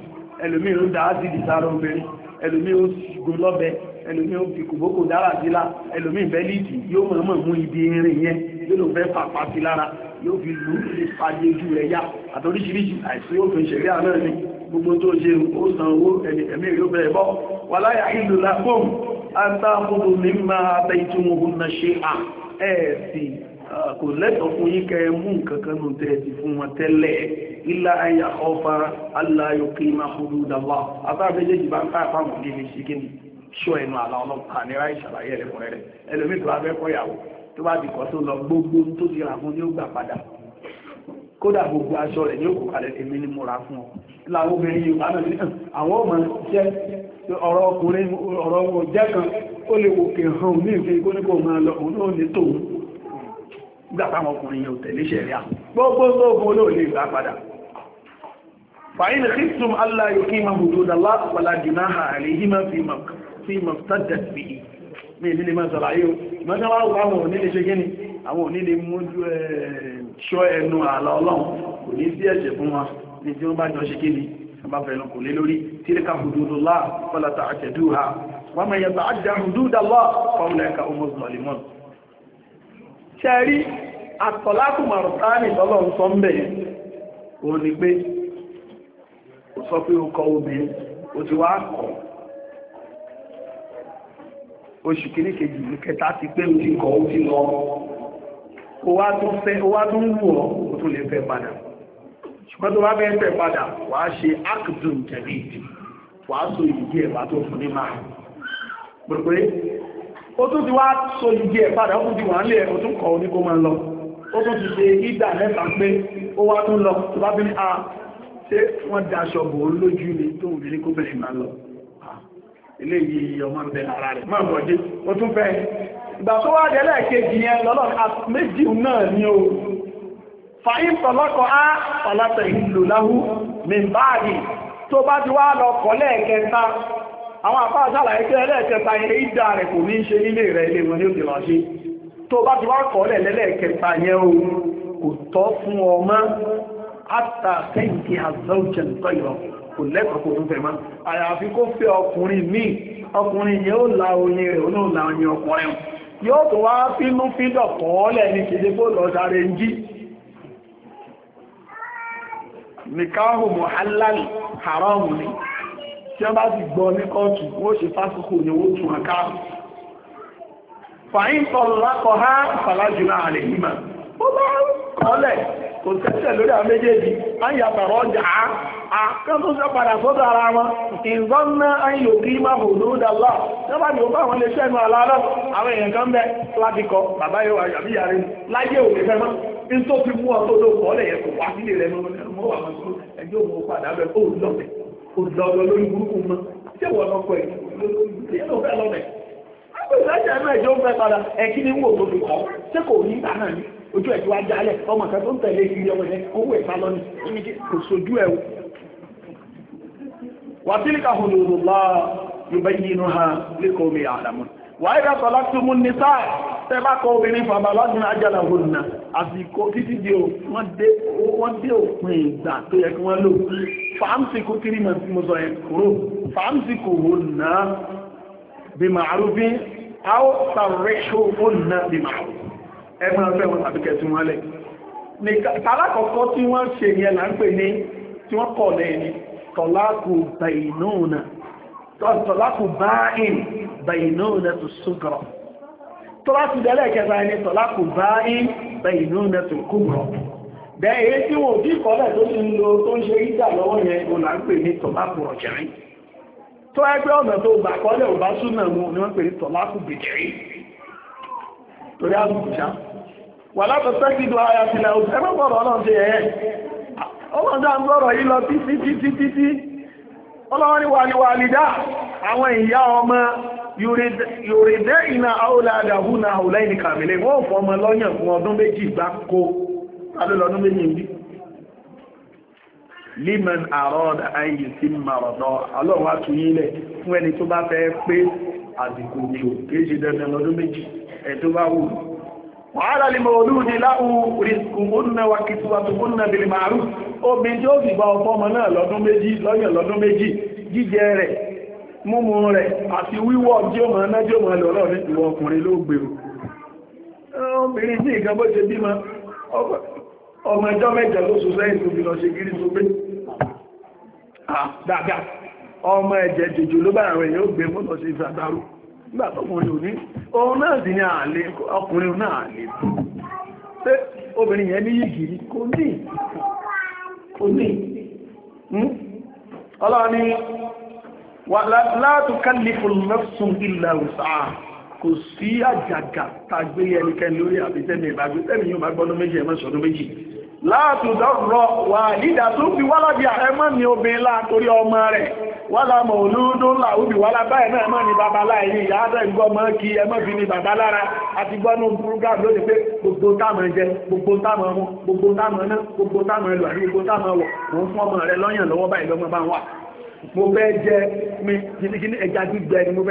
ẹlòmí ló dáa sí ìsára obìnrin ẹlòmí ó gún lọ́bẹ ẹlòmí ó fi kòbókò dára sílá ẹlòmí ìbẹ́lìtì yóò mọ̀ọ́mọ̀ mú ibi irin yẹn yóò lò fẹ́ fàpá sí lára yóò fi lù ú lè fàyè ojú rẹ̀ yá àtòríṣiríṣi àìsí òfin ìṣẹ̀rí àná ni gbogbo tó ṣe ó san owó ẹ̀mí yóò bẹ̀rẹ̀ bọ́ wà láyà ìlú lápòm àtà gbogbo mi máa bẹ ìtú ohun náà ṣe à ẹ̀ẹ̀sì kò lẹ́tọ̀ fún yín kẹ mú kankan nù tẹ́ ti fún wọn tẹ́lẹ̀ ilá ayà ọfà aláyọkè máa kúrú dàbà àtàbẹ́jẹ́jì bá ń ká àpá wọn gẹ́gẹ́ ṣe gẹ́gẹ́ ṣọ́ ẹnu àlà ọlọ́pàá ní ráìṣàlàyé ẹ̀rẹ́kùnrin rẹ̀ ẹlòmí tó abẹ́kọ̀yàwó tó bá dìkọ̀ tó lọ gbogbo tó ti rà fún ní ó gbà padà kódà gbogbo aṣọ rẹ̀ ní òkú kalẹ̀ èmi ni mo ra fún ọ láwọn obìnrin yìí wà náà àwọn ọmọ jẹ́ ọ̀rọ̀ ọkùnrin ọ̀rọ̀ ọmọ jẹ́ kan ó lè wòkè hàn ní ìfẹ́ kó ní kò máa lọ òun náà ní tòun gbàtàwọn ọkùnrin yóò tẹ̀lé ṣẹ̀ríà gbogbo gbogbo ló lè gbà padà fàyín kìtùm aláyòkí mahùdó dàlá pàládìmáhà àríhímá fi mọ̀tàdàtì mi nílé máa sàlàyé o mọ́sán wá wà wọn nílé ṣe gíní àwọn onílé mójú ṣọ́ ẹnu ààlà ọlọ́run kò ní sí ẹ̀ṣẹ̀ fún wa ní tí wọ́n bá jọ ṣe gíní bá fẹ́ lọ́kùn lé lórí tíríkà hududullah fala ta'taduha wa man yata'adda hududallah fa ulaika humu zalimun ṣẹ́rí àtọ̀lákù màrùtánì lọ́lọ́ ń sọ ń bẹ̀ o ní pé o sọ pé o kọ obìnrin o ti wá kọ̀ oṣù kìíní kejì kẹta ti pé ojú kọ̀ ojú lọ o wá tún fẹ́ o wá tún wù ọ́ o tún lè fẹ́ padà ṣùgbọ́n tó bá bẹ́ẹ̀ fẹ́ padà wà á ṣe akdun jadid wà á so ìdí ẹ̀bà tó fún ní máa pẹ̀pẹ́ ó tún ti wá so ìdí ẹ̀ padà ó tún ti wà nílẹ̀ ó tún kọ̀ oníkó máa lọ ó tún ti ṣe tó bá bí a ṣé wọ́n daṣọ bò ó lójú ni tó wù ní ilé yìí ọmọ ìbẹ̀ ara rẹ̀ máa bọ̀dé ó tún fẹ́ ìgbà tó wá dẹ̀lẹ̀ kejì yẹn lọ́lọ́ ah, méjì náà ni o fàyín tọ́lọ́kọ̀ á pàlátẹ̀ ìlú láhú mìbáàdì tó bá ti wá lọ kọ́ lẹ́ẹ̀kẹta àwọn àfáà sàlàyé pé ẹlẹ́ẹ̀kẹta yẹn ìdá rẹ̀ kò ní ṣe nílé rẹ̀ ilé wọn ní òkè lọ sí tó bá ti wá o kò tọ́ àtà kẹ́yìnkì àzọ́jẹ̀n tọ́yọ̀ kò lẹ́kọ̀ọ́ kò fẹ́ máa àyàfi kó fẹ́ ọkùnrin míì ọkùnrin yẹn ó la oyin rẹ̀ ó náà la oyin ọkùnrin yóò tó wá fínú fídọ̀ kọ́ọ́lẹ̀ ní kìdí bó lọ sáré ń jí ó bá kọ́lẹ̀ kò tẹ́sẹ̀ lórí àwọn méjèèjì a ń yàtàrọ̀ ọjà á kán tó sẹ́ padà sọ́dọ̀ ara wọn ìgbọ́n náà a ń yò kí má bò ló dàlá sábà ní ọba àwọn iléeṣẹ́ inú àwọn èèyàn kan bẹ bàbá yóò yàrá láyé òwe fẹ́ mọ́ tó fi mú ọtọ́ ló wá sílé mọ́ wà mọ́ ẹjọ́ padà ó ojú ẹ̀ tí wá jálẹ̀ ọmọ kan tó ń tẹ̀lé ìrìn ọmọ ẹ̀ owó ẹ̀ sálọ ní ibi tí kò sojú ẹ̀ o wà tí ní káhùn lòrò lọ yorùbá yìí inú ha lẹ́kọ̀ọ́ mi àdàmú wà á yàtọ̀ láti mú ní sáà tẹ́ bá kọ obìnrin fàbà lọ́dún ajálà hùnà àsìkò títí di o wọ́n dé òpin ìgbà tó yẹ kí wọ́n lò fàámsìkò kiri mọ̀ sí mo sọ ẹ̀ kúrò fàámsìkò hùnà bí màrúfin a ó sàrẹ́ṣọ́ hùnà bí màrúfin ẹgbẹ́ ọ̀fẹ́ wọn tàbí kẹtù wọn lẹ̀ ní alákọ̀ọ́kọ́ tí wọ́n ṣe yẹn là ń pè ní tí wọ́n kọ̀ lẹ́yìn ni tọ̀láàkù bàìnúùnà tọ̀láàkù báìn bàìnúùnà tó ṣúgọ̀rọ̀ tọ́láàkù dẹ́lẹ̀ kẹta ni tọ̀láàkù báìn bàìnúùnà tó kúrọ̀ bẹ́ẹ̀ tí wọ́n bí kọ́lẹ̀ tó ti ń lo tó ń ṣe ìdà lọ́wọ́ yẹn o là ń pè ní tọ̀láàkù ọ̀jẹ̀rin tó ẹgbẹ́ ọ̀nà tó gbà kọ́lẹ̀ ò bá súnà mu wọ́n pè ní tọ̀láàkù bìjẹ̀rin torí àbùkù ṣá wà látọ̀tọ́ kí ìlú ara ti lẹ́wọ̀ ẹgbẹ́ nọ lọ títí títí títí ọlọ́wọ́ ni àwọn ìyá ọmọ yorùdẹ́ ìnà àúlàdàhù na kàmìlẹ̀ wọ́n fọ́ ọmọ lọ́yàn fún ọdún méjì ẹ̀tọ́ bá wù wàhálà lè mọ̀ọ́lú ní láhù rìskùnmọ́nà wà kìtùwàtùkúnnà bìlì màárù obìnrin tí ó fi gba ọ̀pọ̀ ọmọ náà lọ́dún méjì lọ́yàn lọ́dún méjì jíjẹ rẹ̀ múmu rẹ̀ àti wíwọ̀ jí ọmọ náà jí ọmọ lọ́rọ̀ ní ìwọ ọkùnrin ló gbèrò obìnrin tí ìgbà bó ṣe bímọ ọmọ ẹjọ́ mẹ́jọ ló sọ sẹ́yìn tó fi lọ ṣe ẹ̀jẹ̀ jòjò ló bá àwọn èèyàn ó gbé mọ́tọ̀ sí ìfàdárù nígbà tọkùnrin ò ní òun náà sì ní àlè ọkùnrin náà àlè pé obìnrin yẹn ní yìí ní kò ní kò ní hm? ọlọ́run ni látùkálífò lọ́sùn ilẹ̀ òsáà kò sí àjàgà tàgbé ẹnikẹ́ni lórí àbítẹ́ni ìbàgbé tẹ́mi yóò bá gbọ́dún méjì ẹ̀mọ́sọ̀dún méjì látùdọ́rọ̀ wà nídà tó fi wá lábí àẹ́mọ́ ni obìnrin látorí ọmọ rẹ̀ wà lámọ̀ olóòdó láwúbí wà lábá ẹ̀mọ́ ẹ̀mọ́ ni bàbá láìní ìyáàdẹ̀ ìgbọ́mọ́ kí ẹmọ́ fi ni bàbá lára àti gbọ́nú program lónìí pé gbogbo táàmù jẹ gbogbo táàmù ọmọ gbogbo táàmù ẹ̀nà gbogbo táàmù ẹlò àti gbogbo táàmù ẹwọ̀ mò ń fún ọmọ rẹ ni mo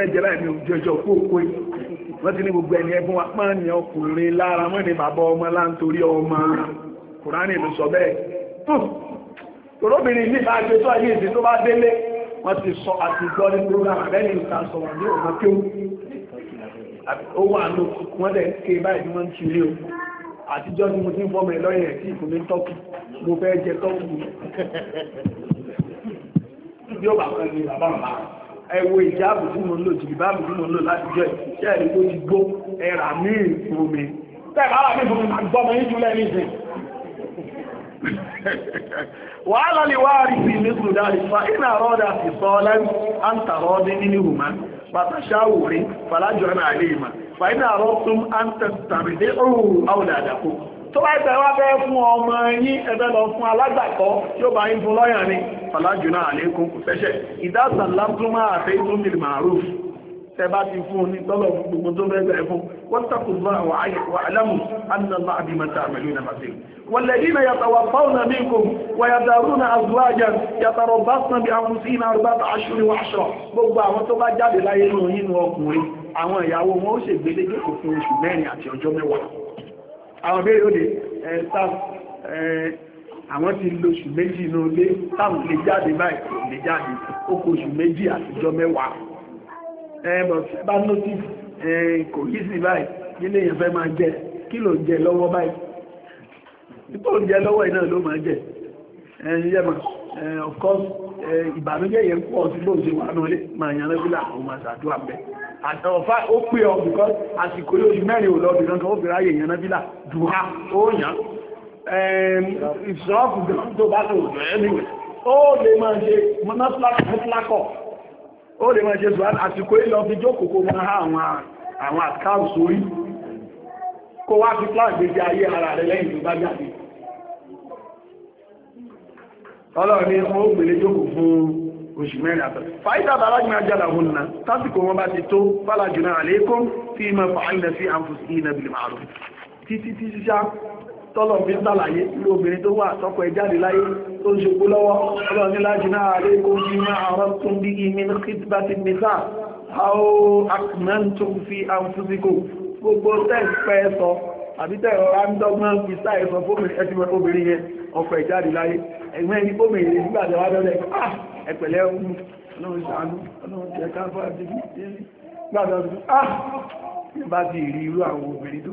wọ́n ti ní gbogbo ẹni ẹgbọ́n apá ni ọkùnrin lára mọ́ ni bàbá ọmọ láńtorí ọmọ kùránì ló sọ bẹ́ẹ̀ tòróbìnrin ní ìbájẹ́ tó ayé ìdí tó bá délé wọ́n ti sọ àti gbọ́ ní program abẹ́lì ìta sọ̀rọ̀ ní ọ̀nà kí ó wà ló wọ́n dẹ̀ ké o àtijọ́ ni mo ti ń fọ́mọ ẹ̀ lọ́yìn ẹ̀ tí ìfún mi tọ́kù mo fẹ́ jẹ tọ́kù bí ó bá kan ní bàbá bàbá ẹ wo ìjáàbù tí mo ń lò jìbì báàbù tí mo ń lò láti jọ ìṣẹ́ ẹ̀rí tó ti gbó ẹ̀rà míì fún wàhálà lè wá rí sí ní sùdáàlì fa iná rọ́dà sí sọ́ọ́lẹ́ ń tàrọ́ ọdún nínú ìhùmá pàtàṣáwòrí fàlájọ́ náà lè mà fa iná rọ́ tún ń tẹ̀sítàrí dé òun àwòdàdàkó tó bá ìtẹ̀ wá bẹ́ fún ọmọ yín ẹgbẹ́ lọ fún alágbàkọ́ tí ó bá ń fún lọ́yà ni fàlájọ́ náà lè kún kù fẹ́ṣẹ̀ ìdásàlámtúmọ̀ àfẹ́ tó mìlì màrúfù tẹ́bá ti fún ní tọ́lọ̀ gbogbo tó bẹ́ẹ̀ fún wọ́n tàkùnlọ́ àwọn àyẹ̀kọ́ alámù annàlá àbímọ̀ta àmàlú na màtí wàlẹ̀dínà yàtàwà fáwọn àmìkò wàyàdàrú na azúwájà yàtàrọ̀ bá sàn bí àwọn sí iná àrùbá bá aṣọ ni wàṣọ gbogbo àwọn tó bá jáde láyé nínú yínú ọkùnrin àwọn ìyàwó wọn ó ṣègbélé jókòó ti lo oṣù méjì inú ilé táwọn lè jáde báyìí lè jáde ó kó méjì àtijọ́ mẹ́wàá ẹ̀bọ̀ eh, bá notice eh, kò yí sí báyìí nílé èèyàn fẹ́ máa jẹ kí ló jẹ lọ́wọ́ báyìí tó ń jẹ lọ́wọ́ iná ló máa jẹ ẹ̀yẹ́mà eh, of course ìbànújẹ́ yẹn pọ̀ sí bó ṣe wà náà máa yàn lẹ́gbílà àwọn àṣàdúrà bẹ́ àtọ̀fà ó pè ọ because àsìkò yóò ṣù mẹ́rin ò lọ́bì náà ó bèèrè ayé yàn lẹ́gbílà dùhá ó yàn ìṣọ́ọ̀fù gan tó bá lò ó lè máa ṣe mọ́nàfílákọ̀ ó lè máa ṣe ṣùgbọ́n àsìkò ìlọ fi jókòó máa ha àwọn àkáù sórí kó wá fi pláàgbèjì ayé ara rẹ̀ lẹ́yìn tó bá jáde ọlọ́run ni wọ́n gbèlé jókòó fún oṣù mẹ́rin àtọ̀ fàídà bàlájúmọ́ ajára hun náà tásìkò wọn bá ti tó bàlájúmọ́ àlékún tí mọ́ fàáìlẹ̀ sí àǹfùsí ìnàbìlì màárùn títí títí tọ́lọ̀ fi sàlàyé ilé obìnrin tó wà tọ́kọ ẹjáde láyé tó ń ṣogbó lọ́wọ́ ọlọ́ni láti náà alẹ́ ikún fi ní àwọn tún bí imi ní kìtìbátì nìta àó akùnmẹ́ntún fi àǹfúsíkò gbogbo tẹ́ẹ̀pẹ́ sọ àbí tẹ́ẹ̀rọ rándọ́gbọ́n fi sáẹ̀sọ fóbìnrin obìnrin yẹn ọkọ ẹjáde láyé ẹgbẹ́ ní fóbìnrin nígbà tó wá dọ́lẹ̀ ah, ẹ̀pẹ̀lẹ́ ọkùn ọlọ́run ṣàánú ọlọ́run ti ẹ̀ká fọ́ àti gbàdọ̀ ah, bá ti rí irú àwọn obìnrin tó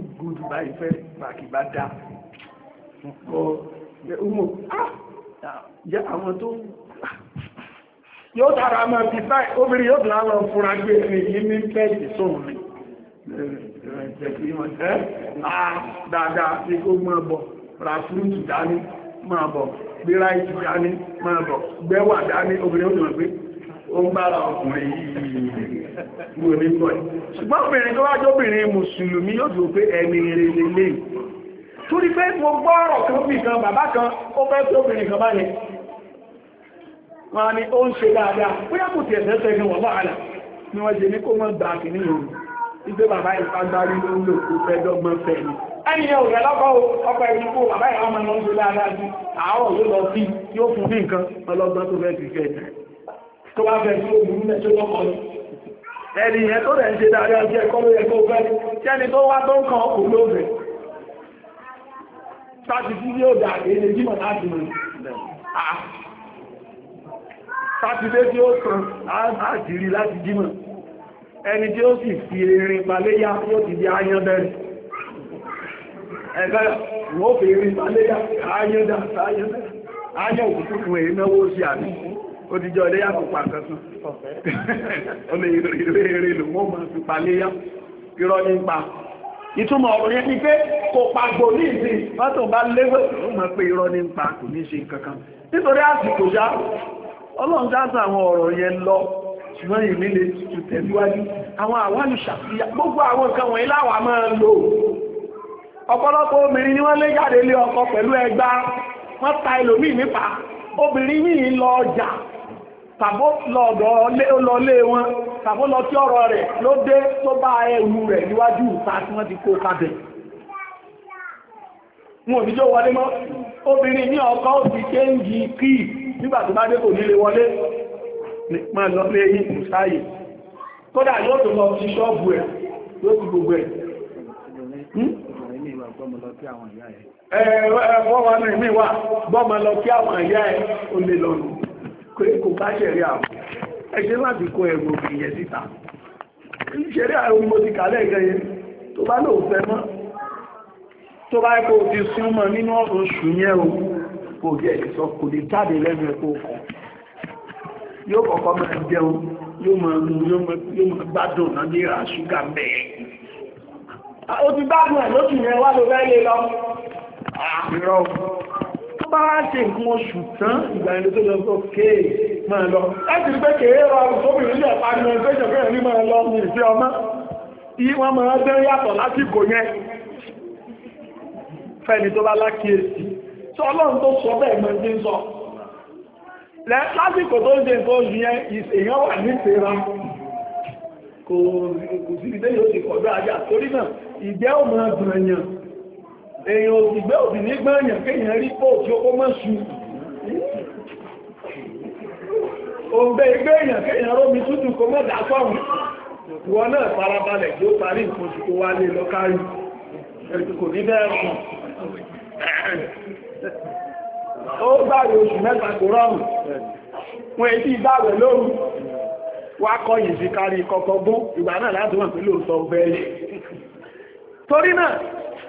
pàkì bá dáa ọmọ jẹ́ ah, àwọn tó yóò tààrà máa fi báyìí obìnrin yóò tààrà lọ fúnra gbé ní ìmí pẹ́ẹ̀sì sóhun ní dáadáa ní kó máa bọ̀ ra fúrútù dání máa bọ̀ gbé ráìtì dání máa bọ̀ gbẹ́wà dání obìnrin ó dùn pé ó ń bára ọkùnrin yìí wò ní bọ̀ ṣùgbọ́n obìnrin tó wájú obìnrin mùsùlùmí yóò dùn pé ẹni rere lè torí pé mo gbọ́ ọ̀rọ̀ kan bí kan bàbá kan ó fẹ́ tó obìnrin kan báyẹn wọ́n ni ó ń ṣe dáadáa bóyá kò tí ẹ̀fẹ́ sẹ́ni wọ́n wàhálà ni wọ́n ṣe ní kó mọ́ gbà kì ní òru ìgbé bàbá ìfagbárí ló ń lò kó fẹ́ dọ́gbọ́n fẹ́ ni ẹniyàn ò rẹ̀ lọ́kọ́ ọkọ̀ ẹni kó bàbá ìwọ́n mọ́ ló ń ṣe dáadáa sí àárọ̀ ló lọ sí yóò fún bí nǹkan ọlọ́gbọ́n tó fẹ́ ti fẹ́ tó bá fẹ́ tó burú mẹ́tọ́ lọ́kọ́ ẹni yẹn tó rẹ̀ ń ṣe dáadáa sí ẹ̀kọ́ ló yẹ kó fẹ́ tí ẹni tó wá tó ń kan ọkùnrin lóòfẹ́ sáti tí yóò dà èdè jímọ̀ láti mọ̀ sáti tí tí ó sàn láti rí láti jímọ̀ ẹni tí ó sì fi erin paléyá yóò ti di ayán bẹ̀rẹ̀ ẹgbẹ́ wọ́n fi erin paléyá ayán dà ayán bẹ̀rẹ̀ ayán òkúkú fún èyí náwó sí àmì ó ti jọ iléyà kò pàtàkì tún ó lè rí rí rí lò wọ́n máa fi paléyá irọ́ nípa ìtumọ̀ ọ̀rọ̀ yẹn ni pé kò pàgbò ní ìsìn mọ́tò bá léwé ó mọ̀ pé irọ́ ní ń pa kò ní ṣe kankan nítorí àsìkò já ọlọ́run dáta àwọn ọ̀rọ̀ yẹn lọ ṣùgbọ́n ìmí lè tutù tẹ̀síwájú àwọn àwálù ṣàfihàn gbogbo àwọn nǹkan tàbó lọ́lé wọn tàbó lọ tí ọ̀rọ̀ rẹ̀ ló dé tó bá ẹ̀rù rẹ̀ níwájú ìta tí wọ́n ti kó kábẹ̀ wọn ò ní jó wọlé mọ́ obìnrin ní ọkọ̀ òbí kéńjì kí nígbà tó bá dé kò nílé wọlé máa lọ lé yí ìsáyè kódà yóò tó lọ sí ṣọ́ọ̀bù ẹ̀ yóò ti gbogbo ẹ̀ hmm? ẹ̀ẹ̀wọ́n wa náà mí wà gbọ́mọ lọ kí àwọn ìyá ẹ̀ ó lè lọ́nà kò bá ṣẹ̀rí àwọn ẹ̀ṣẹ́ láti kó ẹ̀rù òfin yẹn síta ṣẹ̀rí àwọn mo ti kàlẹ̀ gẹ́yẹ tó bá lóò fẹ́ mọ́ tó bá ẹ̀kọ́ ti sún mọ́ nínú oṣù yẹn o kò jẹ́ ìsọ kò lè jáde lẹ́nu ẹ̀kọ́ kan yóò kọ́kọ́ máa jẹun yóò máa mú yóò máa gbádùn náà ní ra ṣúgà bẹ́ẹ̀ ó ti gbádùn ẹ̀ lóṣù yẹn wá ló fẹ́ lé lọ àpérọ̀ bá ṣe nǹkan oṣù tán ìgbà ìlú tó lọ sọ kéè máa lọ láti rí pé kèé rọrùn tóbìnrin lè pariwo ẹgbẹ́ ìjọba ní máa lọ ní ìfẹ́ ọmọ yí wọ́n máa dẹ́ yàtọ̀ lásìkò yẹn fẹ́ni tó bá lákìíyèsí tí ọlọ́run tó sọ bẹ́ẹ̀ mọ́ sí ń sọ lásìkò tó ń ṣe nǹkan oṣù yẹn èèyàn wà ní ìsera kò sí ìdé yóò ti kọjá ajá torí náà ìjẹ́ ò máa gbọ̀nyàn èyàn òsìgbẹ́ obi nígbà èyàn kéyàn rí pò tí ó kó mọ́ ṣù òǹbẹ̀ igbé èyàn kéyàn rómi tútù kó mọ́ dásọ́rùn wọn náà farabalẹ̀ tí ó parí nǹkan oṣù tó wálé lọ́kárí kò ní bẹ́ẹ̀ ó báyìí oṣù mẹ́ta kò rọrùn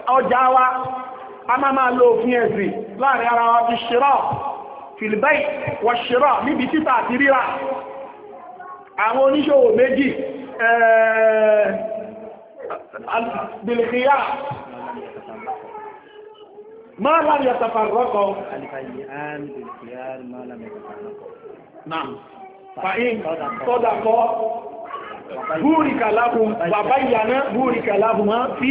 ọjà wa a máa máa lo òfin ẹ̀sìn láàrin ara wa fi ṣírọ̀ fìlìbẹ́ì wọ ṣírọ̀ níbi títà àti ríra àwọn oníṣòwò méjì bìlìkìyà máa láàrin ọ̀tàfà rọ́kọ̀ Búrìkà láhùn, bàbá ìyàná búrìkà láhùn máa fi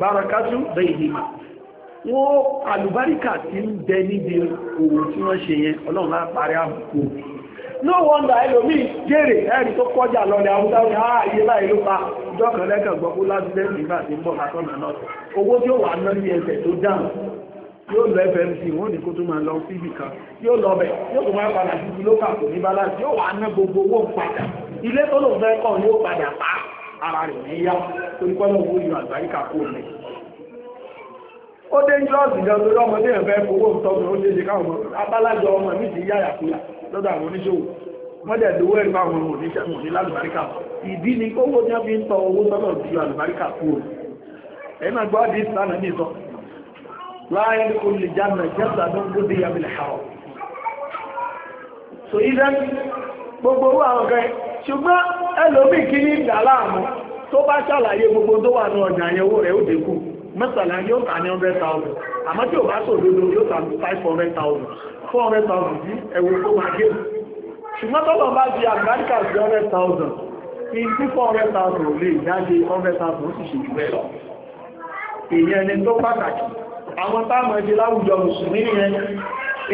bárakátú bẹ́ẹ̀ni wọ́n àlùbáríkà tí ń bẹ níbi òwò tí wọ́n ṣe yẹn ọlọ́run láà parí àbùkù no wonder ẹlòmí jèrè ẹ̀rì tó kọjá lọ́lẹ̀ àwúdá ní ààyè ah, láì ló pa ìjọ kan lẹ́kàn gbọ́kú láti lẹ́sìn nígbà tí ń bọ̀ látọ̀nà náà owó tí ó wà ná ní ẹsẹ̀ tó dáhùn yóò lọ fmc wọ́n ní kó tó máa lọ síbì kan yóò lọ bẹ̀ yóò tó máa padà sí lókà kò ní bá láti yóò wà ná gbogbo owó padà ilé tó lòun fẹ́ kàn yóò padà pa ara rẹ̀ ní yá torí pẹ́lú owó ìlú àgbáríkà kó rẹ̀ ó dé ń jọ́ọ̀sì jọ lórí ọmọdé ẹ̀fẹ́ owó ìtọ́jú ó ṣeéṣe káwọn abálájọ ọmọ mi ti yáyà lọ́dọ̀ àwọn oníṣòwò wọ́n dẹ̀ lówó àwọn ní lálùbáríkà ìdí ni kówó ní gbogbo owó àwọn kan ṣùgbọ́n ẹlòmíì kí ní ìdàláàmú tó bá ṣàlàyé gbogbo tó wà ní ọjà yẹn owó rẹ̀ ó dínkù mẹ́tàlá yóò tà ní hundred thousand àmọ́ tí ò bá sòdodo yóò tà five hundred thousand four hundred thousand sí ẹ̀wò tó máa gé ṣùgbọ́n tọ́lọ̀ bá di àgbáríkà sí hundred thousand kí sí four hundred thousand lè jáde hundred thousand ó sì ṣe jù bẹ́ẹ̀ lọ èèyàn ẹni tó pàtàkì àwọn táwọn ẹni láwùjọ mùsùlùmí yẹn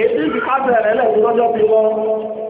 èyí ti fi ká bẹ̀rẹ̀ lẹ́yìn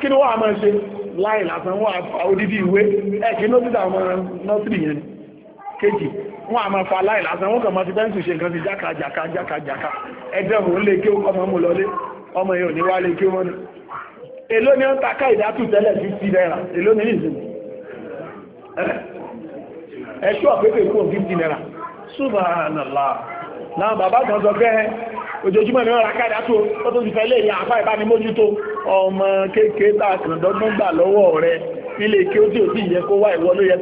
kí ni wọ́n a máa ṣe láì lásán wọ́n a odidi ìwé ẹ̀kí nọ́tìdà àwọn nọ́tìdì yẹn kéjì wọ́n a máa fa láì lásán wọ́n kàn máa ti bẹ́ǹsì ṣe nǹkan sí jáka jáka jáka jáka ẹgbẹ́ òun lè kí ọmọ mú lọlé ọmọ yẹn ò ní wá lè kí wọ́n ní èló ni ó ń ta ká ìdátù tẹ́lẹ̀ sí sí náírà èló ni nìyí ẹ̀ṣọ́ àpépè fún 50 náírà subhanallah láwọn bàbá kan sọ pé ojoojúmọ́ ni wọ́n ra kádà tó ó tó ti fẹ́ lè yà àfá ìbánimójútó ọmọ kéèkéé bá àtìrìndọ́gbọ́n gbà lọ́wọ́ rẹ̀ nílé kí ó tí ò sí yẹ kó wá ìwọ ló yẹ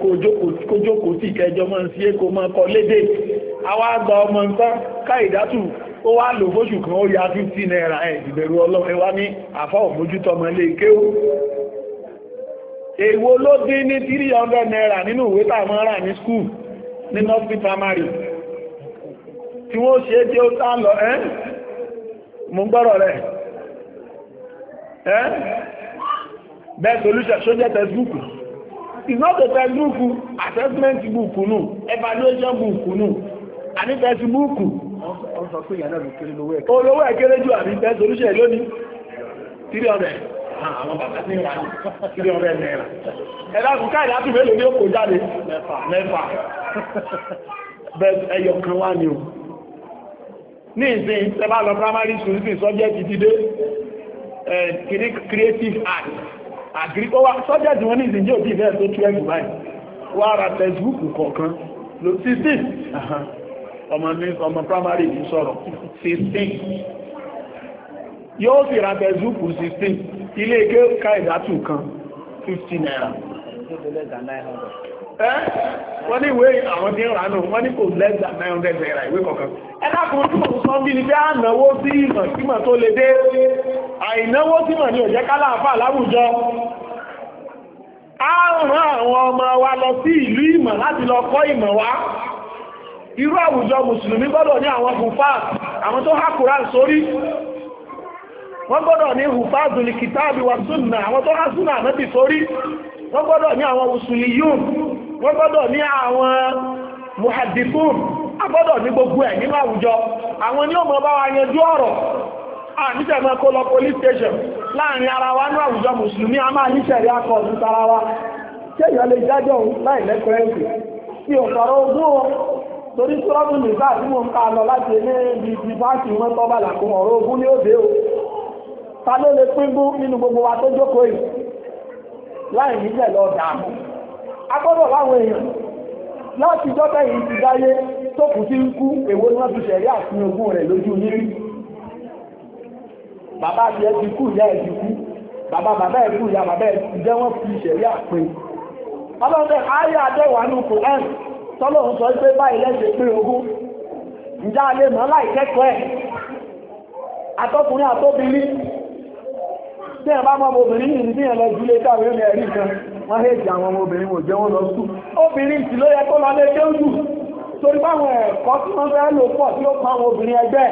kó jókòó sí ìkẹjọ mọ́ sí èkó mọ́ kọ lédè àwa gba ọmọ nǹkan káìdátù ó wá lò fóṣù kan ó ya 50 naira ẹ̀ ìbẹ̀rù ọlọ́run wá ní àfá òmójútó ọmọ ilé ké ó èwo ló dín ní 300 naira nínú ìwé táwọn rà ní skul ní north primary tí wọ́n ṣe é jẹ́ ó tá lọ ẹ́ mú gbọ́rọ̀ rẹ̀ ẹ́ bẹ́ẹ̀ solution ṣó jẹ́ it's not a textbook assessment book nù evaluation book nù àní textbook olówó ẹ̀kẹ́rẹ́ jù àbí bẹ́ẹ̀ solution lónìí 300 àwọn bàbá tí ń ra ní 300 naira ẹ̀dá kù káàdì átùmẹ́lò ní ó kò jáde mẹ́fà mẹ́fà bẹ́ẹ̀ ẹyọ kan wá ní o ní ìsìn tẹ́bá lọ primary school ní subject dídé creative art agrikowa subject wọn ní ìsìn jẹ́ òbí ìfẹ́ tó 12 báyìí wọ́n ara textbook kọ̀ọ̀kan ló 16 ọmọ ní ọmọ primary ní sọ̀rọ̀ 16 yóò sì ra textbook 16 ilé ike ká ìdátù kan 15 naira wọ́n ní ìwé àwọn tí ń rà wọ́n ní kò lẹ́gbà 900 naira ìwé kọ̀ọ̀kan ẹ̀dàkùn tí mọ̀ sọ bí ní pé ànáwó sí ìmọ̀ tí mọ̀ tó lè dé àìnáwó sí mọ̀ ní òjẹ́ kálàáfà láwùjọ a àwọn ọmọ wa lọ sí ìlú ìmọ̀ láti lọ kọ́ ìmọ̀ wa irú àwùjọ mùsùlùmí gbọ́dọ̀ ní àwọn àwọn tó hákùrá sórí wọ́n gbọ́dọ̀ ní súnà àwọn wọ́n gbọ́dọ̀ ní àwọn muhadithun agbọ́dọ̀ ní gbogbo ẹ̀ nínú àwùjọ àwọn ni ó mọ̀ bá wa yanjú ọ̀rọ̀ àníṣẹ̀mọ́ kó lọ police station láàrin ara wa ní àwùjọ mùsùlùmí a máa níṣẹ̀rí akọ̀ ní tara wa kéèyàn lè jájọ́ láì lẹ́kọ̀ẹ́ǹkì tí ò sọ̀rọ̀ ogún o torí sọ́rọ́bù nìgbà tí mo ń ká lọ láti ilé ibi ti fáàkì wọn tọ́ bàlà kún ọ̀rọ̀ ogún ní òde o ta ló lè pín gún nínú gbogbo wa tó jókòó yìí láì níṣẹ̀ lọ dààmú agbọ́dọ̀ láwọn èèyàn láti jọ́tẹ̀ yìí ti dáyé tó kù sí ń kú èwo ni wọ́n fi ṣẹ̀rí àfihàn ogún rẹ̀ lójú yín bàbá ti ẹ ti kú ìyá ẹ ti kú bàbá bàbá ẹ kú ìyá bàbá ẹ ti jẹ́ wọ́n fi ṣẹ̀rí àpin ọlọ́dẹ̀ ayé àdẹ́wà ní kò ẹ̀ tọ́lọ̀ ń sọ pé báyìí lẹ́sẹ̀ pé ogún ìjà lè mọ́ láì kẹ́kọ̀ọ́ ẹ̀ atọ́kùnrin àtóbìnrin tí ẹ̀ bá mọ́ obìnrin yìí ní ẹ̀lọ ìdílé ka ní ẹ̀rí kan wọ́n hẹ́jì àwọn obìnrin òjẹ́ wọn lọ sùn obìnrin sì ló yẹ kó lọ lé déjù torí báwọn ẹ̀kọ́ tí wọ́n fẹ́ lò pa àwọn obìnrin ẹgbẹ́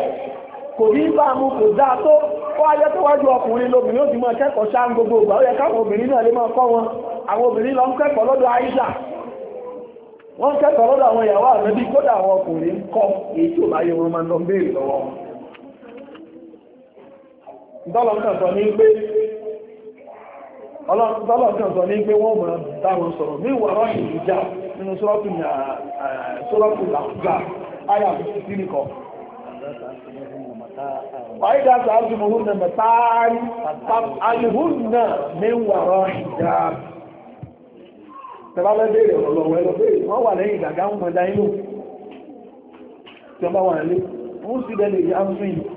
kò ní bá mú kò dáa tó ó wáyé tó wájú ọkùnrin lóbìnrin ó ti mọ ṣá ń gbogbo ìgbà ó yẹ káwọn obìnrin náà lè máa kọ́ wọn àwọn obìnrin lọ ń kẹ́kọ̀ọ́ lọ́dọ̀ wọ́n kẹ́kọ̀ọ́ lọ́dọ̀ àwọn ìyàwó kódà àwọn ọkùnrin kọ́ èyí tí ò ìdọ́lọ́kàntọ̀ ní pé wọ́n mọ̀ dáwọn sọ̀rọ̀ ní soro ìrìjá nínú sọ́rọ̀kù làkúgbà ayà fífí sí nìkan wàídá sàájú mọ̀hún na mẹ́tàárí alìhún náà ní wọ̀rọ̀ ga tẹ́bàbẹ́ bèèrè ọ̀lọ́wọ́ ẹlọ́bẹ̀ẹ́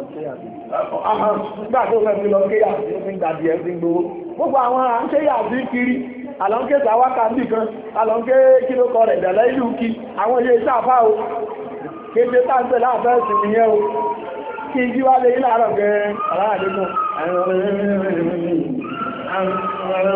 lọ kéyà sí. nígbà tó fẹ́ fi lọ kéyà rẹ̀ dẹ̀lẹ́ ìlú kí àwọn ilé iṣẹ́ àfá o kéde táǹtẹ̀ láàfẹ́ sí nìyẹn o kí n lè yí láàárọ̀ gẹ́rẹ́ àrá àdékùn Tó bá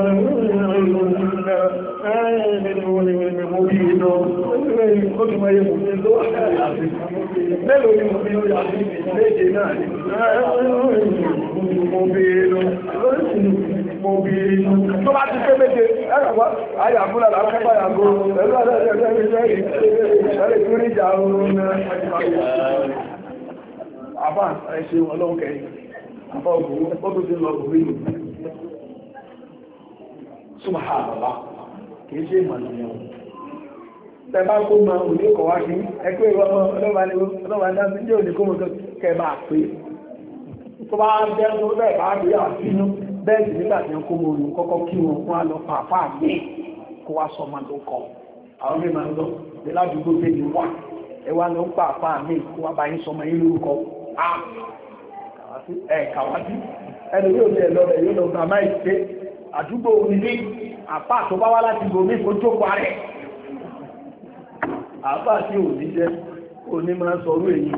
ti pé méje, ẹgbẹ̀wọ́, ayà fúnlá lákẹ́bà yàgò, ẹgbẹ́ ọ̀dọ́ ẹgbẹ́ ẹgbẹ́ ẹgbẹ́ ẹgbẹ́ ìjà oòrùn náà. Àbá ẹ̀ṣẹ́ ọlọ́ọ̀kẹ́ Subhanallah kìí ṣe ìmọ̀lẹ̀ ẹ̀wọ̀n tẹ̀bá kó mọ òní kọ̀ wá sí ẹgbẹ́ ìwọ ọmọ ọlọ́wà ní ọdún jẹ́ òdìkó mọ̀ kẹba pé tó bá bẹ́ tó bẹ́ẹ̀ bá rí bẹ́ẹ̀ sì nígbà tí wọ́n kó mọ òní kọ́kọ́ kí wọn fún kó wá sọ ọmọ tó kọ àwọn lọ bí ládùúgbò wà ẹ wá lọ kó wá bá ah! ẹ kàwá sí àdúgbò onílé àpá tó bá wá láti gòmí kó tó pa rẹ̀ àpá tí ò ní jẹ́ oní máa sọ̀rọ̀ èyí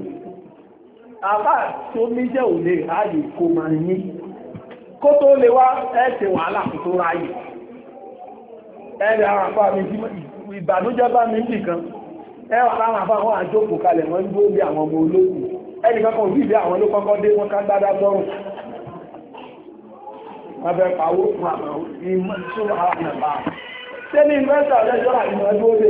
àpá tó ní jẹ́ ò lè ráyè kó máa yí kó tó lè wá ẹ̀ẹ́sẹ̀ wàhálà kó tó ráyè ẹ̀rẹ̀ àwọn àpá mi ìbànújẹ́ bá mi nìkan ẹwà láwọn àfá àwọn àjókòó kalẹ̀ wọ́n gbó bí àwọn ọmọ olókùn ẹnìkan kan bí ìbí àwọn olókọ́kọ́ dé wọ́n ká abẹ́ pàwó fún àmà ìmọ̀ tó àwọn àmà ṣé ní ìrẹ́sà lẹ́jọ́ àìmọ̀ ẹgbẹ́ òde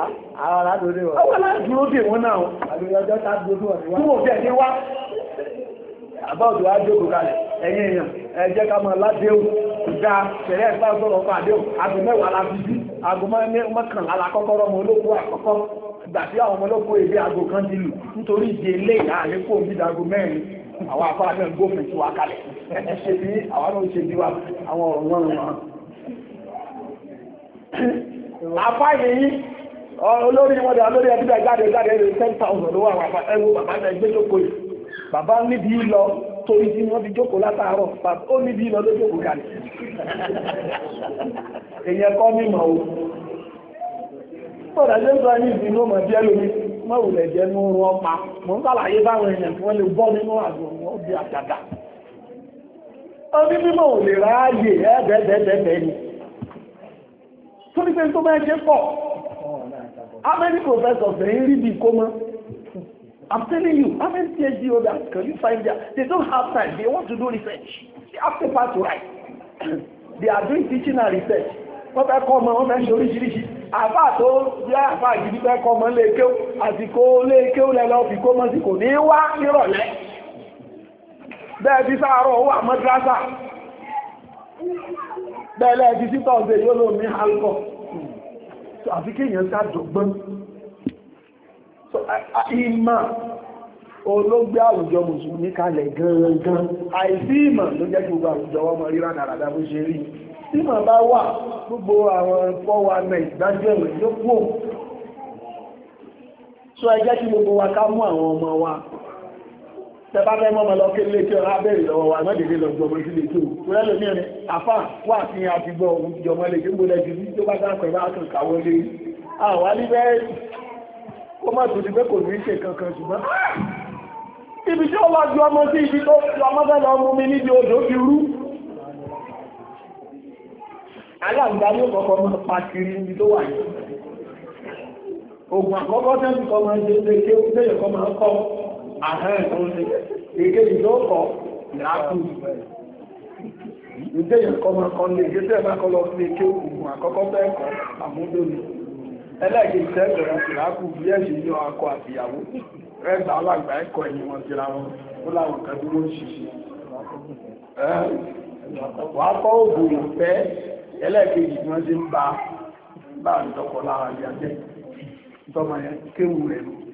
àwọn aládùúdé wọn àwọn aládùúdé wọn náà àbíyànjọ́ tá dúdú wọn tí wọ́n jẹ́ ní wá àbáwọ̀dù wá jókòó kalẹ̀ ẹ̀yìn èèyàn ẹ jẹ́ ká máa ládéhùn ìdá tẹ̀lé ẹ̀fà sọ̀rọ̀ ọkọ̀ àdéhùn aago mẹ́wàá lábíbí aago mọ́kànlá lákọ́kọ́rọ́ ọmọ olóko àkọ́kọ́ ìgbà tí àwọn ọmọ olóko èdè aago kan ti lù nítorí ìdí ilé ìyá àlékò òbí ìdágo mẹ́rin àwọn afáàdé ẹ̀ṣẹ̀ bí àwọn ọ̀rọ̀ ṣe bí wa àwọn ọ̀rọ̀ wọn wọn àfáyé yìí olórí wọn dà lórí ẹbí jáde jáde ẹ̀rẹ̀ ten thousand owó àwọn ẹrù bàbá náà gbé jókòó yìí bàbá níbi lọ torí tí wọ́n fi jókòó látàárọ̀ bàbá ó níbi lọ ló jókòó kalẹ̀ èyàn kọ́ mímọ̀ o tọ́lá jẹ́ sọ ní ìdínú ọmọ díẹ̀ lómi mọ́wùlẹ̀ jẹ́ nínú ọpa mọ́ ń báwọn èèyàn tí wọ́n nínú àgbọ̀n wọn bí àdàdà orí ò lè ráyè ẹ́bẹ̀ẹ́bẹ̀ẹ́bẹ̀ẹ́ ni tó ní pé tó bẹ́ẹ̀ ṣe pọ̀ how many professors dey rí bí kó mọ́ I'm telling you how many PhD holders can you find there they don't have time they want to do research they have paper to write they are doing teaching and research wọ́n fẹ́ kọ́ ọmọ wọn fẹ́ ṣe oríṣiríṣi àbá tó yá àbá gidi fẹ́ kọ́ ọmọ lè kéw àsìkò lè kéw lẹ́lọ́ kó mọ́ sí kò ní wá nírọ̀lẹ́. bẹ́ẹ̀bí sáàrọ̀ wà mọ́dúrásà bẹ́ẹ̀lẹ́ ẹ̀bí sítọ̀ yóò lò ní alkọ̀ so àfi kéèyàn sáàdọ̀gbọ́n so ìmọ̀ olóògbé àwùjọ mùsùlùmí kalẹ̀ gangan àìsí ìmọ̀ ló jẹ́ gbogbo àwùjọ ọmọ ríra dàràdà bó ṣe rí ìmọ̀ bá wà gbogbo àwọn fọ́wà náà ìdájọ́ ẹ̀wẹ̀ ló so ẹ kí gbogbo wa ká ọmọ wa tẹbá fẹ́ mọ́mọ́ lọ kí lékí ọ̀rá bẹ̀rẹ̀ lọ́wọ́ wa náà dédé lọ́jọ́ mọ́ sí lékí òun rẹ̀ lómi ẹ̀rin àfà wà sí àtìgbọ́ òun jọmọ́ lékí ń gbọ́lẹ̀ jù tó bá dákọ̀ ẹ̀bá kan kàwọ́ lé àwa ní bẹ́ẹ̀ kó má tó ti pé kò ní ṣe kankan ṣùgbọ́n ibi tí ó wá ju ọmọ sí ibi tó fi ọmọ fẹ́ lọ mú mi níbi odò fi rú aláǹgbá ní kọ̀ọ̀kan máa pa kiri níbi tó wà yìí ogun àkọ́kọ́ tẹ́ǹtì kan máa ń ṣe ṣe ṣe ó tẹ́yẹ̀ kan máa ń kọ́ àhẹ́ ìfúnṣe èké ìdókọ̀ ìrákù ìdé ìkọmọkọ ní ìgbésẹ̀ ìbákọlọ fún èké òkùnkùn àkọ́kọ́ bẹ́ẹ̀ kọ́ àmúdóni ẹlẹ́ẹ̀kì ìtẹ́gbẹ̀rẹ̀ ìrákù bí ẹ̀ṣẹ̀ yọ akọ àtìyàwó ẹ̀kọ́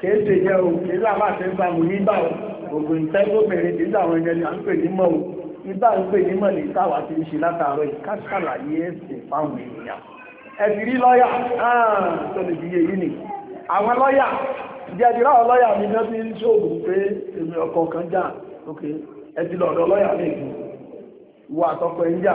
kéèsè e o kéèsè àmáṣe ń bàmù nígbà o gbogbo ìtẹ́gbòbìnrin à ń pè ní mọ́ o ń pè ní mọ́ ní táwa ti ń ṣe látàárọ̀ ẹ̀sìn fáwọn èèyàn ẹ̀sìn rí lọ́yà ah, tó lè fi yé yìí nì àwọn lọ́yà mi náà ti ń pé èmi ọkọ̀ kan jà òkè lọ́dọ̀ lọ́yà mi kù wọ àtọkọ ẹ̀ ń jà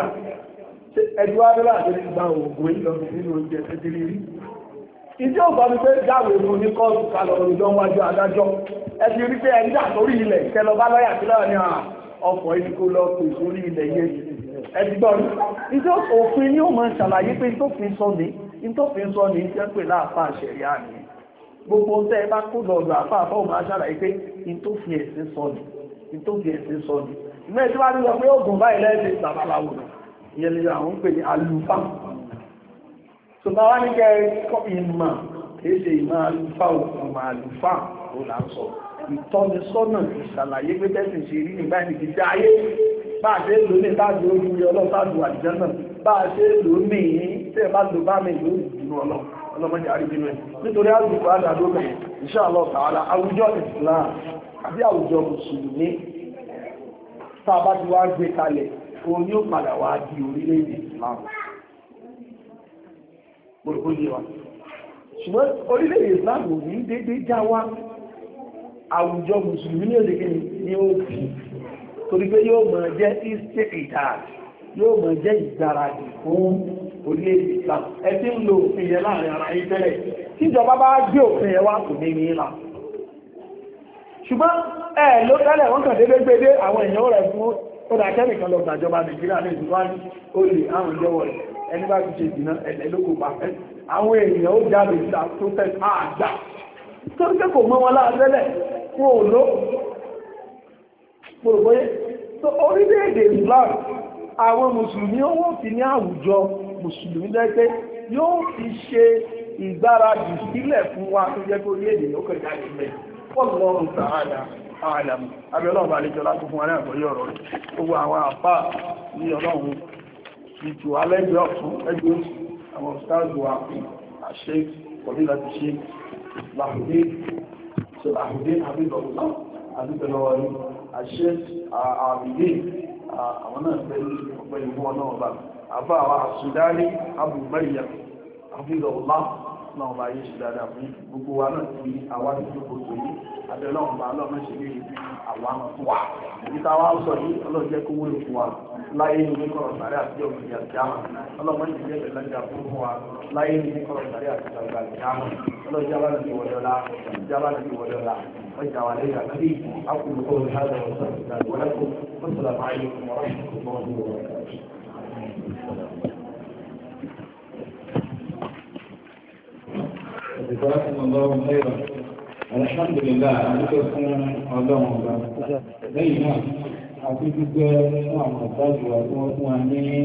ìdí òbá mi pé dáwò fún ní kọ́ọ̀tù kalọ̀ òjò wájú adájọ́ ẹ ti rí pé ẹ dà lórí ilẹ̀ kẹlọba lọ́yà sí lọ́wọ́ ní ọkọ̀ ìdíkó lọ pè sórí ilẹ̀ yẹn ẹ̀dì gbọ́n ìdí òfin ni ó máa ṣàlàyé pé ìtòfin sọ ní ìtòfin sọ ní jẹ́ pé láàfà àṣẹ̀yà ni gbogbo tẹ́ ẹ bá kó lọ́dọ̀ àfà àfà ò máa ṣàlàyé pé ìtòfin ẹ̀sìn sọ ní ìtòfin ẹ̀sìn sọ ní ìmọ̀ tó bá wá ní kẹ́ ìmọ̀ kìí ṣe ìmọ̀ àlùfáà òkùnmọ̀ àlùfáà ó là ń sọ ìtọ́nisọ́nà ìṣàlàyé pé tẹ́sì ṣe rí nígbà ìdíje tí ayé bá a ṣe lò ní táàbí orí ọlọ́tàdù àjẹ́ náà bá a ṣe lò ní tẹ́ bá lò bá mi lò ìdúró ọlọ́run ọlọ́mọdé àríbínú ẹ̀ nítorí àrùkù àdàdóbẹ̀ inshallah ta'ala àwùjọ islam àbí àwùjọ mùsùlùmí tàbá ti wá gbé kalẹ̀ òun yóò padà wá di orílẹ̀-èdè islam gbogbo yé wa ṣùgbọ́n orílẹ̀-èdè Islam ní dédé já àwùjọ ní ni ó fi torí pé yóò mọ̀ jẹ́ yóò mọ̀ jẹ́ fún orílẹ̀-èdè ń lo òfin láàrin ara tẹ́lẹ̀ ó dá kẹ́mìkan lọ gbàjọba nàìjíríà ní ìlú wáyé ó lè àrùn jọwọ́ rẹ̀ ẹni bá ti ṣe ìdìnà ẹ̀lẹ́ ló kò pa àwọn èèyàn ó jáde ìta tó tẹ́ àgbà tó ń kẹ́kọ̀ọ́ mọ́ wọn láàrẹ́lẹ̀ fún òló pòròbóyé tó orílẹ̀-èdè Islam àwọn mùsùlùmí ó wọ́n fi ní àwùjọ mùsùlùmí lẹ́gbẹ́ yóò fi ṣe ìgbáradì sílẹ̀ fún wa tó jẹ́ kó orílẹ̀-èdè yóò kọjá ìgbẹ́ pọ̀ lọ́rùn tààdà àlàmù abẹ́ ọlọ́run bá lẹ́jọ́ láti fún wa ní àgbọ́yé ọ̀rọ̀ rẹ̀ gbogbo àwọn àpá ní ọlọ́run ìtò alẹ́gbẹ́ ọ̀tún ẹgbẹ́ òsì àwọn ọ̀sáàgbò àpò àṣẹ kọ̀bí láti ṣe làhùdé àhùdé àbíbọ̀lá náà bá yé ṣe dáadáa fún gbogbo wa náà ti àwa ní gbogbo tó yí àtẹlọ́run bá lọ́mọ ṣe lè rí àwa fún wa èyí tá a wá sọ yìí ọlọ́run jẹ́ kó wúlò fún wa láyé ní ní kọ̀rọ̀ sàárẹ̀ àti ọ̀gbìn ìyá kíámà ọlọ́run jẹ́ jẹ́ bẹ̀rẹ̀ lọ́jà fún wa láyé ní ní kọ̀rọ̀ sàárẹ̀ àti ọ̀gbìn ìyá kíámà ọlọ́run jábà ní ìwọ̀dọ́lá jábà ní ìwọ̀dọ́lá واجعل عليها جزاكم الله خيرا الحمد لله àdúgbò fún ọlọ́run ọba lẹ́yìn náà àti gbígbẹ́ fún àwọn ọ̀tájú